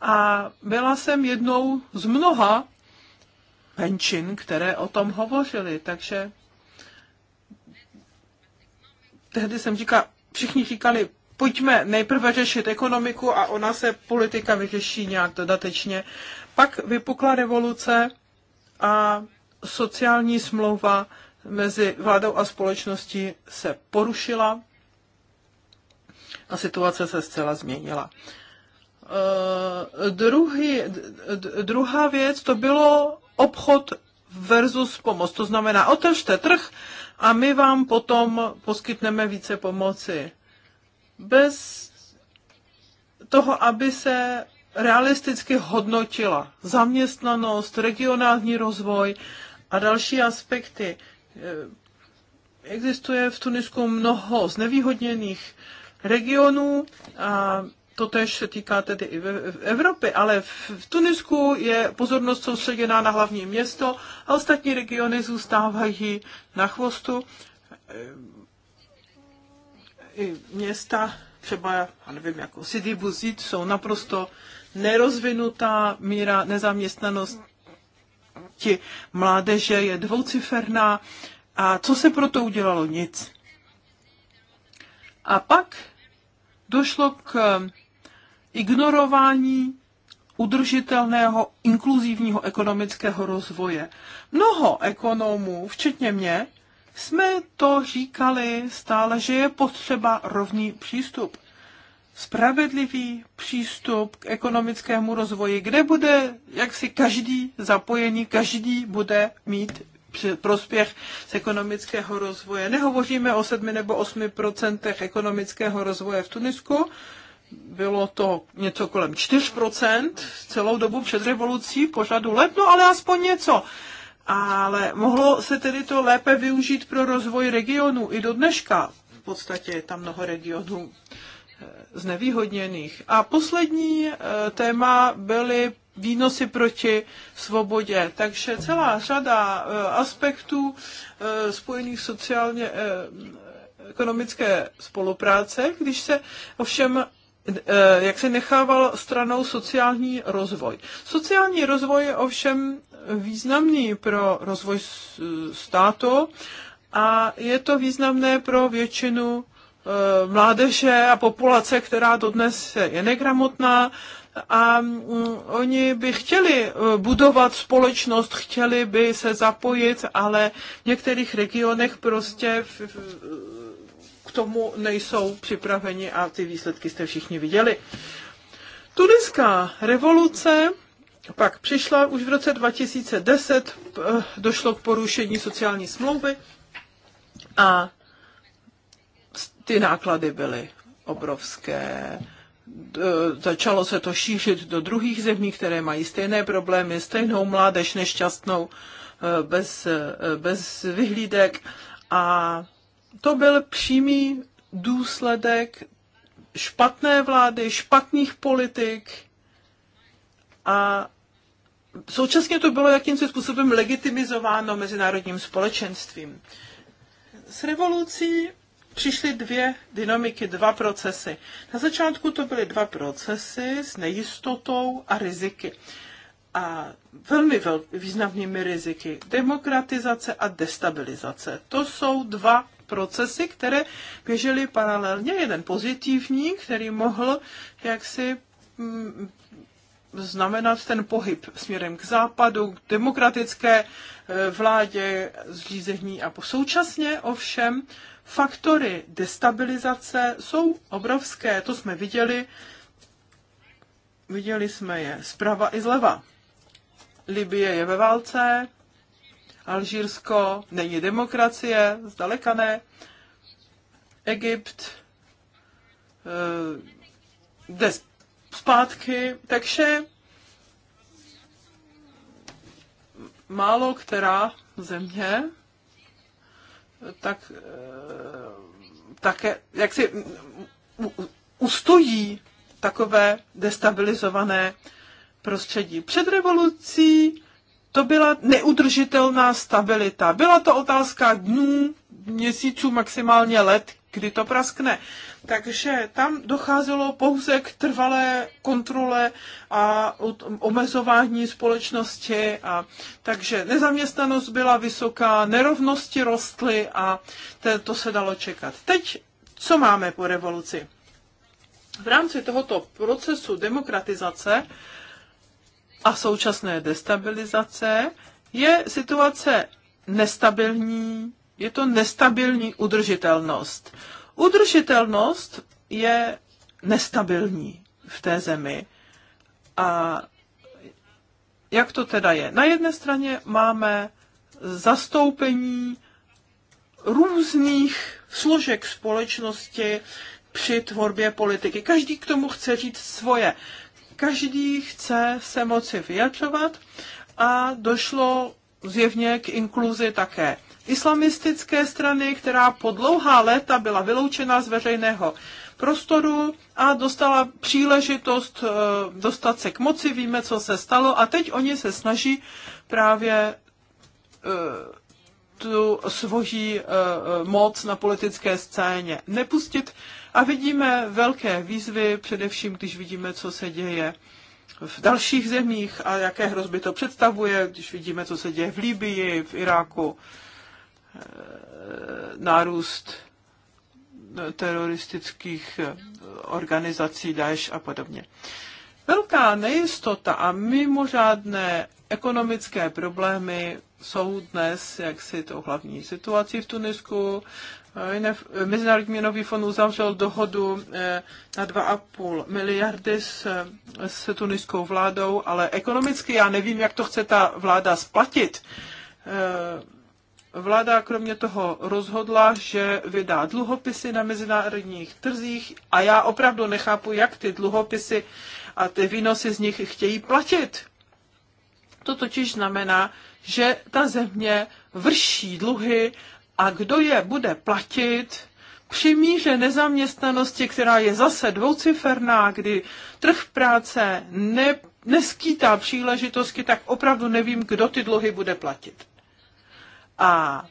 A byla jsem jednou z mnoha menšin, které o tom hovořily, takže tehdy jsem říkala, všichni říkali, pojďme nejprve řešit ekonomiku a ona se politika vyřeší nějak dodatečně. Pak vypukla revoluce a sociální smlouva mezi vládou a společností se porušila a situace se zcela změnila. Eh, druhý, druhá věc, to bylo obchod versus pomoc. To znamená, otevřte trh a my vám potom poskytneme více pomoci. Bez toho, aby se realisticky hodnotila zaměstnanost, regionální rozvoj a další aspekty. Existuje v Tunisku mnoho znevýhodněných regionů a to tež se týká tedy i Evropy, ale v Tunisku je pozornost soustředěná na hlavní město a ostatní regiony zůstávají na chvostu. E, I města, třeba, já nevím, jako Sidi Buzid, jsou naprosto nerozvinutá míra nezaměstnanosti mládeže je dvouciferná. A co se proto udělalo? Nic. A pak došlo k ignorování udržitelného inkluzivního ekonomického rozvoje. Mnoho ekonomů, včetně mě, jsme to říkali stále, že je potřeba rovný přístup. Spravedlivý přístup k ekonomickému rozvoji, kde bude jaksi každý zapojený, každý bude mít prospěch z ekonomického rozvoje. Nehovoříme o 7 nebo 8 procentech ekonomického rozvoje v Tunisku, bylo to něco kolem 4% celou dobu před revolucí, po řadu let, no ale aspoň něco. Ale mohlo se tedy to lépe využít pro rozvoj regionu i do dneška. V podstatě je tam mnoho regionů eh, znevýhodněných. A poslední eh, téma byly výnosy proti svobodě. Takže celá řada eh, aspektů spojených sociálně ekonomické spolupráce, když se ovšem Eh, jak se nechával stranou sociální rozvoj. Sociální rozvoj je ovšem významný pro rozvoj státu a je to významné pro většinu eh, mládeže a populace, která dodnes je negramotná a mm, oni by chtěli eh, budovat společnost, chtěli by se zapojit, ale v některých regionech prostě tomu nejsou připraveni a ty výsledky jste všichni viděli. Tuniská revoluce pak přišla už v roce 2010, eh, došlo k porušení sociální smlouvy a ty náklady byly obrovské. Eh, začalo se to šířit do druhých zemí, které mají stejné problémy, stejnou mládež nešťastnou, eh, bez, bez vyhlídek a to byl přímý důsledek špatné vlády, špatných politik a současně to bylo jakýmsi způsobem legitimizováno mezinárodním společenstvím. S revolucí přišly dvě dynamiky, dva procesy. Na začátku to byly dva procesy s nejistotou a riziky. A velmi významnými riziky. Demokratizace a destabilizace. To jsou dva procesy, které běžely paralelně. Jeden pozitivní, který mohl jaksi mm, znamenat ten pohyb směrem k západu, k demokratické e, vládě, zřízení a po současně ovšem faktory destabilizace jsou obrovské. To jsme viděli, viděli jsme je zprava i zleva. Libie je ve válce, Alžírsko není demokracie, zdaleka ne. Egypt eh, jde zpátky, takže málo která země tak eh, také, jak si ustojí takové destabilizované prostředí. Před revolucí to byla neudržitelná stabilita. Byla to otázka dnů, měsíců, maximálně let, kdy to praskne. Takže tam docházelo pouze k trvalé kontrole a omezování společnosti. A, takže nezaměstnanost byla vysoká, nerovnosti rostly a to se dalo čekat. Teď co máme po revoluci? V rámci tohoto procesu demokratizace a současné destabilizace, je situace nestabilní, je to nestabilní udržitelnost. Udržitelnost je nestabilní v té zemi. A jak to teda je? Na jedné straně máme zastoupení různých složek společnosti při tvorbě politiky. Každý k tomu chce říct svoje každý chce se moci vyjadřovat a došlo zjevně k inkluzi také islamistické strany, která po dlouhá léta byla vyloučena z veřejného prostoru a dostala příležitost eh, dostat se k moci, víme, co se stalo a teď oni se snaží právě eh, tu svoji eh, moc na politické scéně nepustit a vidíme velké výzvy, především když vidíme, co se děje v dalších zemích a jaké hrozby to představuje, když vidíme, co se děje v Libii, v Iráku, eh, nárůst eh, teroristických eh, organizací Daesh a podobně. Velká nejistota a mimořádné ekonomické problémy jsou dnes jaksi tou hlavní situací v Tunisku. Mezinárodní měnový fond uzavřel dohodu eh, na 2,5 miliardy s, s tuniskou vládou, ale ekonomicky já nevím, jak to chce ta vláda splatit. Eh, vláda kromě toho rozhodla, že vydá dluhopisy na mezinárodních trzích a já opravdu nechápu, jak ty dluhopisy a ty výnosy z nich chtějí platit. To totiž znamená, že ta země vrší dluhy a kdo je bude platit při míře nezaměstnanosti, která je zase dvouciferná, kdy trh práce ne, neskýtá příležitosti, tak opravdu nevím, kdo ty dluhy bude platit. A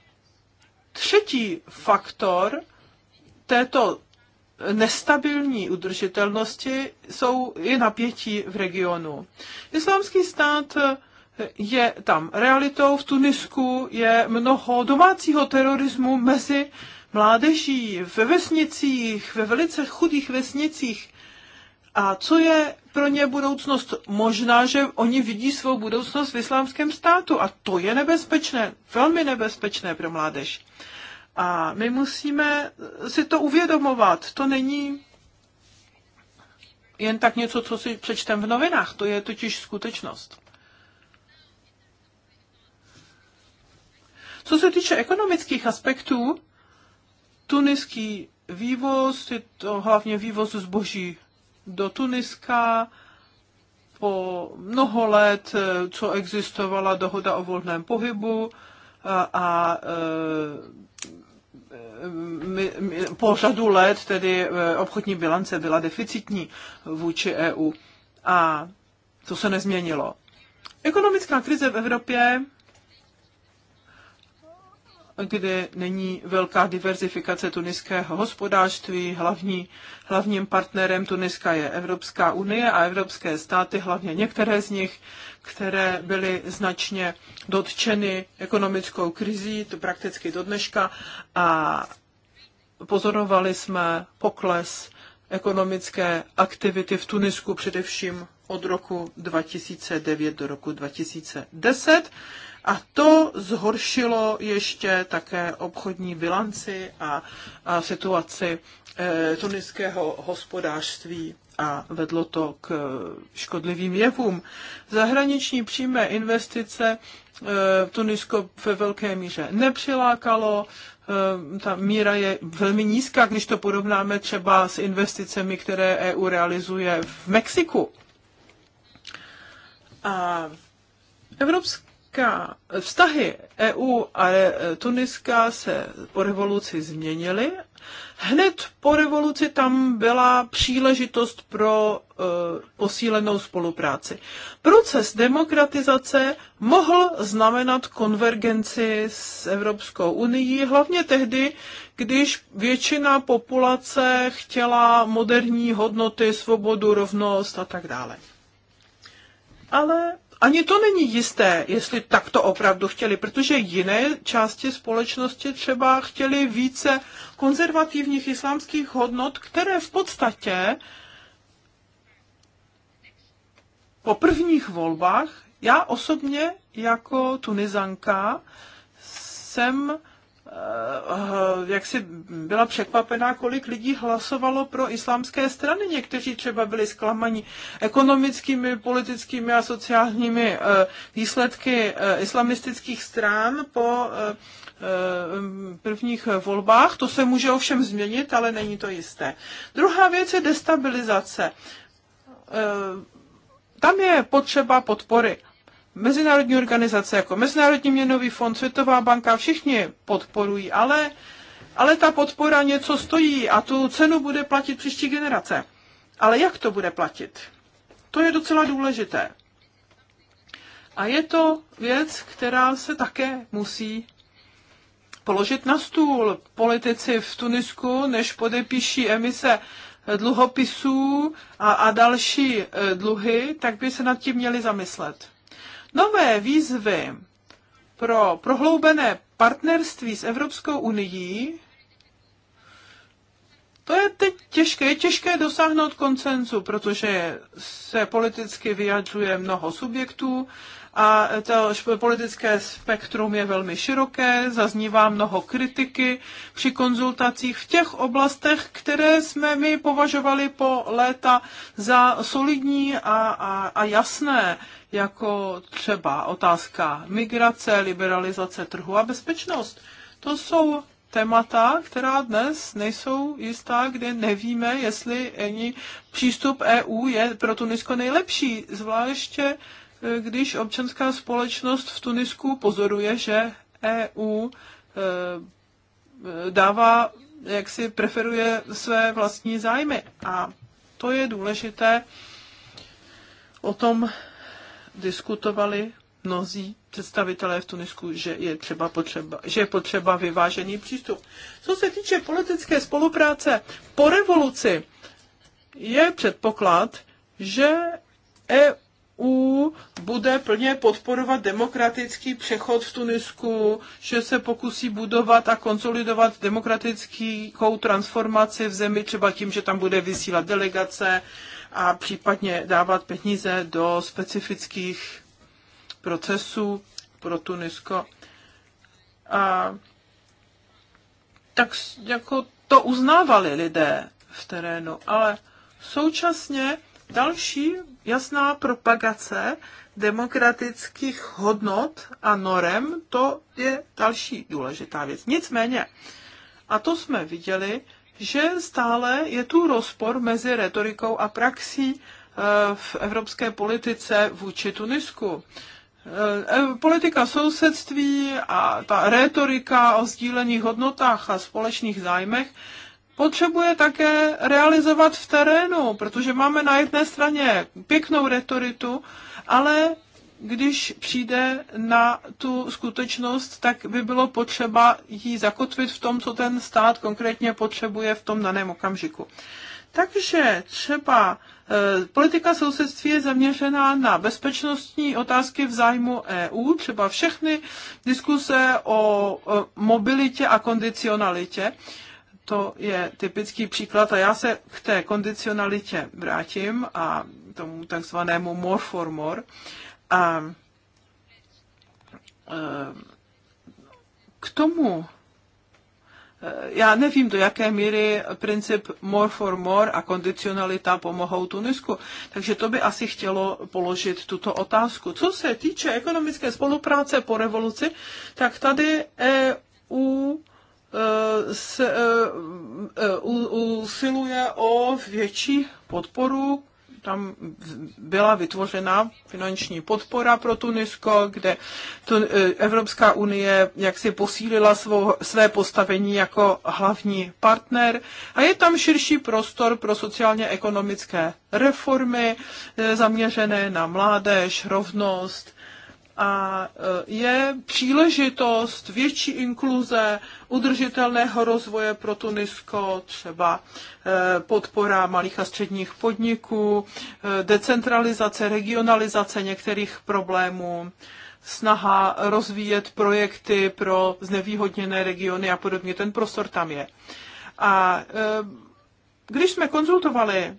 třetí faktor této nestabilní udržitelnosti jsou i napětí v regionu. Islámský stát je tam realitou. V Tunisku je mnoho domácího terorismu mezi mládeží, ve vesnicích, ve velice chudých vesnicích. A co je pro ně budoucnost? Možná, že oni vidí svou budoucnost v islámském státu a to je nebezpečné, velmi nebezpečné pro mládež. A my musíme si to uvědomovat. To není jen tak něco, co si přečtem v novinách. To je totiž skutečnost. Co se týče ekonomických aspektů, tuniský vývoz, je to hlavně vývoz zboží do Tuniska, po mnoho let, eh, co existovala dohoda o volném pohybu eh, a, a eh, my, my, po řadu let tedy obchodní bilance byla deficitní vůči EU. A to se nezměnilo. Ekonomická krize v Evropě kde není velká diverzifikace tuniského hospodářství. Hlavní, hlavním partnerem Tuniska je Evropská unie a evropské státy, hlavně některé z nich, které byly značně dotčeny ekonomickou krizí, to prakticky do dneška, a pozorovali jsme pokles ekonomické aktivity v Tunisku především od roku 2009 do roku 2010. A to zhoršilo ještě také obchodní bilanci a, a situaci e, tuniského hospodářství a vedlo to k eh, škodlivým jevům. Zahraniční přímé investice eh, Tunisko ve velké míře nepřilákalo, ta míra je velmi nízká, když to porovnáme třeba s investicemi, které EU realizuje v Mexiku. A Tuniska, vztahy EU a Tuniska se po revoluci změnily. Hned po revoluci tam byla příležitost pro uh, posílenou spolupráci. Proces demokratizace mohl znamenat konvergenci s Evropskou unii, hlavně tehdy, když většina populace chtěla moderní hodnoty, svobodu, rovnost a tak dále. Ale ani to není jisté, jestli tak to opravdu chtěli, protože jiné části společnosti třeba chtěli více konzervativních islámských hodnot, které v podstatě po prvních volbách já osobně jako tunizanka jsem Eh, jak si byla překvapená, kolik lidí hlasovalo pro islámské strany. Někteří třeba byli zklamaní ekonomickými, politickými a sociálními eh, výsledky eh, islamistických stran po prvních volbách. To se může ovšem změnit, ale není to jisté. Druhá věc je destabilizace. Tam je potřeba podpory mezinárodní organizace jako Mezinárodní měnový fond, Světová banka, všichni podporují, ale, ale ta podpora něco stojí a tu cenu bude platit příští generace. Ale jak to bude platit? To je docela důležité. A je to věc, která se také musí položit na stůl. Politici v Tunisku, než podepíší emise dluhopisů a, a další e, dluhy, tak by se nad tím měli zamyslet. Nové výzvy pro prohloubené partnerství s Evropskou unii, to je teď těžké, je těžké dosáhnout koncenzu, protože se politicky vyjadřuje mnoho subjektů a to politické spektrum je velmi široké, zaznívá mnoho kritiky při konzultacích v těch oblastech, které jsme my považovali po léta za solidní a, a, a jasné jako třeba otázka migrace, liberalizace trhu a bezpečnost. To jsou témata, která dnes nejsou jistá, kde nevíme, jestli ani přístup EU je pro Tunisko nejlepší, zvláště eh, když občanská společnost v Tunisku pozoruje, že EU eh, dává, jak si preferuje své vlastní zájmy. A to je důležité o tom diskutovali mnozí představitelé v Tunisku, že je, třeba potřeba, že je potřeba vyvážený přístup. Co se týče politické spolupráce po revoluci, je předpoklad, že EU bude plně podporovat demokratický přechod v Tunisku, že se pokusí budovat a konsolidovat demokratickou transformaci v zemi třeba tím, že tam bude vysílat delegace, a případně dávat peníze do specifických procesů pro Tunisko. A tak jako to uznávali lidé v terénu, ale současně další jasná propagace demokratických hodnot a norem, to je další důležitá věc. Nicméně, a to jsme viděli že stále je tu rozpor mezi retorikou a praxí eh, v evropské politice vůči Tunisku. Eh, eh, politika sousedství a ta retorika o sdílených hodnotách a společných zájmech potřebuje také realizovat v terénu, protože máme na jedné straně pěknou retoritu, ale když přijde na tu skutečnost, tak by bylo potřeba ji zakotvit v tom, co ten stát konkrétně potřebuje v tom daném okamžiku. Takže třeba e, politika sousedství je zaměřená na bezpečnostní otázky v zájmu EU, třeba všechny diskuse o mobilitě a kondicionalitě. To je typický příklad a já se k té kondicionalitě vrátím a tomu takzvanému more for more. A k tomu, e, já nevím, do jaké míry princip more for more a kondicionalita pomohou Tunisku. Takže to by asi chtělo položit tuto otázku. Co se týče ekonomické spolupráce po revoluci, tak tady EU e, se, e, usiluje o větší podporu tam byla vytvořena finanční podpora pro Tunisko, kde tu, e, Evropská unie jaksi posílila svou, své postavení jako hlavní partner a je tam širší prostor pro sociálně-ekonomické reformy e, zaměřené na mládež, rovnost, a e, je příležitost větší inkluze, udržitelného rozvoje pro Tunisko, třeba e, podpora malých a středních podniků, e, decentralizace, regionalizace některých problémů, snaha rozvíjet projekty pro znevýhodněné regiony a podobně. Ten prostor tam je. A když jsme konzultovali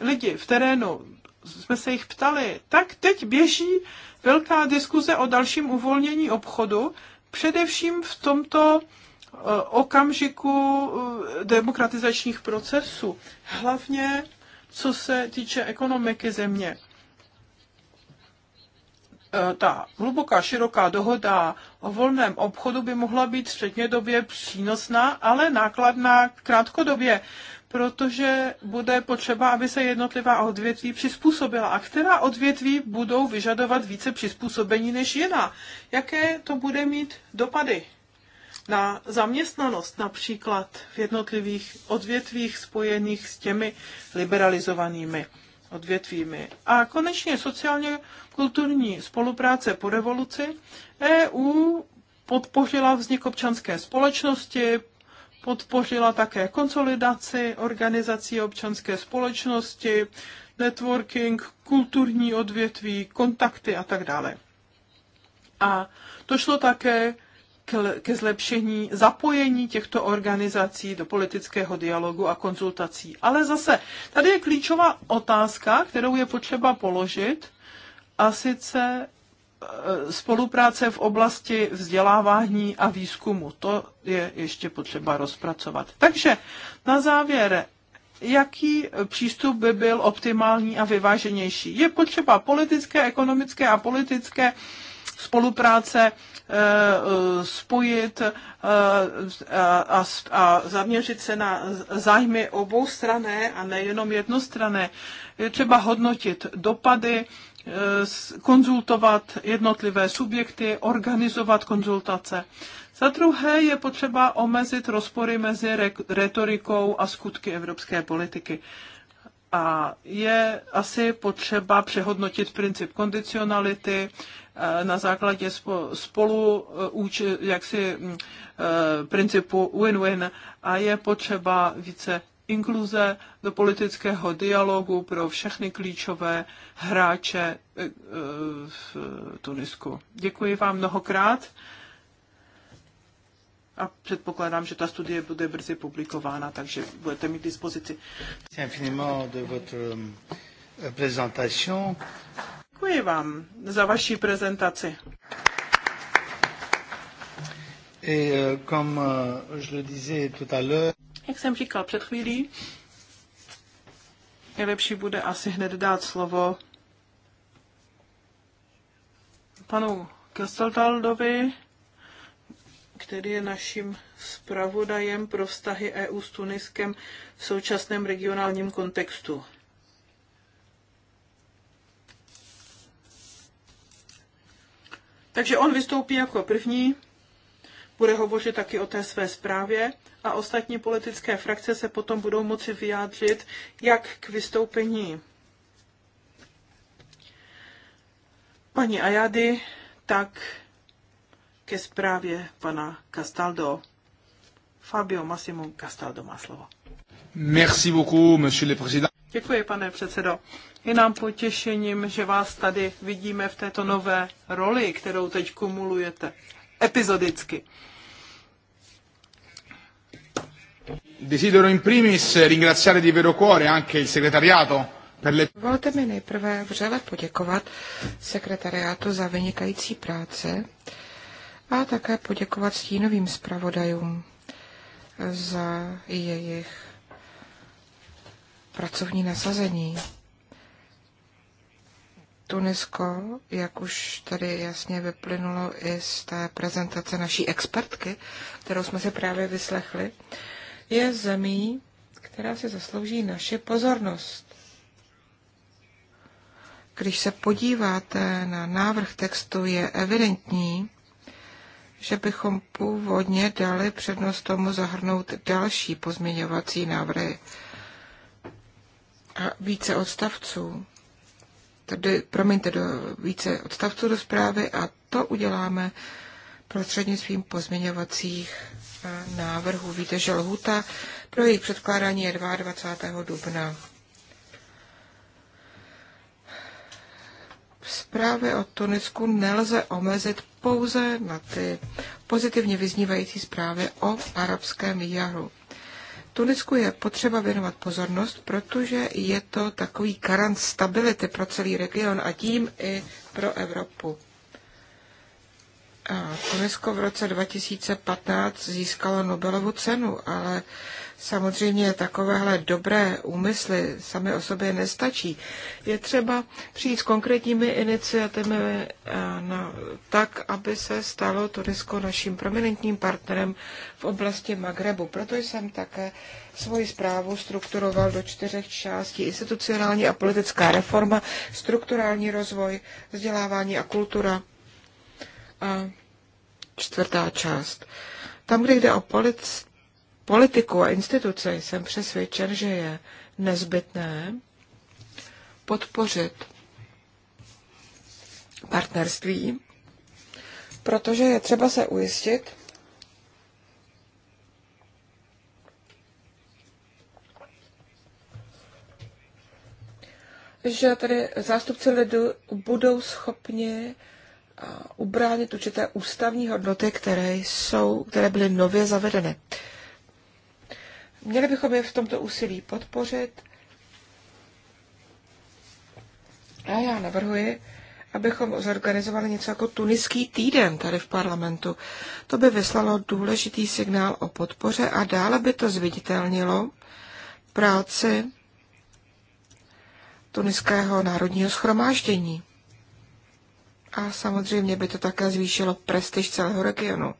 lidi v terénu, jsme se jich ptali, tak teď běží velká diskuze o dalším uvolnění obchodu, především v tomto eh, okamžiku eh, demokratizačních procesů, hlavně co se týče ekonomiky země. Eh, ta hluboká, široká dohoda o volném obchodu by mohla být střednědobě přínosná, ale nákladná krátkodobě, protože bude potřeba, aby se jednotlivá odvětví přizpůsobila. A která odvětví budou vyžadovat více přizpůsobení než jiná? Jaké to bude mít dopady na zaměstnanost například v jednotlivých odvětvích spojených s těmi liberalizovanými odvětvími. A konečně sociálně kulturní spolupráce po revoluci EU podpořila vznik občanské společnosti, podpořila také konsolidaci organizací občanské společnosti, networking, kulturní odvětví, kontakty a tak dále. A to šlo také ke zlepšení zapojení těchto organizací do politického dialogu a konzultací. Ale zase, tady je klíčová otázka, kterou je potřeba položit, a sice E, spolupráce v oblasti vzdělávání a výzkumu. To je ještě potřeba rozpracovat. Takže na závěr jaký přístup by byl optimální a vyváženější. Je potřeba politické, ekonomické a politické spolupráce e, e, spojit a, zaměřit se na zájmy obou strané a nejenom jednostrané. Je třeba hodnotit dopady Eh, konzultovat jednotlivé subjekty, organizovat konzultace. Za druhé je potřeba omezit rozpory mezi retorikou a skutky evropské politiky. A je asi potřeba přehodnotit princip kondicionality eh, na základě spolu eh, jaksi mm, principu win-win a je potřeba více inkluze do politického dialogu pro všechny klíčové hráče eh, eh, v Tunisku. Děkuji vám mnohokrát a předpokládám, že ta studie bude brzy publikována, takže budete mít dispozici. Eh, Děkuji vám za vaši prezentaci. Et comme je le disais tout à l'heure, jak jsem říkal před chvílí, nejlepší bude asi hned dát slovo panu Kesteltaldovi, který je naším zpravodajem pro vztahy EU s Tuniskem v současném regionálním kontextu. Takže on vystoupí jako první bude hovořit taky o té své zprávě a ostatní politické frakce se potom budou moci vyjádřit jak k vystoupení paní Ajady, tak ke zprávě pana Castaldo. Fabio Massimo Castaldo má slovo. Merci beaucoup, monsieur le président. Děkuji, pane předsedo. Je nám potěšením, že vás tady vidíme v této nové roli, kterou teď kumulujete epizodicky. Desidero in primis ringraziare di vero cuore anche il segretariato per le... Dovolte mi nejprve vřele poděkovat sekretariátu za vynikající práce a také poděkovat stínovým zpravodajům za jejich pracovní nasazení. Tunisko, jak už tady jasně vyplynulo i z té prezentace naší expertky, kterou jsme si právě vyslechli, je zemí, která si zaslouží naši pozornost. Když se podíváte na návrh textu, je evidentní, že bychom původně dali přednost tomu zahrnout další pozměňovací návrhy a více odstavců. Tedy, promiňte, do více odstavců do zprávy a to uděláme prostřednictvím pozměňovacích eh, návrhů. Víte, že lhuta pro jejich předkládání je 22. dubna. Zprávy o Tunisku nelze omezit pouze na ty pozitivně vyznívající zprávy o arabském jaru. Tunisku je potřeba věnovat pozornost, protože je to takový garant stability pro celý region a tím i pro Evropu. Tunisko v roce 2015 získalo Nobelovu cenu, ale samozřejmě takovéhle dobré úmysly sami o sobě nestačí. Je třeba přijít s konkrétními iniciativami eh, na, tak, aby se stalo Tunisko naším prominentním partnerem v oblasti Magrebu. Proto jsem také svoji zprávu strukturoval do čtyřech částí. Institucionální a politická reforma, strukturální rozvoj, vzdělávání a kultura, a čtvrtá část. Tam, kde jde o polic, politiku a instituce, jsem přesvědčen, že je nezbytné podpořit partnerství, protože je třeba se ujistit, že tady zástupci lidu budou schopni ubránit určité ústavní hodnoty, které, jsou, které byly nově zavedeny. Měli bychom je v tomto úsilí podpořit a já navrhuji, abychom zorganizovali něco jako tuniský týden tady v parlamentu. To by vyslalo důležitý signál o podpoře a dále by to zviditelnilo práci tuniského národního schromáždění a samozřejmě by to také zvýšilo prestiž celého regionu.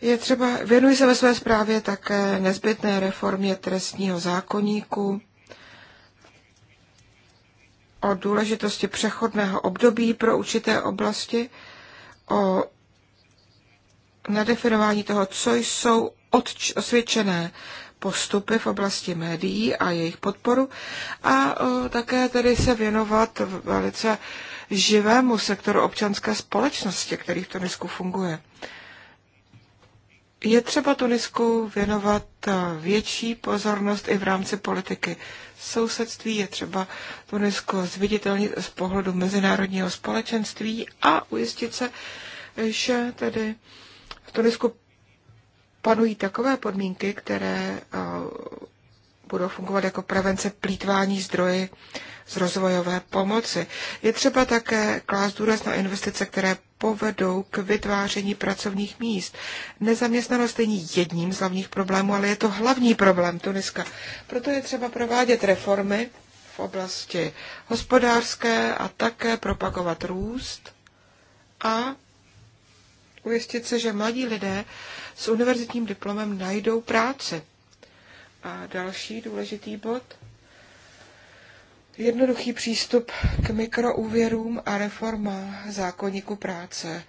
Je třeba, věnuji se ve své zprávě také nezbytné reformě trestního zákoníku, o důležitosti přechodného období pro určité oblasti, o nadefinování toho, co jsou osvědčené postupy v oblasti médií a jejich podporu a o, také tedy se věnovat velice živému sektoru občanské společnosti, který v Tunisku funguje. Je třeba Tunisku věnovat eh, větší pozornost i v rámci politiky sousedství. Je třeba Tunisku zviditelnit z pohledu mezinárodního společenství a ujistit se, že tedy v Tunisku panují takové podmínky, které eh, budou fungovat jako prevence plítvání zdroji z rozvojové pomoci. Je třeba také klást důraz na investice, které povedou k vytváření pracovních míst. Nezaměstnanost není jedním z hlavních problémů, ale je to hlavní problém Tuniska. Proto je třeba provádět reformy v oblasti hospodářské a také propagovat růst a ujistit se, že mladí lidé s univerzitním diplomem najdou práci. A další důležitý bod. Jednoduchý přístup k mikroúvěrům a reforma zákonníku práce.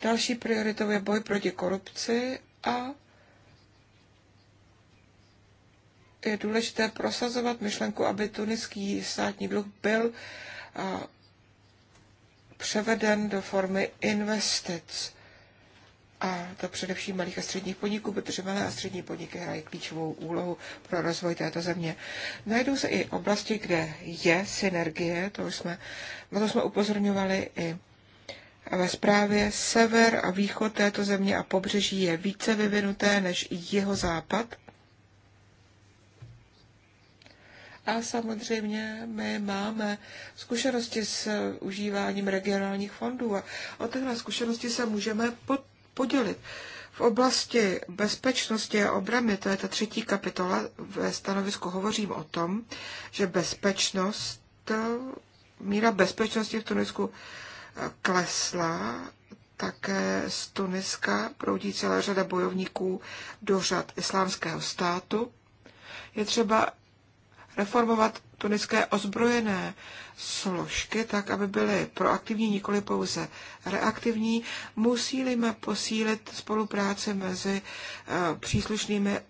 Další prioritou je boj proti korupci a je důležité prosazovat myšlenku, aby tuniský státní dluh byl převeden do formy investic a to především malých a středních podniků, protože malé a střední podniky hrají klíčovou úlohu pro rozvoj této země. Najdou se i oblasti, kde je synergie, to už jsme, na to jsme upozorňovali i ve zprávě sever a východ této země a pobřeží je více vyvinuté než jeho západ. A samozřejmě my máme zkušenosti s užíváním regionálních fondů a o tyhle zkušenosti se můžeme pod podělit. V oblasti bezpečnosti a obrany, to je ta třetí kapitola, ve stanovisku hovořím o tom, že bezpečnost, míra bezpečnosti v Tunisku eh, klesla, také z Tuniska proudí celá řada bojovníků do řad islámského státu. Je třeba reformovat tuniské ozbrojené složky, tak aby byly proaktivní, nikoli pouze reaktivní. Musíme posílit spolupráci mezi eh, příslušnými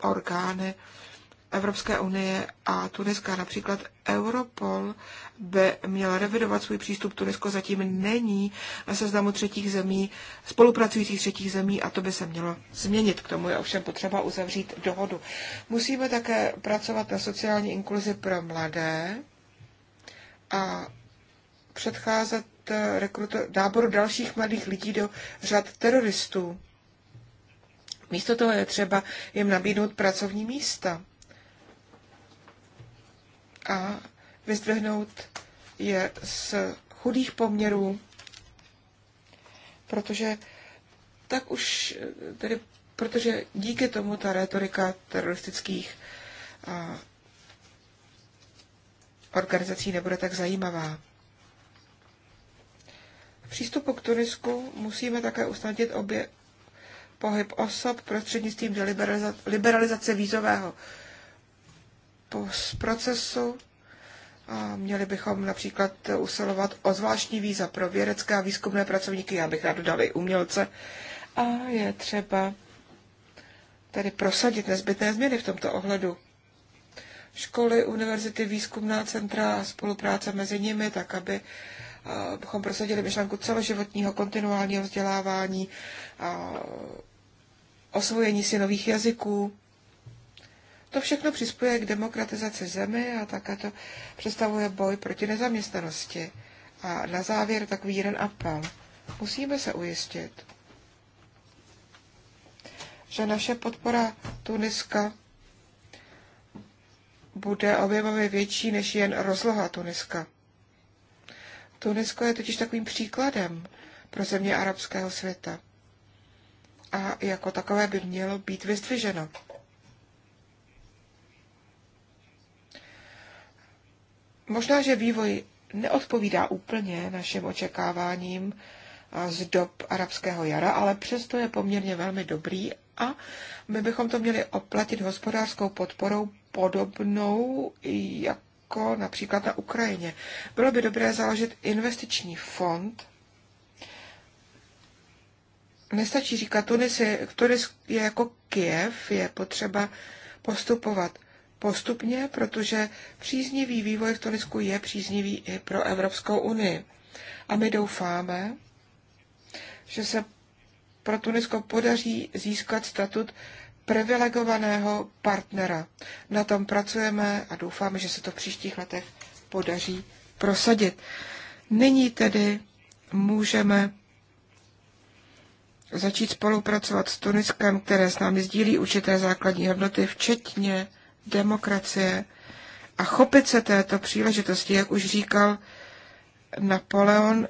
orgány Evropské unie a Tuniska. Například Europol by měl revidovat svůj přístup. Tunisko zatím není na seznamu třetích zemí, spolupracujících třetích zemí a to by se mělo změnit. K tomu je ovšem potřeba uzavřít dohodu. Musíme také pracovat na sociální inkluzi pro mladé a předcházet eh, rekruto- náboru dalších mladých lidí do řad teroristů. Místo toho je třeba jim nabídnout pracovní místa a vyzdvihnout je z chudých poměrů, protože tak už eh, tedy, protože díky tomu ta retorika teroristických a, eh, organizací nebude tak zajímavá. V přístupu k Tunisku musíme také usnadnit obě pohyb osob prostřednictvím liberalizace, liberalizace vízového procesu. A měli bychom například usilovat o zvláštní víza pro vědecké a výzkumné pracovníky, já bych rád dodal i umělce. A je třeba tedy prosadit nezbytné změny v tomto ohledu školy, univerzity, výzkumná centra a spolupráce mezi nimi, tak aby bychom prosadili myšlenku celoživotního kontinuálního vzdělávání, osvojení si nových jazyků. To všechno přispěje k demokratizaci zemi a také to představuje boj proti nezaměstnanosti. A na závěr takový jeden apel. Musíme se ujistit, že naše podpora Tuniska bude objemově větší než jen rozloha Tuniska. Tunisko je totiž takovým příkladem pro země arabského světa. A jako takové by mělo být vystviženo. Možná, že vývoj neodpovídá úplně našim očekáváním z dob arabského jara, ale přesto je poměrně velmi dobrý a my bychom to měli oplatit hospodářskou podporou podobnou jako například na Ukrajině. Bylo by dobré založit investiční fond. Nestačí říkat, Tunis je, Tunis je jako Kiev, je potřeba postupovat postupně, protože příznivý vývoj v Tunisku je příznivý i pro Evropskou unii. A my doufáme, že se pro Tunisko podaří získat statut privilegovaného partnera. Na tom pracujeme a doufáme, že se to v příštích letech podaří prosadit. Nyní tedy můžeme začít spolupracovat s Tuniskem, které s námi sdílí určité základní hodnoty, včetně demokracie, a chopit se této příležitosti, jak už říkal Napoleon,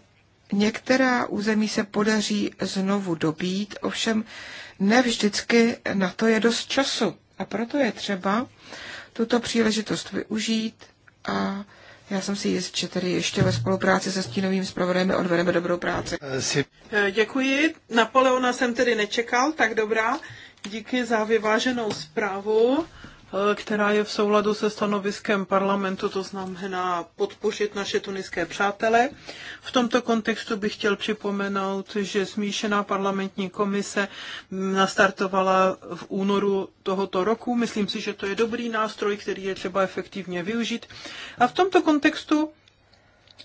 Některá území se podaří znovu dobít, ovšem ne vždycky na to je dost času. A proto je třeba tuto příležitost využít a já jsem si jist, že tedy ještě ve spolupráci se stínovým zpravodajem odvedeme dobrou práci. Eh, děkuji. Napoleona jsem tedy nečekal, tak dobrá. Díky za vyváženou zprávu. E, která je v souladu se stanoviskem parlamentu, to znamená podpořit naše tuniské přátele. V tomto kontextu bych chtěl připomenout, že smíšená parlamentní komise nastartovala v únoru tohoto roku. Myslím si, že to je dobrý nástroj, který je třeba efektivně využít. A v tomto kontextu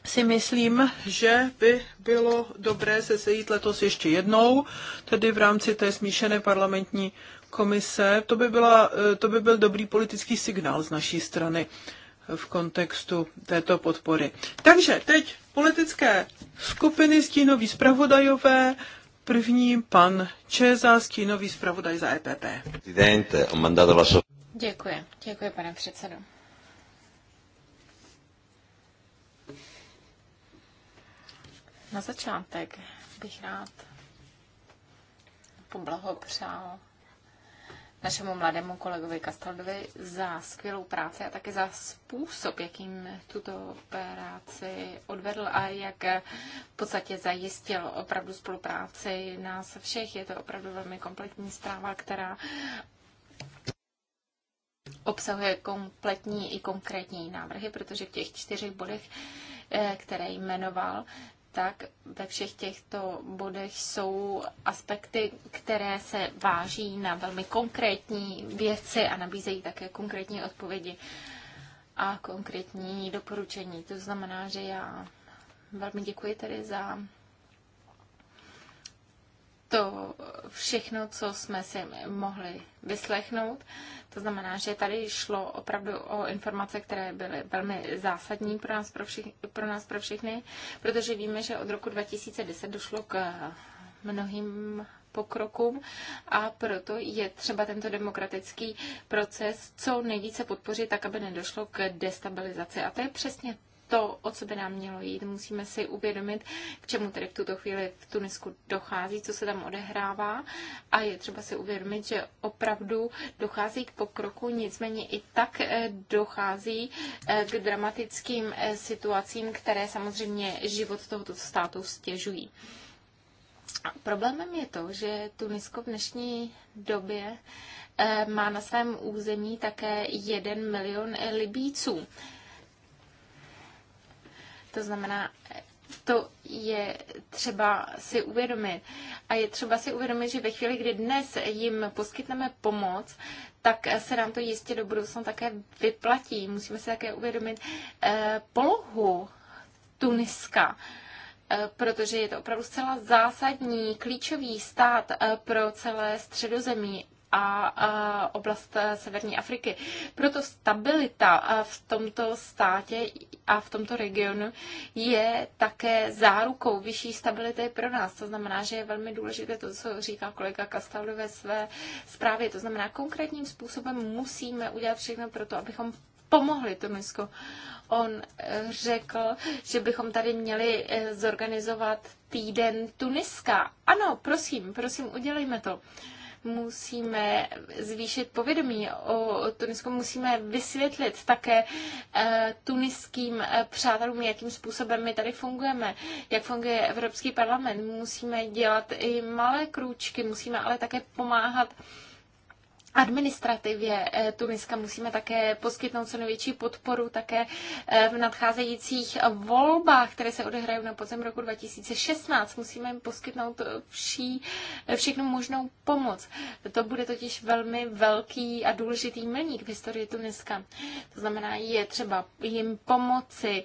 si myslím, že by bylo dobré se sejít letos ještě jednou, tedy v rámci té smíšené parlamentní komise. To by, byla, eh, to by byl dobrý politický signál z naší strany eh, v kontextu této podpory. Takže teď politické skupiny stínový zpravodajové. První pan Čeza, stínový zpravodaj za EPP. Děkuji, děkuji pane předsedo. Na začátek bych rád poblahopřál našemu mladému kolegovi Kastaldovi za skvělou práci a také za způsob, jakým tuto práci odvedl a jak v podstatě zajistil opravdu spolupráci nás všech. Je to opravdu velmi kompletní zpráva, která obsahuje kompletní i konkrétní návrhy, protože v těch čtyřech bodech, eh, které jmenoval, tak ve všech těchto bodech jsou aspekty, které se váží na velmi konkrétní věci a nabízejí také konkrétní odpovědi a konkrétní doporučení. To znamená, že já velmi děkuji tedy za to všechno, co jsme si mohli vyslechnout. To znamená, že tady šlo opravdu o informace, které byly velmi zásadní pro nás pro, všich, pro nás pro všechny, protože víme, že od roku 2010 došlo k mnohým pokrokům a proto je třeba tento demokratický proces co nejvíce podpořit, tak aby nedošlo k destabilizaci. A to je přesně to, o co by nám mělo jít. Musíme si uvědomit, k čemu tedy v tuto chvíli v Tunisku dochází, co se tam odehrává a je třeba si uvědomit, že opravdu dochází k pokroku, nicméně i tak eh, dochází eh, k dramatickým eh, situacím, které samozřejmě život tohoto státu stěžují. A problémem je to, že Tunisko v dnešní době má na svém území také jeden milion Libíců. To znamená, to je třeba si uvědomit. A je třeba si uvědomit, že ve chvíli, kdy dnes jim poskytneme pomoc, tak se nám to jistě do budoucna také vyplatí. Musíme si také uvědomit eh, polohu Tuniska eh, protože je to opravdu zcela zásadní, klíčový stát eh, pro celé středozemí a oblast eh, Severní Afriky. Proto stabilita eh, v tomto státě a v tomto regionu je také zárukou vyšší stability pro nás. To znamená, že je velmi důležité to, co říká kolega Kastaldo ve své zprávě. To znamená, konkrétním způsobem musíme udělat všechno pro to, abychom pomohli Tunisku. On eh, řekl, že bychom tady měli zorganizovat týden Tuniska. Ano, prosím, prosím, udělejme to musíme zvýšit povědomí o Tunisku, musíme vysvětlit také eh, tuniským eh, přátelům, jakým způsobem my tady fungujeme, jak funguje Evropský parlament. Musíme dělat i malé krůčky, musíme ale také pomáhat administrativě eh, Tuniska musíme také poskytnout co největší podporu také eh, v nadcházejících volbách, které se odehrají na podzem roku 2016. Musíme jim poskytnout eh, vší, všechnu možnou pomoc. To bude totiž velmi velký a důležitý milník v historii Tuniska. To znamená, je třeba jim pomoci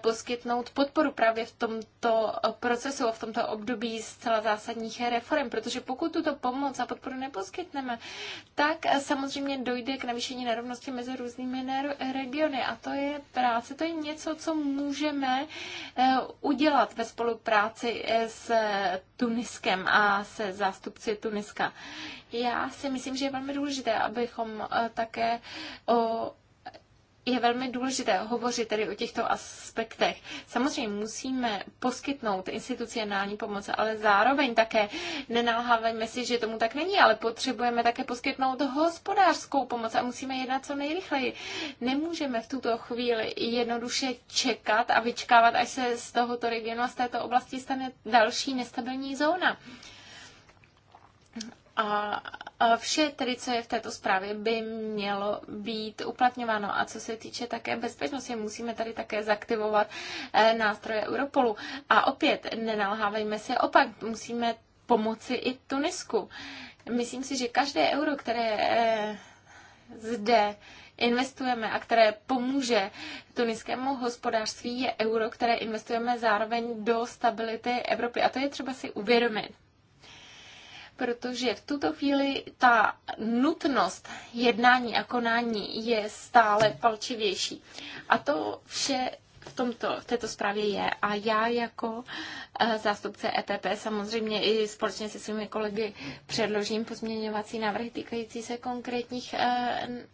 poskytnout podporu právě v tomto procesu a v tomto období zcela zásadních reform, protože pokud tuto pomoc a podporu neposkytneme, tak samozřejmě dojde k navýšení nerovnosti mezi různými regiony. A to je práce, to je něco, co můžeme eh, udělat ve spolupráci eh, s Tuniskem a se zástupci Tuniska. Já si myslím, že je velmi důležité, abychom eh, také o je velmi důležité hovořit tedy o těchto aspektech. Samozřejmě musíme poskytnout institucionální pomoc, ale zároveň také nenalhávejme si, že tomu tak není, ale potřebujeme také poskytnout hospodářskou pomoc a musíme jednat co nejrychleji. Nemůžeme v tuto chvíli jednoduše čekat a vyčkávat, až se z tohoto regionu a z této oblasti stane další nestabilní zóna a vše tedy, co je v této zprávě, by mělo být uplatňováno. A co se týče také bezpečnosti, musíme tady také zaktivovat eh, nástroje Europolu. A opět, nenalhávejme se, opak, musíme pomoci i Tunisku. Myslím si, že každé euro, které eh, zde investujeme a které pomůže tuniskému hospodářství, je euro, které investujeme zároveň do stability Evropy. A to je třeba si uvědomit protože v tuto chvíli ta nutnost jednání a konání je stále palčivější. A to vše v, tomto, v této zprávě je. A já jako eh, zástupce EPP samozřejmě i společně se svými kolegy předložím pozměňovací návrhy týkající se konkrétních eh,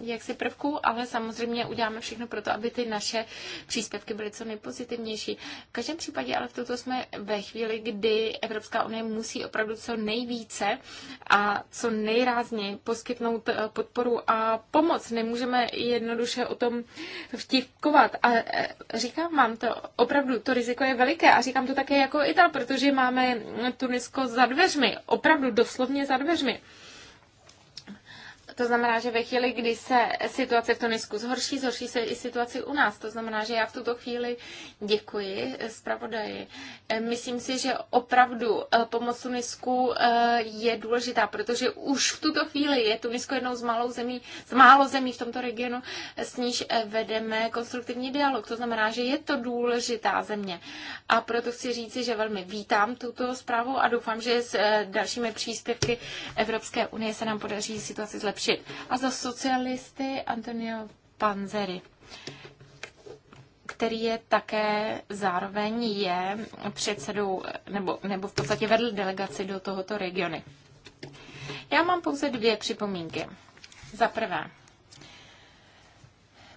jaksi prvků, ale samozřejmě uděláme všechno pro to, aby ty naše příspěvky byly co nejpozitivnější. V každém případě ale v tuto jsme ve chvíli, kdy Evropská unie musí opravdu co nejvíce a co nejrázněji poskytnout eh, podporu a pomoc. Nemůžeme jednoduše o tom vtipkovat a a e, říkám vám to, opravdu to riziko je veliké a říkám to také jako Ital, protože máme Tunisko za dveřmi, opravdu doslovně za dveřmi. To znamená, že ve chvíli, kdy se situace v Tunisku zhorší, zhorší se i situace u nás. To znamená, že já v tuto chvíli děkuji zpravodaji. E, myslím si, že opravdu e, pomoc Tunisku e, je důležitá, protože už v tuto chvíli je Tunisko jednou z, malou zemí, z málo zemí v tomto regionu, s níž vedeme konstruktivní dialog. To znamená, že je to důležitá země. A proto chci říci, že velmi vítám tuto zprávu a doufám, že s dalšími příspěvky Evropské unie se nám podaří situaci zlepšit řešit. A za socialisty Antonio Panzeri který je také zároveň je předsedou, nebo, nebo v podstatě vedl delegaci do tohoto regiony. Já mám pouze dvě připomínky. Za prvé,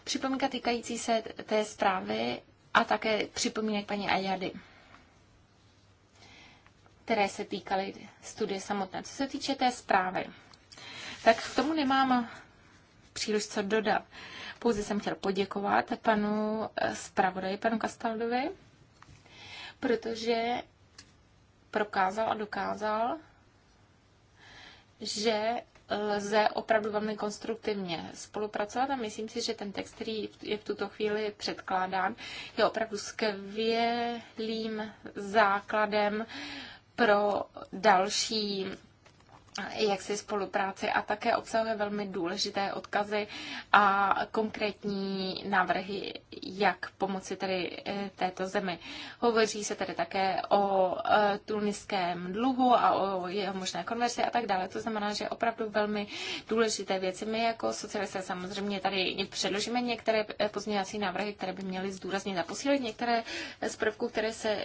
připomínka týkající se té zprávy a také připomínek paní Ajady, které se týkaly studie samotné. Co se týče té zprávy, tak k tomu nemám příliš co dodat. Pouze jsem chtěl poděkovat panu eh, zpravodaji, panu Kastaldovi, protože prokázal a dokázal, že lze opravdu velmi konstruktivně spolupracovat a myslím si, že ten text, který je v tuto chvíli předkládán, je opravdu skvělým základem pro další jaksi spolupráci a také obsahuje velmi důležité odkazy a konkrétní návrhy, jak pomoci tedy eh, této zemi. Hovoří se tedy také o eh, tuniském dluhu a o jeho možné konverzi a tak dále. To znamená, že opravdu velmi důležité věci. My jako socialisté samozřejmě tady předložíme některé eh, pozměňovací návrhy, které by měly zdůraznit a posílit některé z prvků, které se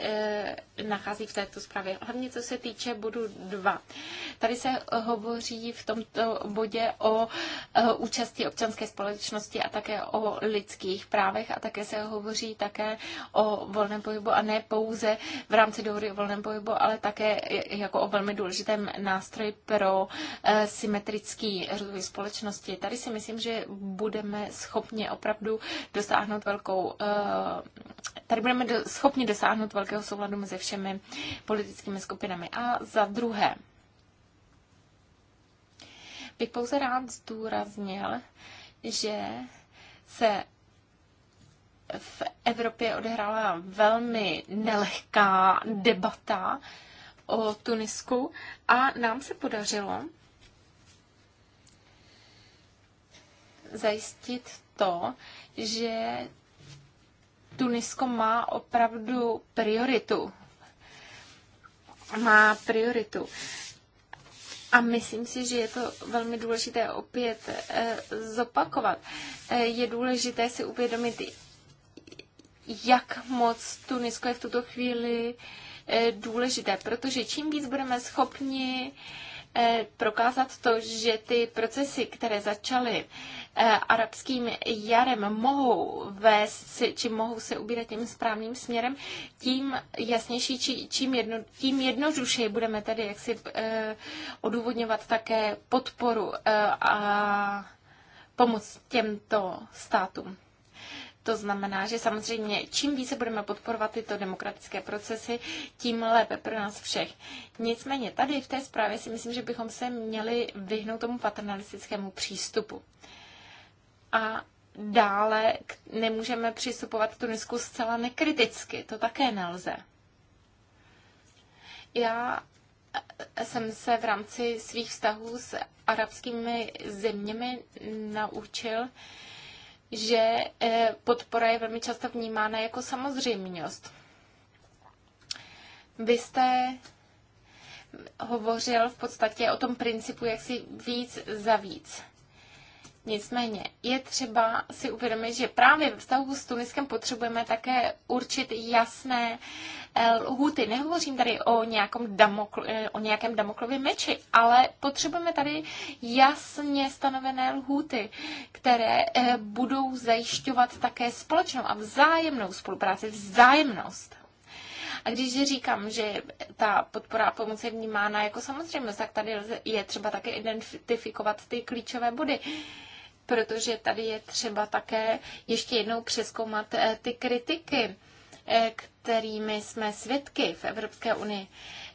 nachází v této zprávě. Hlavně co se týče bodu 2. Tady se hovoří v tomto bodě o eh, účasti občanské společnosti a také o lidských právech a také se hovoří také o volném pohybu a ne pouze v rámci dohody o volném pohybu, ale také jako o velmi důležitém nástroji pro eh, symetrický rozvoj společnosti. Tady si myslím, že budeme schopni opravdu dosáhnout velkou, eh, tady budeme schopni dosáhnout velkého souladu mezi všemi politickými skupinami. A za druhé, bych pouze rád zdůraznil, že se v Evropě odehrála velmi nelehká debata o Tunisku a nám se podařilo zajistit to, že Tunisko má opravdu prioritu. Má prioritu. A myslím si, že je to velmi důležité opět eh, zopakovat. Eh, je důležité si uvědomit, jak moc Tunisko je v tuto chvíli eh, důležité, protože čím víc budeme schopni Eh, prokázat to, že ty procesy, které začaly eh, arabským jarem, mohou vést si, či mohou se ubírat tím správným směrem, tím jasnější, či, čím jedno, tím jednodušeji budeme tedy jaksi eh, odůvodňovat také podporu a pomoc těmto státům. To znamená, že samozřejmě čím více budeme podporovat tyto demokratické procesy, tím lépe pro nás všech. Nicméně tady v té zprávě si myslím, že bychom se měli vyhnout tomu paternalistickému přístupu. A dále nemůžeme přistupovat k Tunisku zcela nekriticky. To také nelze. Já jsem se v rámci svých vztahů s arabskými zeměmi naučil, že eh, podpora je velmi často vnímána jako samozřejmost. Vy jste hovořil v podstatě o tom principu, jak si víc za víc. Nicméně je třeba si uvědomit, že právě ve vztahu s Tuniskem potřebujeme také určit jasné eh, lhuty. Nehovořím tady o, nějakom damokl, eh, o nějakém damoklově meči, ale potřebujeme tady jasně stanovené lhuty, které eh, budou zajišťovat také společnou a vzájemnou spolupráci, vzájemnost. A když říkám, že ta podpora a pomoc je vnímána jako samozřejmost, tak tady je třeba také identifikovat ty klíčové body protože tady je třeba také ještě jednou přeskoumat eh, ty kritiky, eh, kterými jsme svědky v Evropské unii.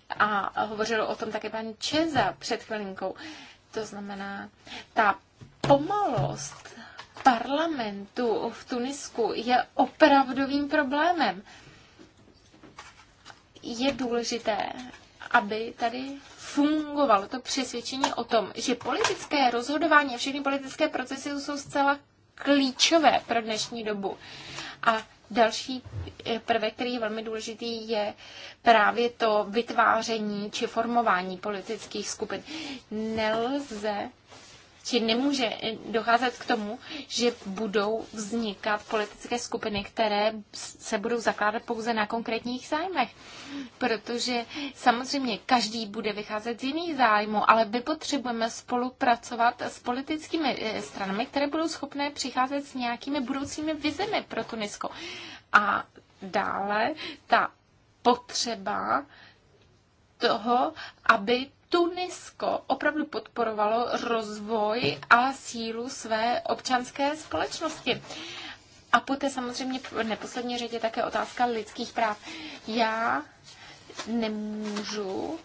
A hovořil o tom také pan Čeza před chvilinkou. To znamená, ta pomalost parlamentu v Tunisku je opravdovým problémem. Je důležité, aby tady fungovalo to přesvědčení o tom, že politické rozhodování a všechny politické procesy jsou zcela klíčové pro dnešní dobu. A další eh, prvek, který je velmi důležitý, je právě to vytváření či formování politických skupin. Nelze či nemůže eh, docházet k tomu, že budou vznikat politické skupiny, které se budou zakládat pouze na konkrétních zájmech. Protože samozřejmě každý bude vycházet z jiných zájmů, ale my potřebujeme spolupracovat s politickými eh, stranami, které budou schopné přicházet s nějakými budoucími vizemi pro Tunisko. A dále ta potřeba toho, aby Tunisko opravdu podporovalo rozvoj a sílu své občanské společnosti. A poté samozřejmě neposledně neposlední řadě také otázka lidských práv. Já nemůžu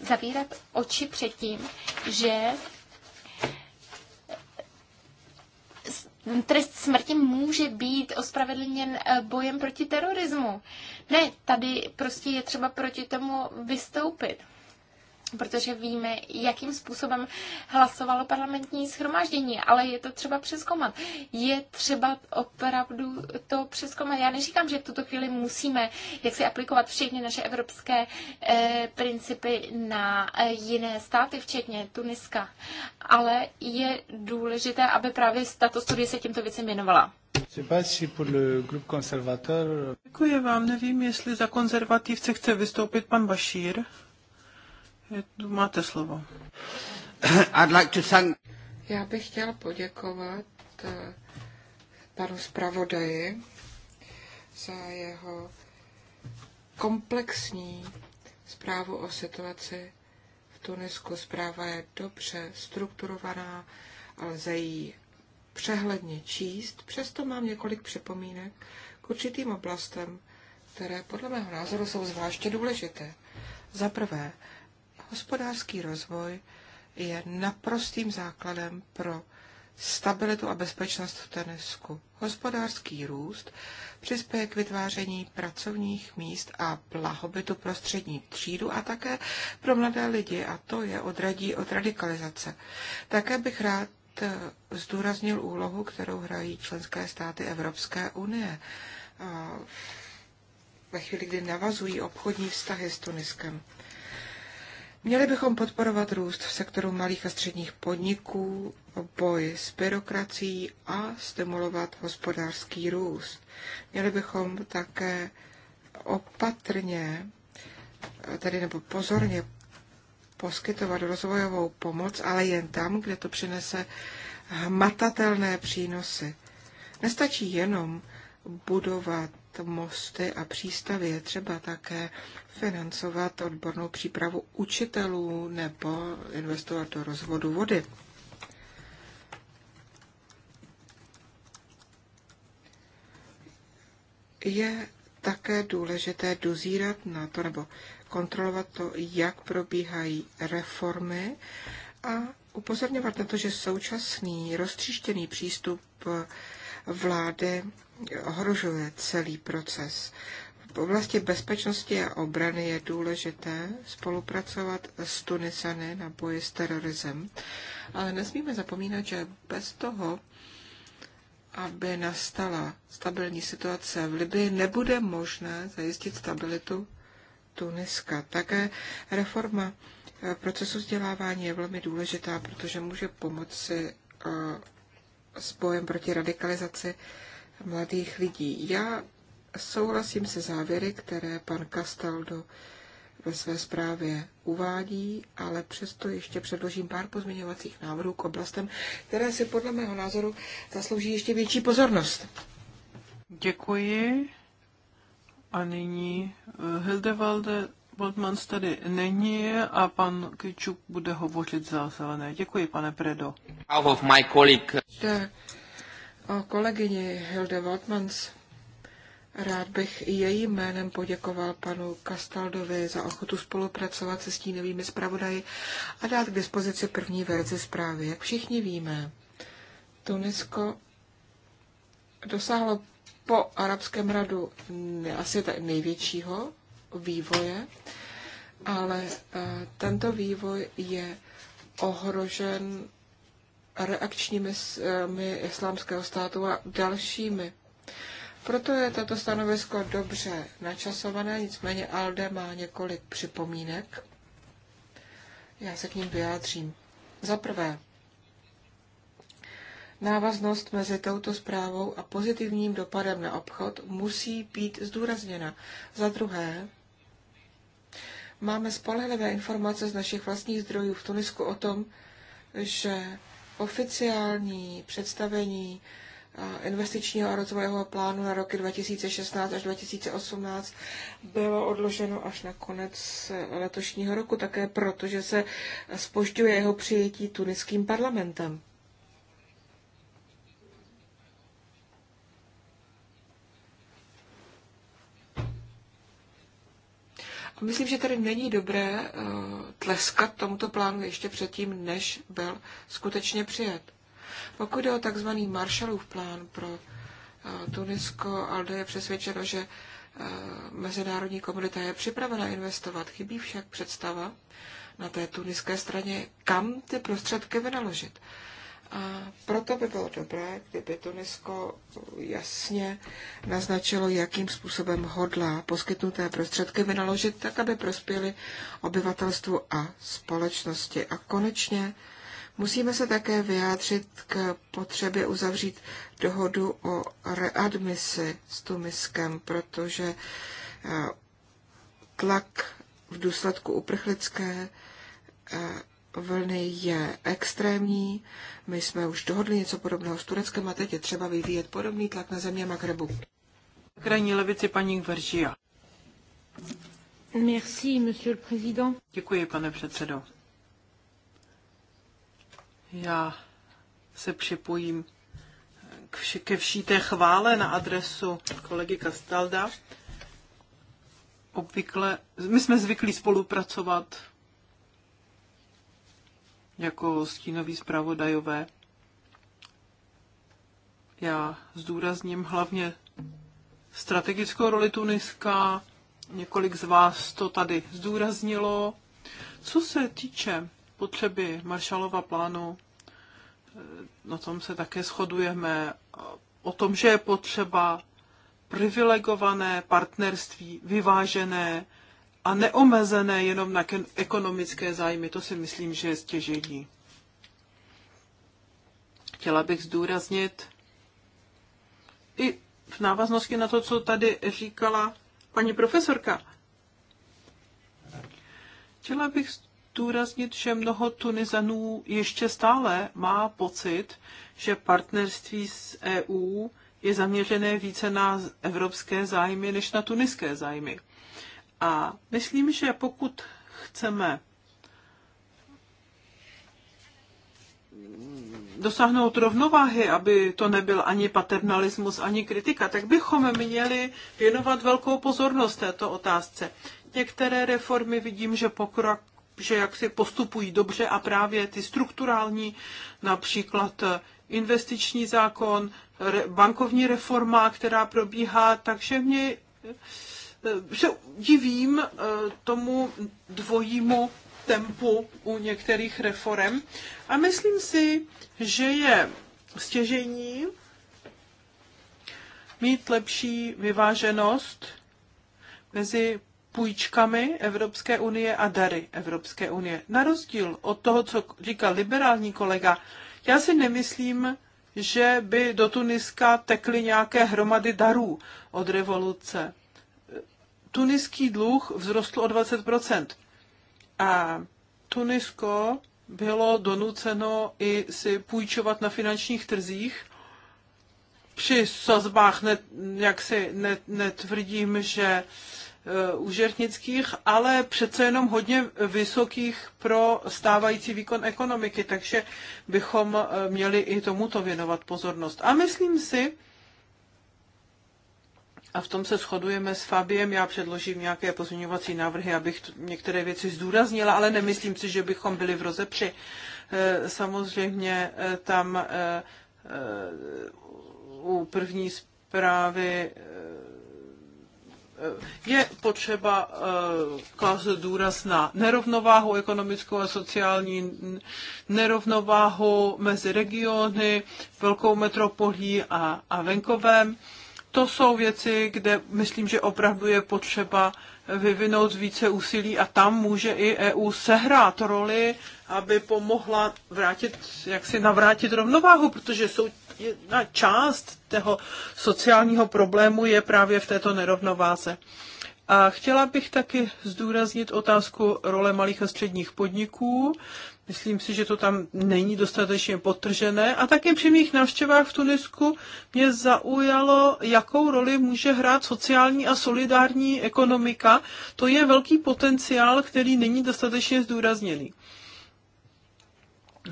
zavírat oči před tím, že trest smrti může být ospravedlněn eh, bojem proti terorismu. Ne, tady prostě je třeba proti tomu vystoupit protože víme, jakým způsobem hlasovalo parlamentní schromáždění, ale je to třeba přeskomat. Je třeba opravdu to přeskomat. Já neříkám, že v tuto chvíli musíme jak si aplikovat všechny naše evropské eh, principy na eh, jiné státy, včetně Tuniska, ale je důležité, aby právě tato studie se tímto věcem věnovala. Děkuji vám. Nevím, jestli za konzervativce chce vystoupit pan Bašír. Máte slovo. I'd like to thank... Já bych chtěl poděkovat eh, panu zpravodaji za jeho komplexní zprávu o situaci v Tunisku. Zpráva je dobře strukturovaná, lze ji přehledně číst. Přesto mám několik připomínek k určitým oblastem, které podle mého názoru jsou zvláště důležité. Za prvé, hospodářský rozvoj je naprostým základem pro stabilitu a bezpečnost v tenisku. Hospodářský růst přispěje k vytváření pracovních míst a blahobytu pro střední třídu a také pro mladé lidi a to je odradí od radikalizace. Také bych rád eh, zdůraznil úlohu, kterou hrají členské státy Evropské unie eh, ve chvíli, kdy navazují obchodní vztahy s Tuniskem. Měli bychom podporovat růst v sektoru malých a středních podniků, boj s byrokracií a stimulovat hospodářský růst. Měli bychom také opatrně, tedy nebo pozorně poskytovat rozvojovou pomoc, ale jen tam, kde to přinese hmatatelné přínosy. Nestačí jenom budovat mosty a přístavy. Je třeba také financovat odbornou přípravu učitelů nebo investovat do rozvodu vody. Je také důležité dozírat na to nebo kontrolovat to, jak probíhají reformy a upozorňovat na to, že současný roztříštěný přístup vlády ohrožuje celý proces. V oblasti bezpečnosti a obrany je důležité spolupracovat s Tunisany na boji s terorismem, ale nesmíme zapomínat, že bez toho, aby nastala stabilní situace v Libii, nebude možné zajistit stabilitu Tuniska. Také reforma eh, procesu vzdělávání je velmi důležitá, protože může pomoci eh, s bojem proti radikalizaci mladých lidí. Já souhlasím se závěry, které pan Castaldo ve své zprávě uvádí, ale přesto ještě předložím pár pozměňovacích návrhů k oblastem, které si podle mého názoru zaslouží ještě větší pozornost. Děkuji. A nyní eh, Hildewalde Boltmans tady není a pan Kyčuk bude hovořit za zelené. Děkuji, pane Predo. Of my colleague. o kolegyni Hilde Woltmans. Rád bych i jejím jménem poděkoval panu Kastaldovi za ochotu spolupracovat se stínovými zpravodaji a dát k dispozici první verzi zprávy. Jak všichni víme, Tunisko dosáhlo po Arabském radu asi největšího vývoje, ale eh, tento vývoj je ohrožen reakčními eh, islámského státu a dalšími. Proto je toto stanovisko dobře načasované, nicméně Alde má několik připomínek. Já se k ním vyjádřím. Za prvé, návaznost mezi touto zprávou a pozitivním dopadem na obchod musí být zdůrazněna. Za druhé, Máme spolehlivé informace z našich vlastních zdrojů v Tunisku o tom, že oficiální představení investičního a rozvojového plánu na roky 2016 až 2018 bylo odloženo až na konec letošního roku, také proto, že se spožďuje jeho přijetí tuniským parlamentem. Myslím, že tady není dobré eh, tleskat tomuto plánu ještě předtím, než byl skutečně přijat. Pokud je o takzvaný Marshallův plán pro eh, Tunisko, Alde je přesvědčeno, že eh, mezinárodní komunita je připravena investovat. Chybí však představa na té tuniské straně, kam ty prostředky vynaložit. A proto by bylo dobré, kdyby Tunisko jasně naznačilo, jakým způsobem hodlá poskytnuté prostředky vynaložit tak, aby prospěly obyvatelstvu a společnosti. A konečně musíme se také vyjádřit k potřebě uzavřít dohodu o readmisi s Tuniskem, protože eh, tlak v důsledku uprchlické eh, vlny je extrémní. My jsme už dohodli něco podobného s Tureckem a teď je třeba vyvíjet podobný tlak na země Magrebu. Krajní levici paní Gvržia. Merci, monsieur le président. Děkuji, pane předsedo. Já se připojím k vši, ke vší té chvále na adresu kolegy Kastalda. Obvykle, my jsme zvyklí spolupracovat jako stínoví zpravodajové. Já zdůrazním hlavně strategickou roli Tuniska. Několik z vás to tady zdůraznilo. Co se týče potřeby Maršalova plánu, na tom se také shodujeme, o tom, že je potřeba privilegované partnerství, vyvážené, a neomezené jenom na ekonomické zájmy. To si myslím, že je stěžení. Chtěla bych zdůraznit i v návaznosti na to, co tady říkala paní profesorka. Chtěla bych zdůraznit, že mnoho Tunizanů ještě stále má pocit, že partnerství s EU je zaměřené více na evropské zájmy než na tuniské zájmy. A myslím, že pokud chceme dosáhnout rovnováhy, aby to nebyl ani paternalismus, ani kritika, tak bychom měli věnovat velkou pozornost této otázce. Některé reformy vidím, že pokrok že jak si postupují dobře a právě ty strukturální, například investiční zákon, bankovní reforma, která probíhá, takže mě se eh, divím eh, tomu dvojímu tempu u některých reform a myslím si, že je stěžení mít lepší vyváženost mezi půjčkami Evropské unie a dary Evropské unie. Na rozdíl od toho, co říkal liberální kolega, já si nemyslím, že by do Tuniska tekly nějaké hromady darů od revoluce tuniský dluh vzrostl o 20 a Tunisko bylo donuceno i si půjčovat na finančních trzích. Při sazbách jak jaksi net, netvrdím, že úžernických, e, ale přece jenom hodně vysokých pro stávající výkon ekonomiky, takže bychom e, měli i tomuto věnovat pozornost. A myslím si, a v tom se shodujeme s Fabiem. Já předložím nějaké pozměňovací návrhy, abych některé věci zdůraznila, ale nemyslím si, že bychom byli v rozepři. E, samozřejmě e, tam e, u první zprávy je potřeba klást důraz na nerovnováhu ekonomickou a sociální, nerovnováhu mezi regiony, velkou metropolí a, a venkovem. To jsou věci, kde myslím, že opravdu je potřeba vyvinout více úsilí a tam může i EU sehrát roli, aby pomohla vrátit, jak si navrátit rovnováhu, protože jsou jedna část toho sociálního problému je právě v této nerovnováze. A chtěla bych taky zdůraznit otázku role malých a středních podniků. Myslím si, že to tam není dostatečně potržené. A také při mých návštěvách v Tunisku mě zaujalo, jakou roli může hrát sociální a solidární ekonomika. To je velký potenciál, který není dostatečně zdůrazněný.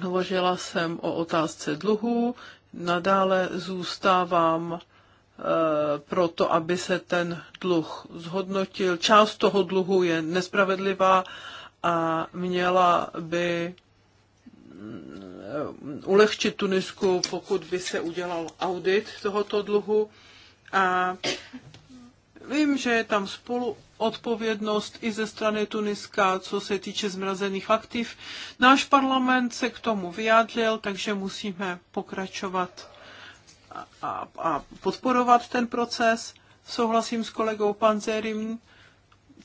Hovořila jsem o otázce dluhu. nadále zůstávám eh, proto, aby se ten dluh zhodnotil. Část toho dluhu je nespravedlivá a měla by Eh, ulehčit Tunisku, pokud by se udělal audit tohoto dluhu. A vím, že je tam spolu odpovědnost i ze strany Tuniska, co se týče zmrazených aktiv. Náš parlament se k tomu vyjádřil, takže musíme pokračovat a, a, a podporovat ten proces. Souhlasím s kolegou Panzerim,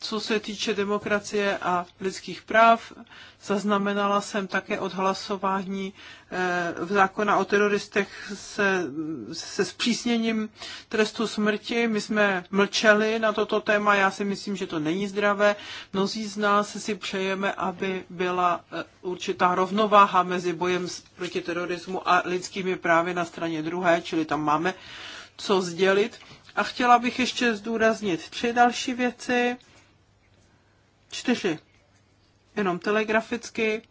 co se týče demokracie a lidských práv, zaznamenala jsem také odhlasování v eh, zákona o teroristech se, se zpřísněním trestu smrti. My jsme mlčeli na toto téma, já si myslím, že to není zdravé. Mnozí z nás si přejeme, aby byla eh, určitá rovnováha mezi bojem proti terorismu a lidskými právy na straně druhé, čili tam máme co sdělit. A chtěla bych ještě zdůraznit tři další věci čtyři. Jenom telegraficky.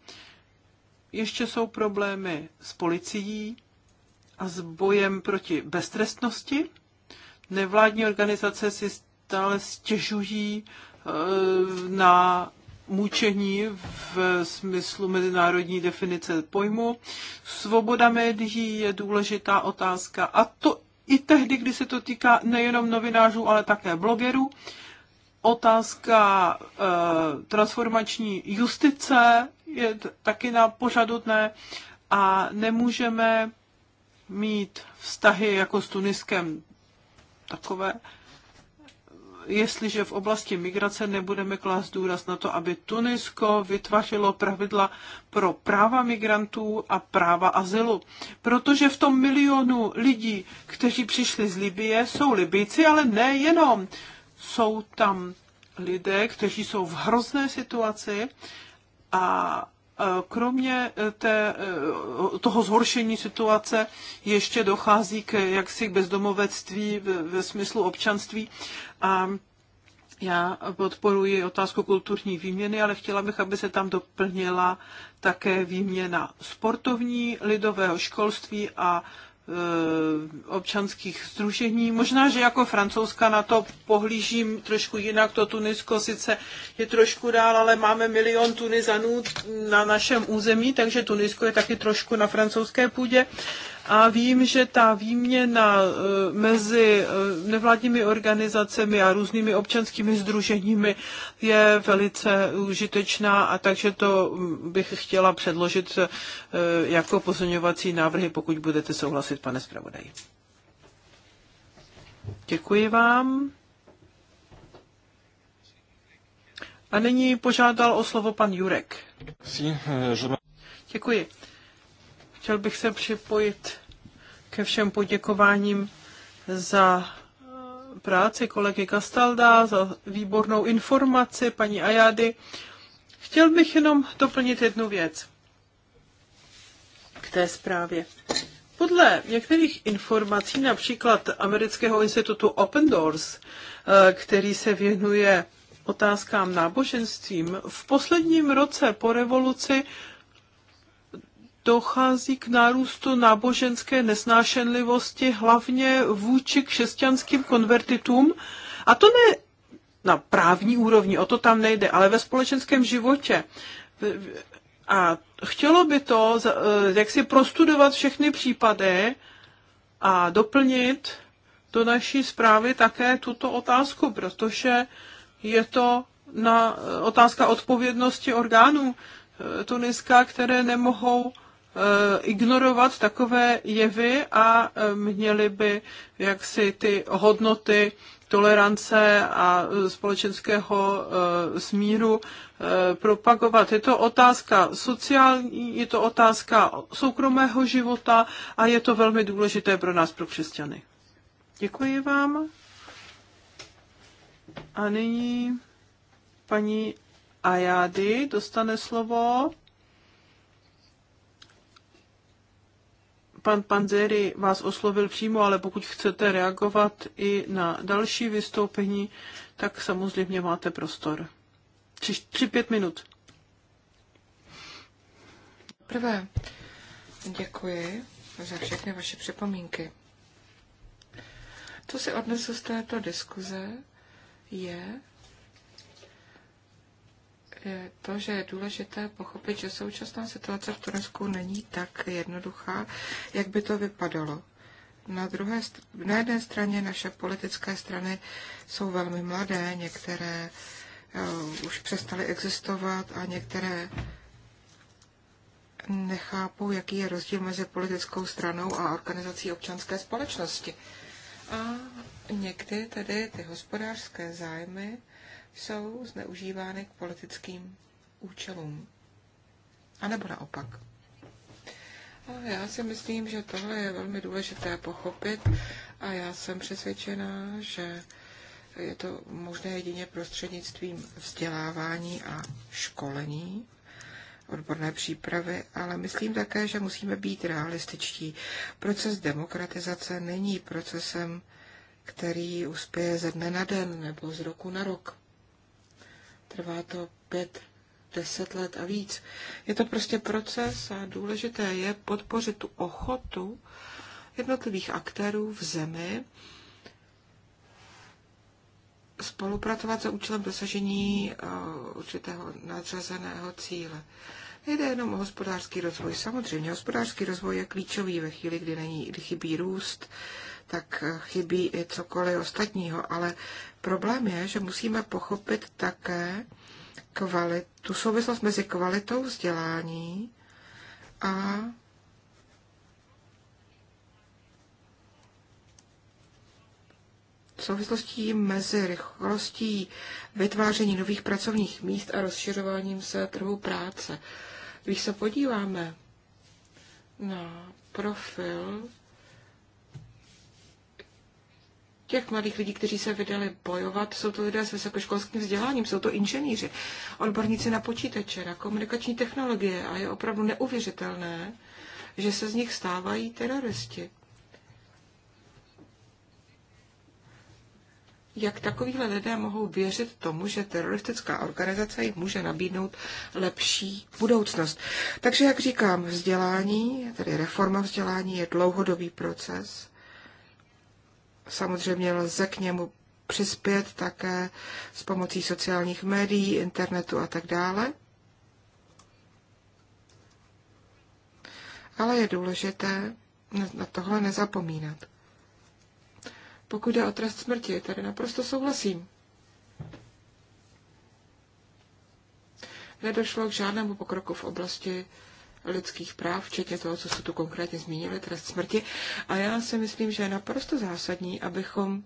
Ještě jsou problémy s policií a s bojem proti beztrestnosti. Nevládní organizace si stále stěžují e, na mučení v smyslu mezinárodní definice pojmu. Svoboda médií je důležitá otázka a to i tehdy, kdy se to týká nejenom novinářů, ale také blogerů otázka eh, transformační justice je taky na pořadu dne a nemůžeme mít vztahy jako s Tuniskem takové, jestliže v oblasti migrace nebudeme klást důraz na to, aby Tunisko vytvářelo pravidla pro práva migrantů a práva azylu. Protože v tom milionu lidí, kteří přišli z Libie, jsou Libíci, ale nejenom jsou tam lidé, kteří jsou v hrozné situaci a e, kromě e, té, e, toho zhoršení situace ještě dochází k jaksi k bezdomovectví ve, ve smyslu občanství a já podporuji otázku kulturní výměny, ale chtěla bych, aby se tam doplnila také výměna sportovní, lidového školství a Eh, občanských združení. Možná, že jako francouzka na to pohlížím trošku jinak, to Tunisko sice je trošku dál, ale máme milion Tunizanů na našem území, takže Tunisko je taky trošku na francouzské půdě a vím, že ta výměna e, mezi e, nevládními organizacemi a různými občanskými združeními je velice užitečná a takže to bych chtěla předložit e, jako pozorňovací návrhy, pokud budete souhlasit, pane zpravodaji. Děkuji vám. A nyní požádal o slovo pan Jurek. Děkuji. Chtěl bych se připojit ke všem poděkováním za eh, práci kolegy Kastalda, za výbornou informaci paní Ajády. Chtěl bych jenom doplnit jednu věc k té zprávě. Podle některých informací, například amerického institutu Open Doors, eh, který se věnuje otázkám náboženstvím, v posledním roce po revoluci dochází k nárůstu náboženské nesnášenlivosti, hlavně vůči křesťanským konvertitům. A to ne na právní úrovni, o to tam nejde, ale ve společenském životě. A chtělo by to, eh, jak si prostudovat všechny případy a doplnit do naší zprávy také tuto otázku, protože je to na eh, otázka odpovědnosti orgánů eh, Tuniska, které nemohou Eh, ignorovat takové jevy a eh, měli by jaksi ty hodnoty tolerance a eh, společenského smíru propagovat. Je to otázka sociální, je to otázka soukromého života a je to velmi důležité pro nás, pro křesťany. Děkuji vám. A nyní paní Ajády dostane slovo. pan Panzeri vás oslovil přímo, ale pokud chcete reagovat i na další vystoupení, tak samozřejmě máte prostor. Tři, tři pět minut. Prvé, děkuji za všechny vaše připomínky. Co si odnesu z této diskuze je, je to, že je důležité pochopit, že současná situace v Turecku není tak jednoduchá, jak by to vypadalo. Na, druhé, na jedné straně naše politické strany jsou velmi mladé, některé uh, už přestaly existovat a některé nechápou, jaký je rozdíl mezi politickou stranou a organizací občanské společnosti. A někdy tedy ty hospodářské zájmy jsou zneužívány k politickým účelům. A nebo naopak. A já si myslím, že tohle je velmi důležité pochopit a já jsem přesvědčená, že je to možné jedině prostřednictvím vzdělávání a školení, odborné přípravy, ale myslím také, že musíme být realističtí. Proces demokratizace není procesem, který uspěje ze dne na den nebo z roku na rok. Trvá to pět, deset let a víc. Je to prostě proces a důležité je podpořit tu ochotu jednotlivých aktérů v zemi spolupracovat za účelem dosažení eh, určitého nadřazeného cíle. Nejde jenom o hospodářský rozvoj. Samozřejmě, hospodářský rozvoj je klíčový ve chvíli, kdy, není, kdy chybí růst, tak chybí i cokoliv ostatního. Ale problém je, že musíme pochopit také kvalit, tu souvislost mezi kvalitou vzdělání a souvislostí mezi rychlostí vytváření nových pracovních míst a rozšiřováním se trhu práce. Když se podíváme na profil těch mladých lidí, kteří se vydali bojovat, jsou to lidé s vysokoškolským vzděláním, jsou to inženýři, odborníci na počítače, na komunikační technologie a je opravdu neuvěřitelné, že se z nich stávají teroristi. Jak takovýhle lidé mohou věřit tomu, že teroristická organizace jim může nabídnout lepší budoucnost? Takže, jak říkám, vzdělání, tedy reforma vzdělání je dlouhodobý proces. Samozřejmě lze k němu přispět také s pomocí sociálních médií, internetu a tak dále. Ale je důležité na tohle nezapomínat. Pokud jde o trest smrti, tady naprosto souhlasím. Nedošlo k žádnému pokroku v oblasti lidských práv, včetně toho, co se tu konkrétně zmínili, trest smrti. A já si myslím, že je naprosto zásadní, abychom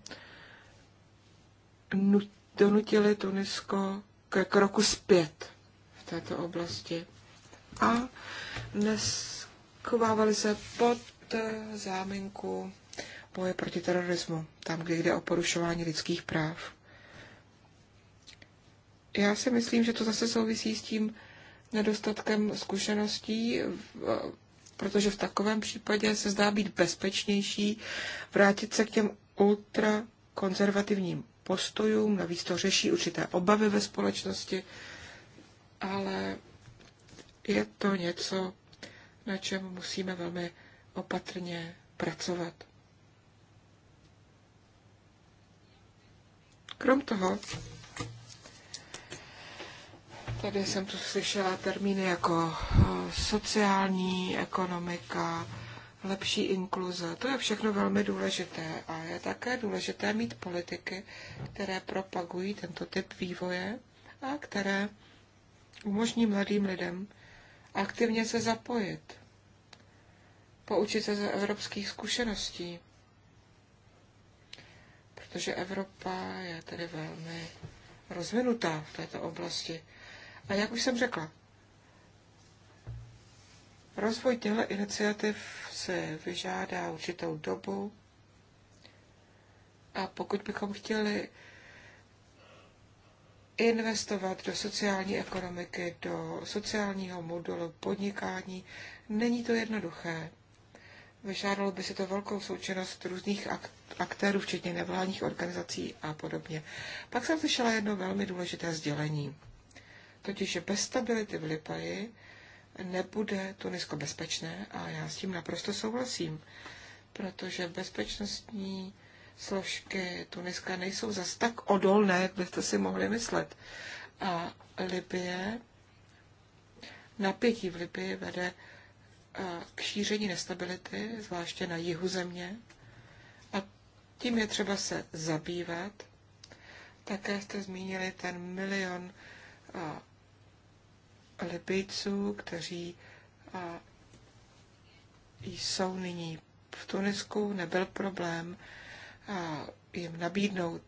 donutili Tunisko ke kroku zpět v této oblasti. A neschovávali se pod záminku boje proti terorismu, tam, kde jde o porušování lidských práv. Já si myslím, že to zase souvisí s tím nedostatkem zkušeností, protože v takovém případě se zdá být bezpečnější vrátit se k těm ultrakonzervativním postojům, navíc to řeší určité obavy ve společnosti, ale je to něco, na čem musíme velmi opatrně pracovat. Krom toho Tady jsem tu slyšela termíny jako eh, sociální ekonomika, lepší inkluze. To je všechno velmi důležité a je také důležité mít politiky, které propagují tento typ vývoje a které umožní mladým lidem aktivně se zapojit, poučit se ze evropských zkušeností, protože Evropa je tedy velmi rozvinutá v této oblasti. A jak už jsem řekla, rozvoj těchto iniciativ se vyžádá určitou dobu a pokud bychom chtěli investovat do sociální ekonomiky, do sociálního modulu podnikání, není to jednoduché. Vyžádalo by si to velkou součinnost různých aktérů, včetně nevládních organizací a podobně. Pak jsem slyšela jedno velmi důležité sdělení totiž že bez stability v Lipaji nebude Tunisko bezpečné a já s tím naprosto souhlasím, protože bezpečnostní složky Tuniska nejsou zas tak odolné, jak byste si mohli myslet. A Libie, napětí v Libii vede eh, k šíření nestability, zvláště na jihu země. A tím je třeba se zabývat. Také jste zmínili ten milion eh, Libyjců, kteří jsou nyní v Tunisku, nebyl problém a jim nabídnout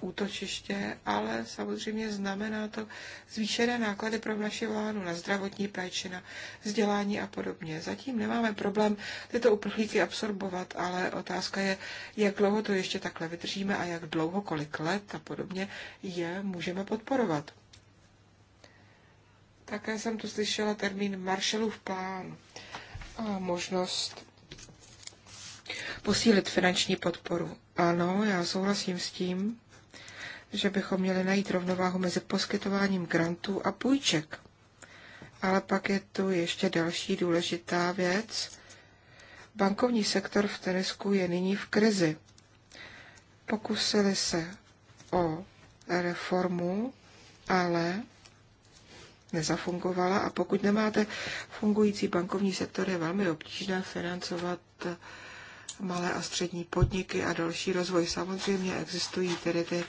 útočiště, ale samozřejmě znamená to zvýšené náklady pro naši vládu na zdravotní péči, na vzdělání a podobně. Zatím nemáme problém tyto uprchlíky absorbovat, ale otázka je, jak dlouho to ještě takhle vydržíme a jak dlouho, kolik let a podobně je můžeme podporovat. Také jsem tu slyšela termín Marshallův plán a možnost posílit finanční podporu. Ano, já souhlasím s tím, že bychom měli najít rovnováhu mezi poskytováním grantů a půjček. Ale pak je tu ještě další důležitá věc. Bankovní sektor v Tenisku je nyní v krizi. Pokusili se o reformu, ale nezafungovala a pokud nemáte fungující bankovní sektor, je velmi obtížné financovat malé a střední podniky a další rozvoj. Samozřejmě existují tedy ty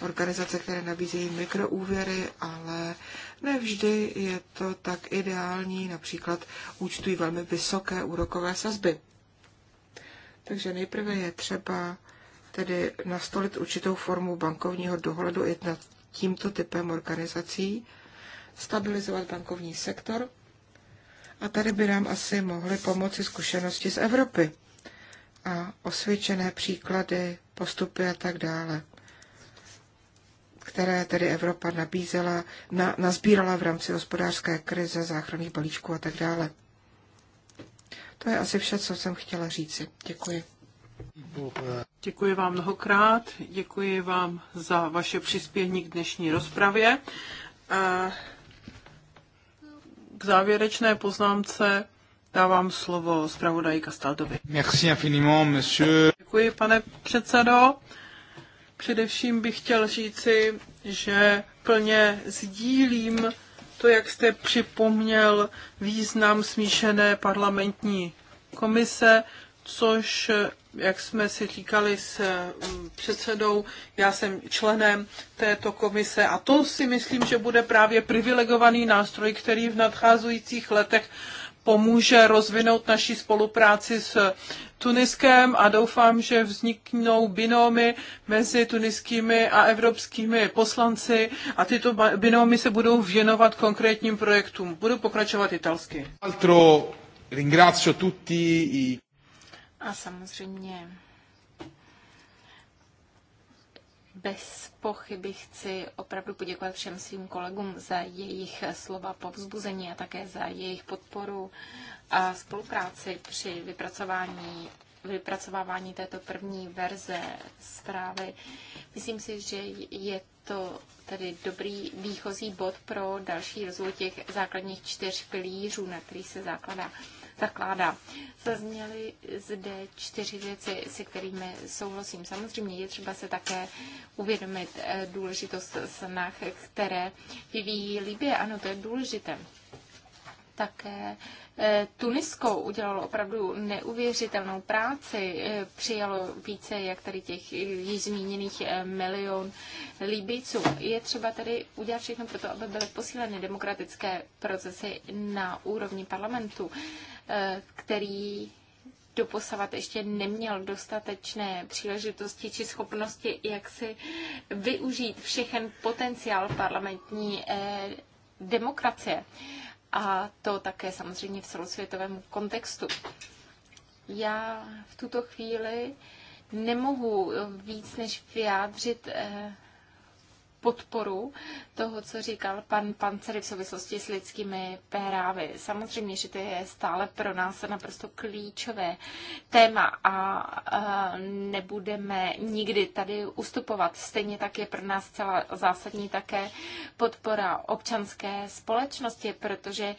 organizace, které nabízejí mikroúvěry, ale nevždy je to tak ideální, například účtují velmi vysoké úrokové sazby. Takže nejprve je třeba tedy nastolit určitou formu bankovního dohledu i nad tímto typem organizací stabilizovat bankovní sektor. A tady by nám asi mohly pomoci zkušenosti z Evropy a osvědčené příklady, postupy a tak dále, které tedy Evropa nabízela, na, nazbírala v rámci hospodářské krize, záchranných balíčků a tak dále. To je asi vše, co jsem chtěla říci. Děkuji. Děkuji vám mnohokrát, děkuji vám za vaše přispění k dnešní rozpravě závěrečné poznámce dávám slovo zpravodaji Kastaldovi. Merci infiniment, monsieur. Děkuji, pane předsedo. Především bych chtěl říci, že plně sdílím to, jak jste připomněl význam smíšené parlamentní komise, což jak jsme si říkali s mm, předsedou, já jsem členem této komise a to si myslím, že bude právě privilegovaný nástroj, který v nadcházejících letech pomůže rozvinout naši spolupráci s Tuniskem a doufám, že vzniknou binomy mezi tuniskými a evropskými poslanci a tyto binomy se budou věnovat konkrétním projektům. Budu pokračovat italsky. Altro ringrazio tutti i... A samozřejmě bez pochyby chci opravdu poděkovat všem svým kolegům za jejich slova povzbuzení a také za jejich podporu a spolupráci při vypracování vypracovávání této první verze zprávy. Myslím si, že je to tedy dobrý výchozí bod pro další rozvoj těch základních čtyř pilířů, na který se zakládá zakládá. Zazněly zde čtyři věci, se kterými souhlasím. Samozřejmě je třeba se také uvědomit eh, důležitost snah, které vyvíjí Libie. Ano, to je důležité. Také Eh, Tunisko udělalo opravdu neuvěřitelnou práci, eh, přijalo více jak tady těch již zmíněných eh, milion Líbíců. Je třeba tedy udělat všechno pro to, aby byly posíleny demokratické procesy na úrovni parlamentu, který doposavat ještě neměl dostatečné příležitosti či schopnosti, jak si využít všechen potenciál parlamentní demokracie a to také samozřejmě v celosvětovém kontextu. Já v tuto chvíli nemohu víc než vyjádřit eh, podporu toho, co říkal pan Pancery v souvislosti s lidskými právy. Samozřejmě, že to je stále pro nás naprosto klíčové téma a nebudeme nikdy tady ustupovat. Stejně tak je pro nás celá zásadní také podpora občanské společnosti, protože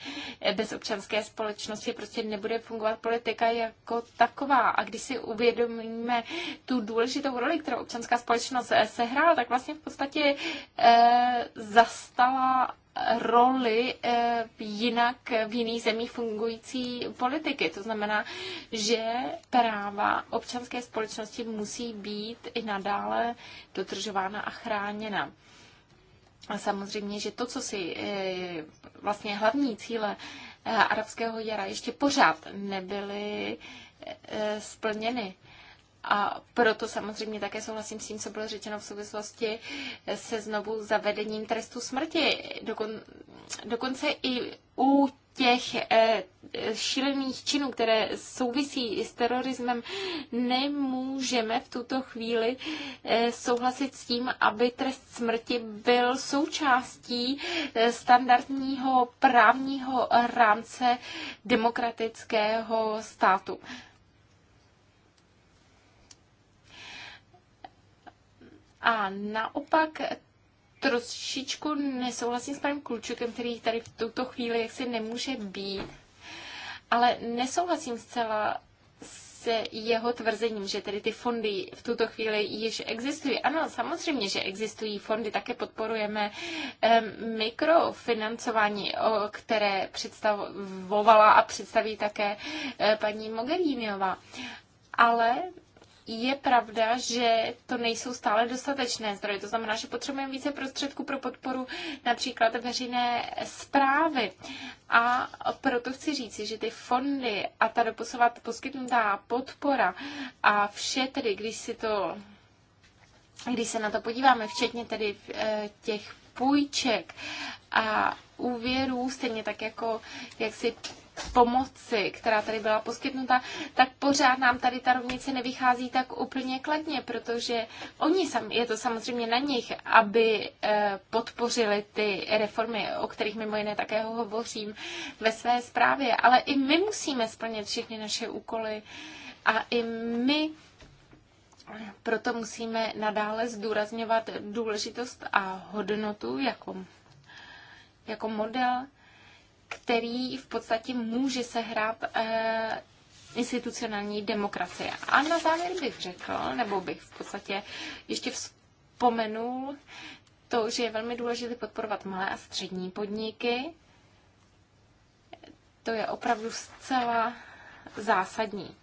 bez občanské společnosti prostě nebude fungovat politika jako taková. A když si uvědomíme tu důležitou roli, kterou občanská společnost eh, sehrála, tak vlastně v podstatě Eh, zastala roli eh, jinak v jiných zemích fungující politiky. To znamená, že práva občanské společnosti musí být i nadále dodržována a chráněna. A samozřejmě, že to, co si eh, vlastně hlavní cíle arabského jara ještě pořád nebyly splněny. A proto samozřejmě také souhlasím s tím, co bylo řečeno v souvislosti se znovu zavedením trestu smrti. Dokon, dokonce i u těch eh, šílených činů, které souvisí s terorismem, nemůžeme v tuto chvíli eh, souhlasit s tím, aby trest smrti byl součástí eh, standardního právního rámce demokratického státu. A naopak trošičku nesouhlasím s panem Klučukem, který tady v tuto chvíli jaksi nemůže být, ale nesouhlasím zcela se jeho tvrzením, že tedy ty fondy v tuto chvíli již existují. Ano, samozřejmě, že existují fondy, také podporujeme mikrofinancování, které představovala a představí také e, paní Mogheriniová. Ale je pravda, že to nejsou stále dostatečné zdroje. To znamená, že potřebujeme více prostředků pro podporu například veřejné zprávy. A proto chci říci, že ty fondy a ta doposovat poskytnutá podpora a vše tedy, když si to když se na to podíváme, včetně tedy eh, těch půjček a úvěrů, stejně tak jako jak si pomoci, která tady byla poskytnuta, tak pořád nám tady ta rovnice nevychází tak úplně kladně, protože oni sami je to samozřejmě na nich, aby eh, podpořili ty reformy, o kterých mimo jiné také hovořím ve své zprávě, ale i my musíme splnit všechny naše úkoly a i my proto musíme nadále zdůrazňovat důležitost a hodnotu jako, jako model který v podstatě může sehrát eh, institucionální demokracie. A na závěr bych řekl, nebo bych v podstatě ještě vzpomenul to, že je velmi důležité podporovat malé a střední podniky. To je opravdu zcela zásadní.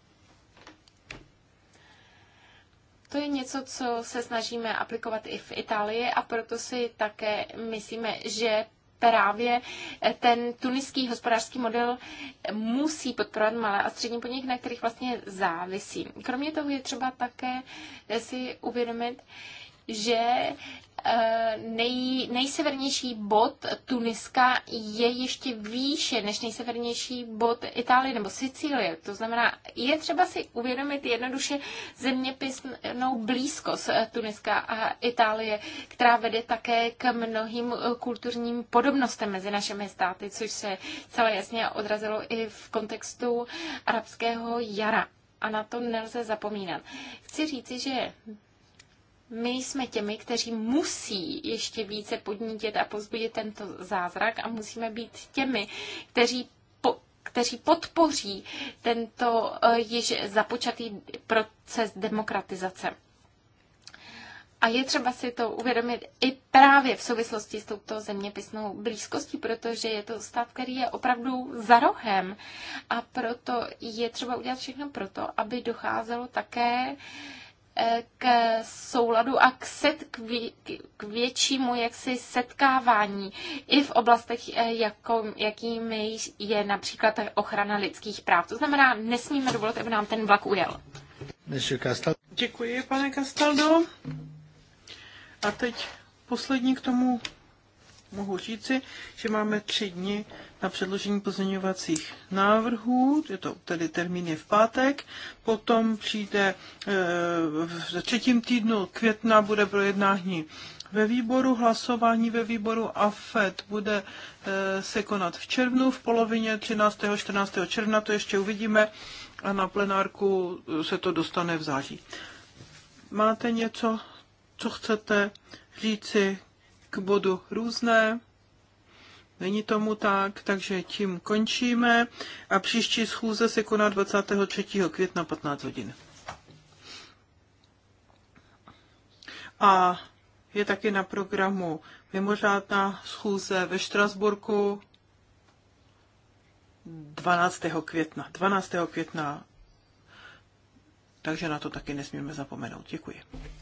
To je něco, co se snažíme aplikovat i v Itálii a proto si také myslíme, že právě ten tuniský hospodářský model musí podporovat malé a střední podniky, na kterých vlastně závisí. Kromě toho je třeba také si uvědomit, že eh, nej, nejsevernější bod Tuniska je ještě výše než nejsevernější bod Itálie nebo Sicílie. To znamená, je třeba si uvědomit jednoduše zeměpisnou blízkost eh, Tuniska a Itálie, která vede také k mnohým eh, kulturním podobnostem mezi našimi státy, což se celé jasně odrazilo i v kontextu arabského jara. A na to nelze zapomínat. Chci říci, že my jsme těmi, kteří musí ještě více podnítit a pozbudit tento zázrak a musíme být těmi, kteří kteří podpoří tento eh, již započatý proces demokratizace. A je třeba si to uvědomit i právě v souvislosti s touto zeměpisnou blízkostí, protože je to stát, který je opravdu za rohem. A proto je třeba udělat všechno proto, aby docházelo také uh, E, k souladu a k, set, k, vě, k většímu jaksi setkávání i v oblastech, e, jako, jakými je například ochrana lidských práv. To znamená, nesmíme dovolit, aby nám ten vlak ujel. Děkuji, pane Castaldo. A teď poslední k tomu mohu říci, že máme tři dny na předložení pozměňovacích návrhů, je to tedy termín je v pátek, potom přijde e, v třetím týdnu května bude projednání ve výboru, hlasování ve výboru a FED bude e, se konat v červnu, v polovině 13. 14. června, to ještě uvidíme, a na plenárku se to dostane v září. Máte něco, co chcete říci k bodu různé. Není tomu tak, takže tím končíme a příští schůze se koná 23. května 15 hodin. A je taky na programu mimořádná schůze ve Štrasburku 12. května. 12. května. Takže na to taky nesmíme zapomenout. Děkuji.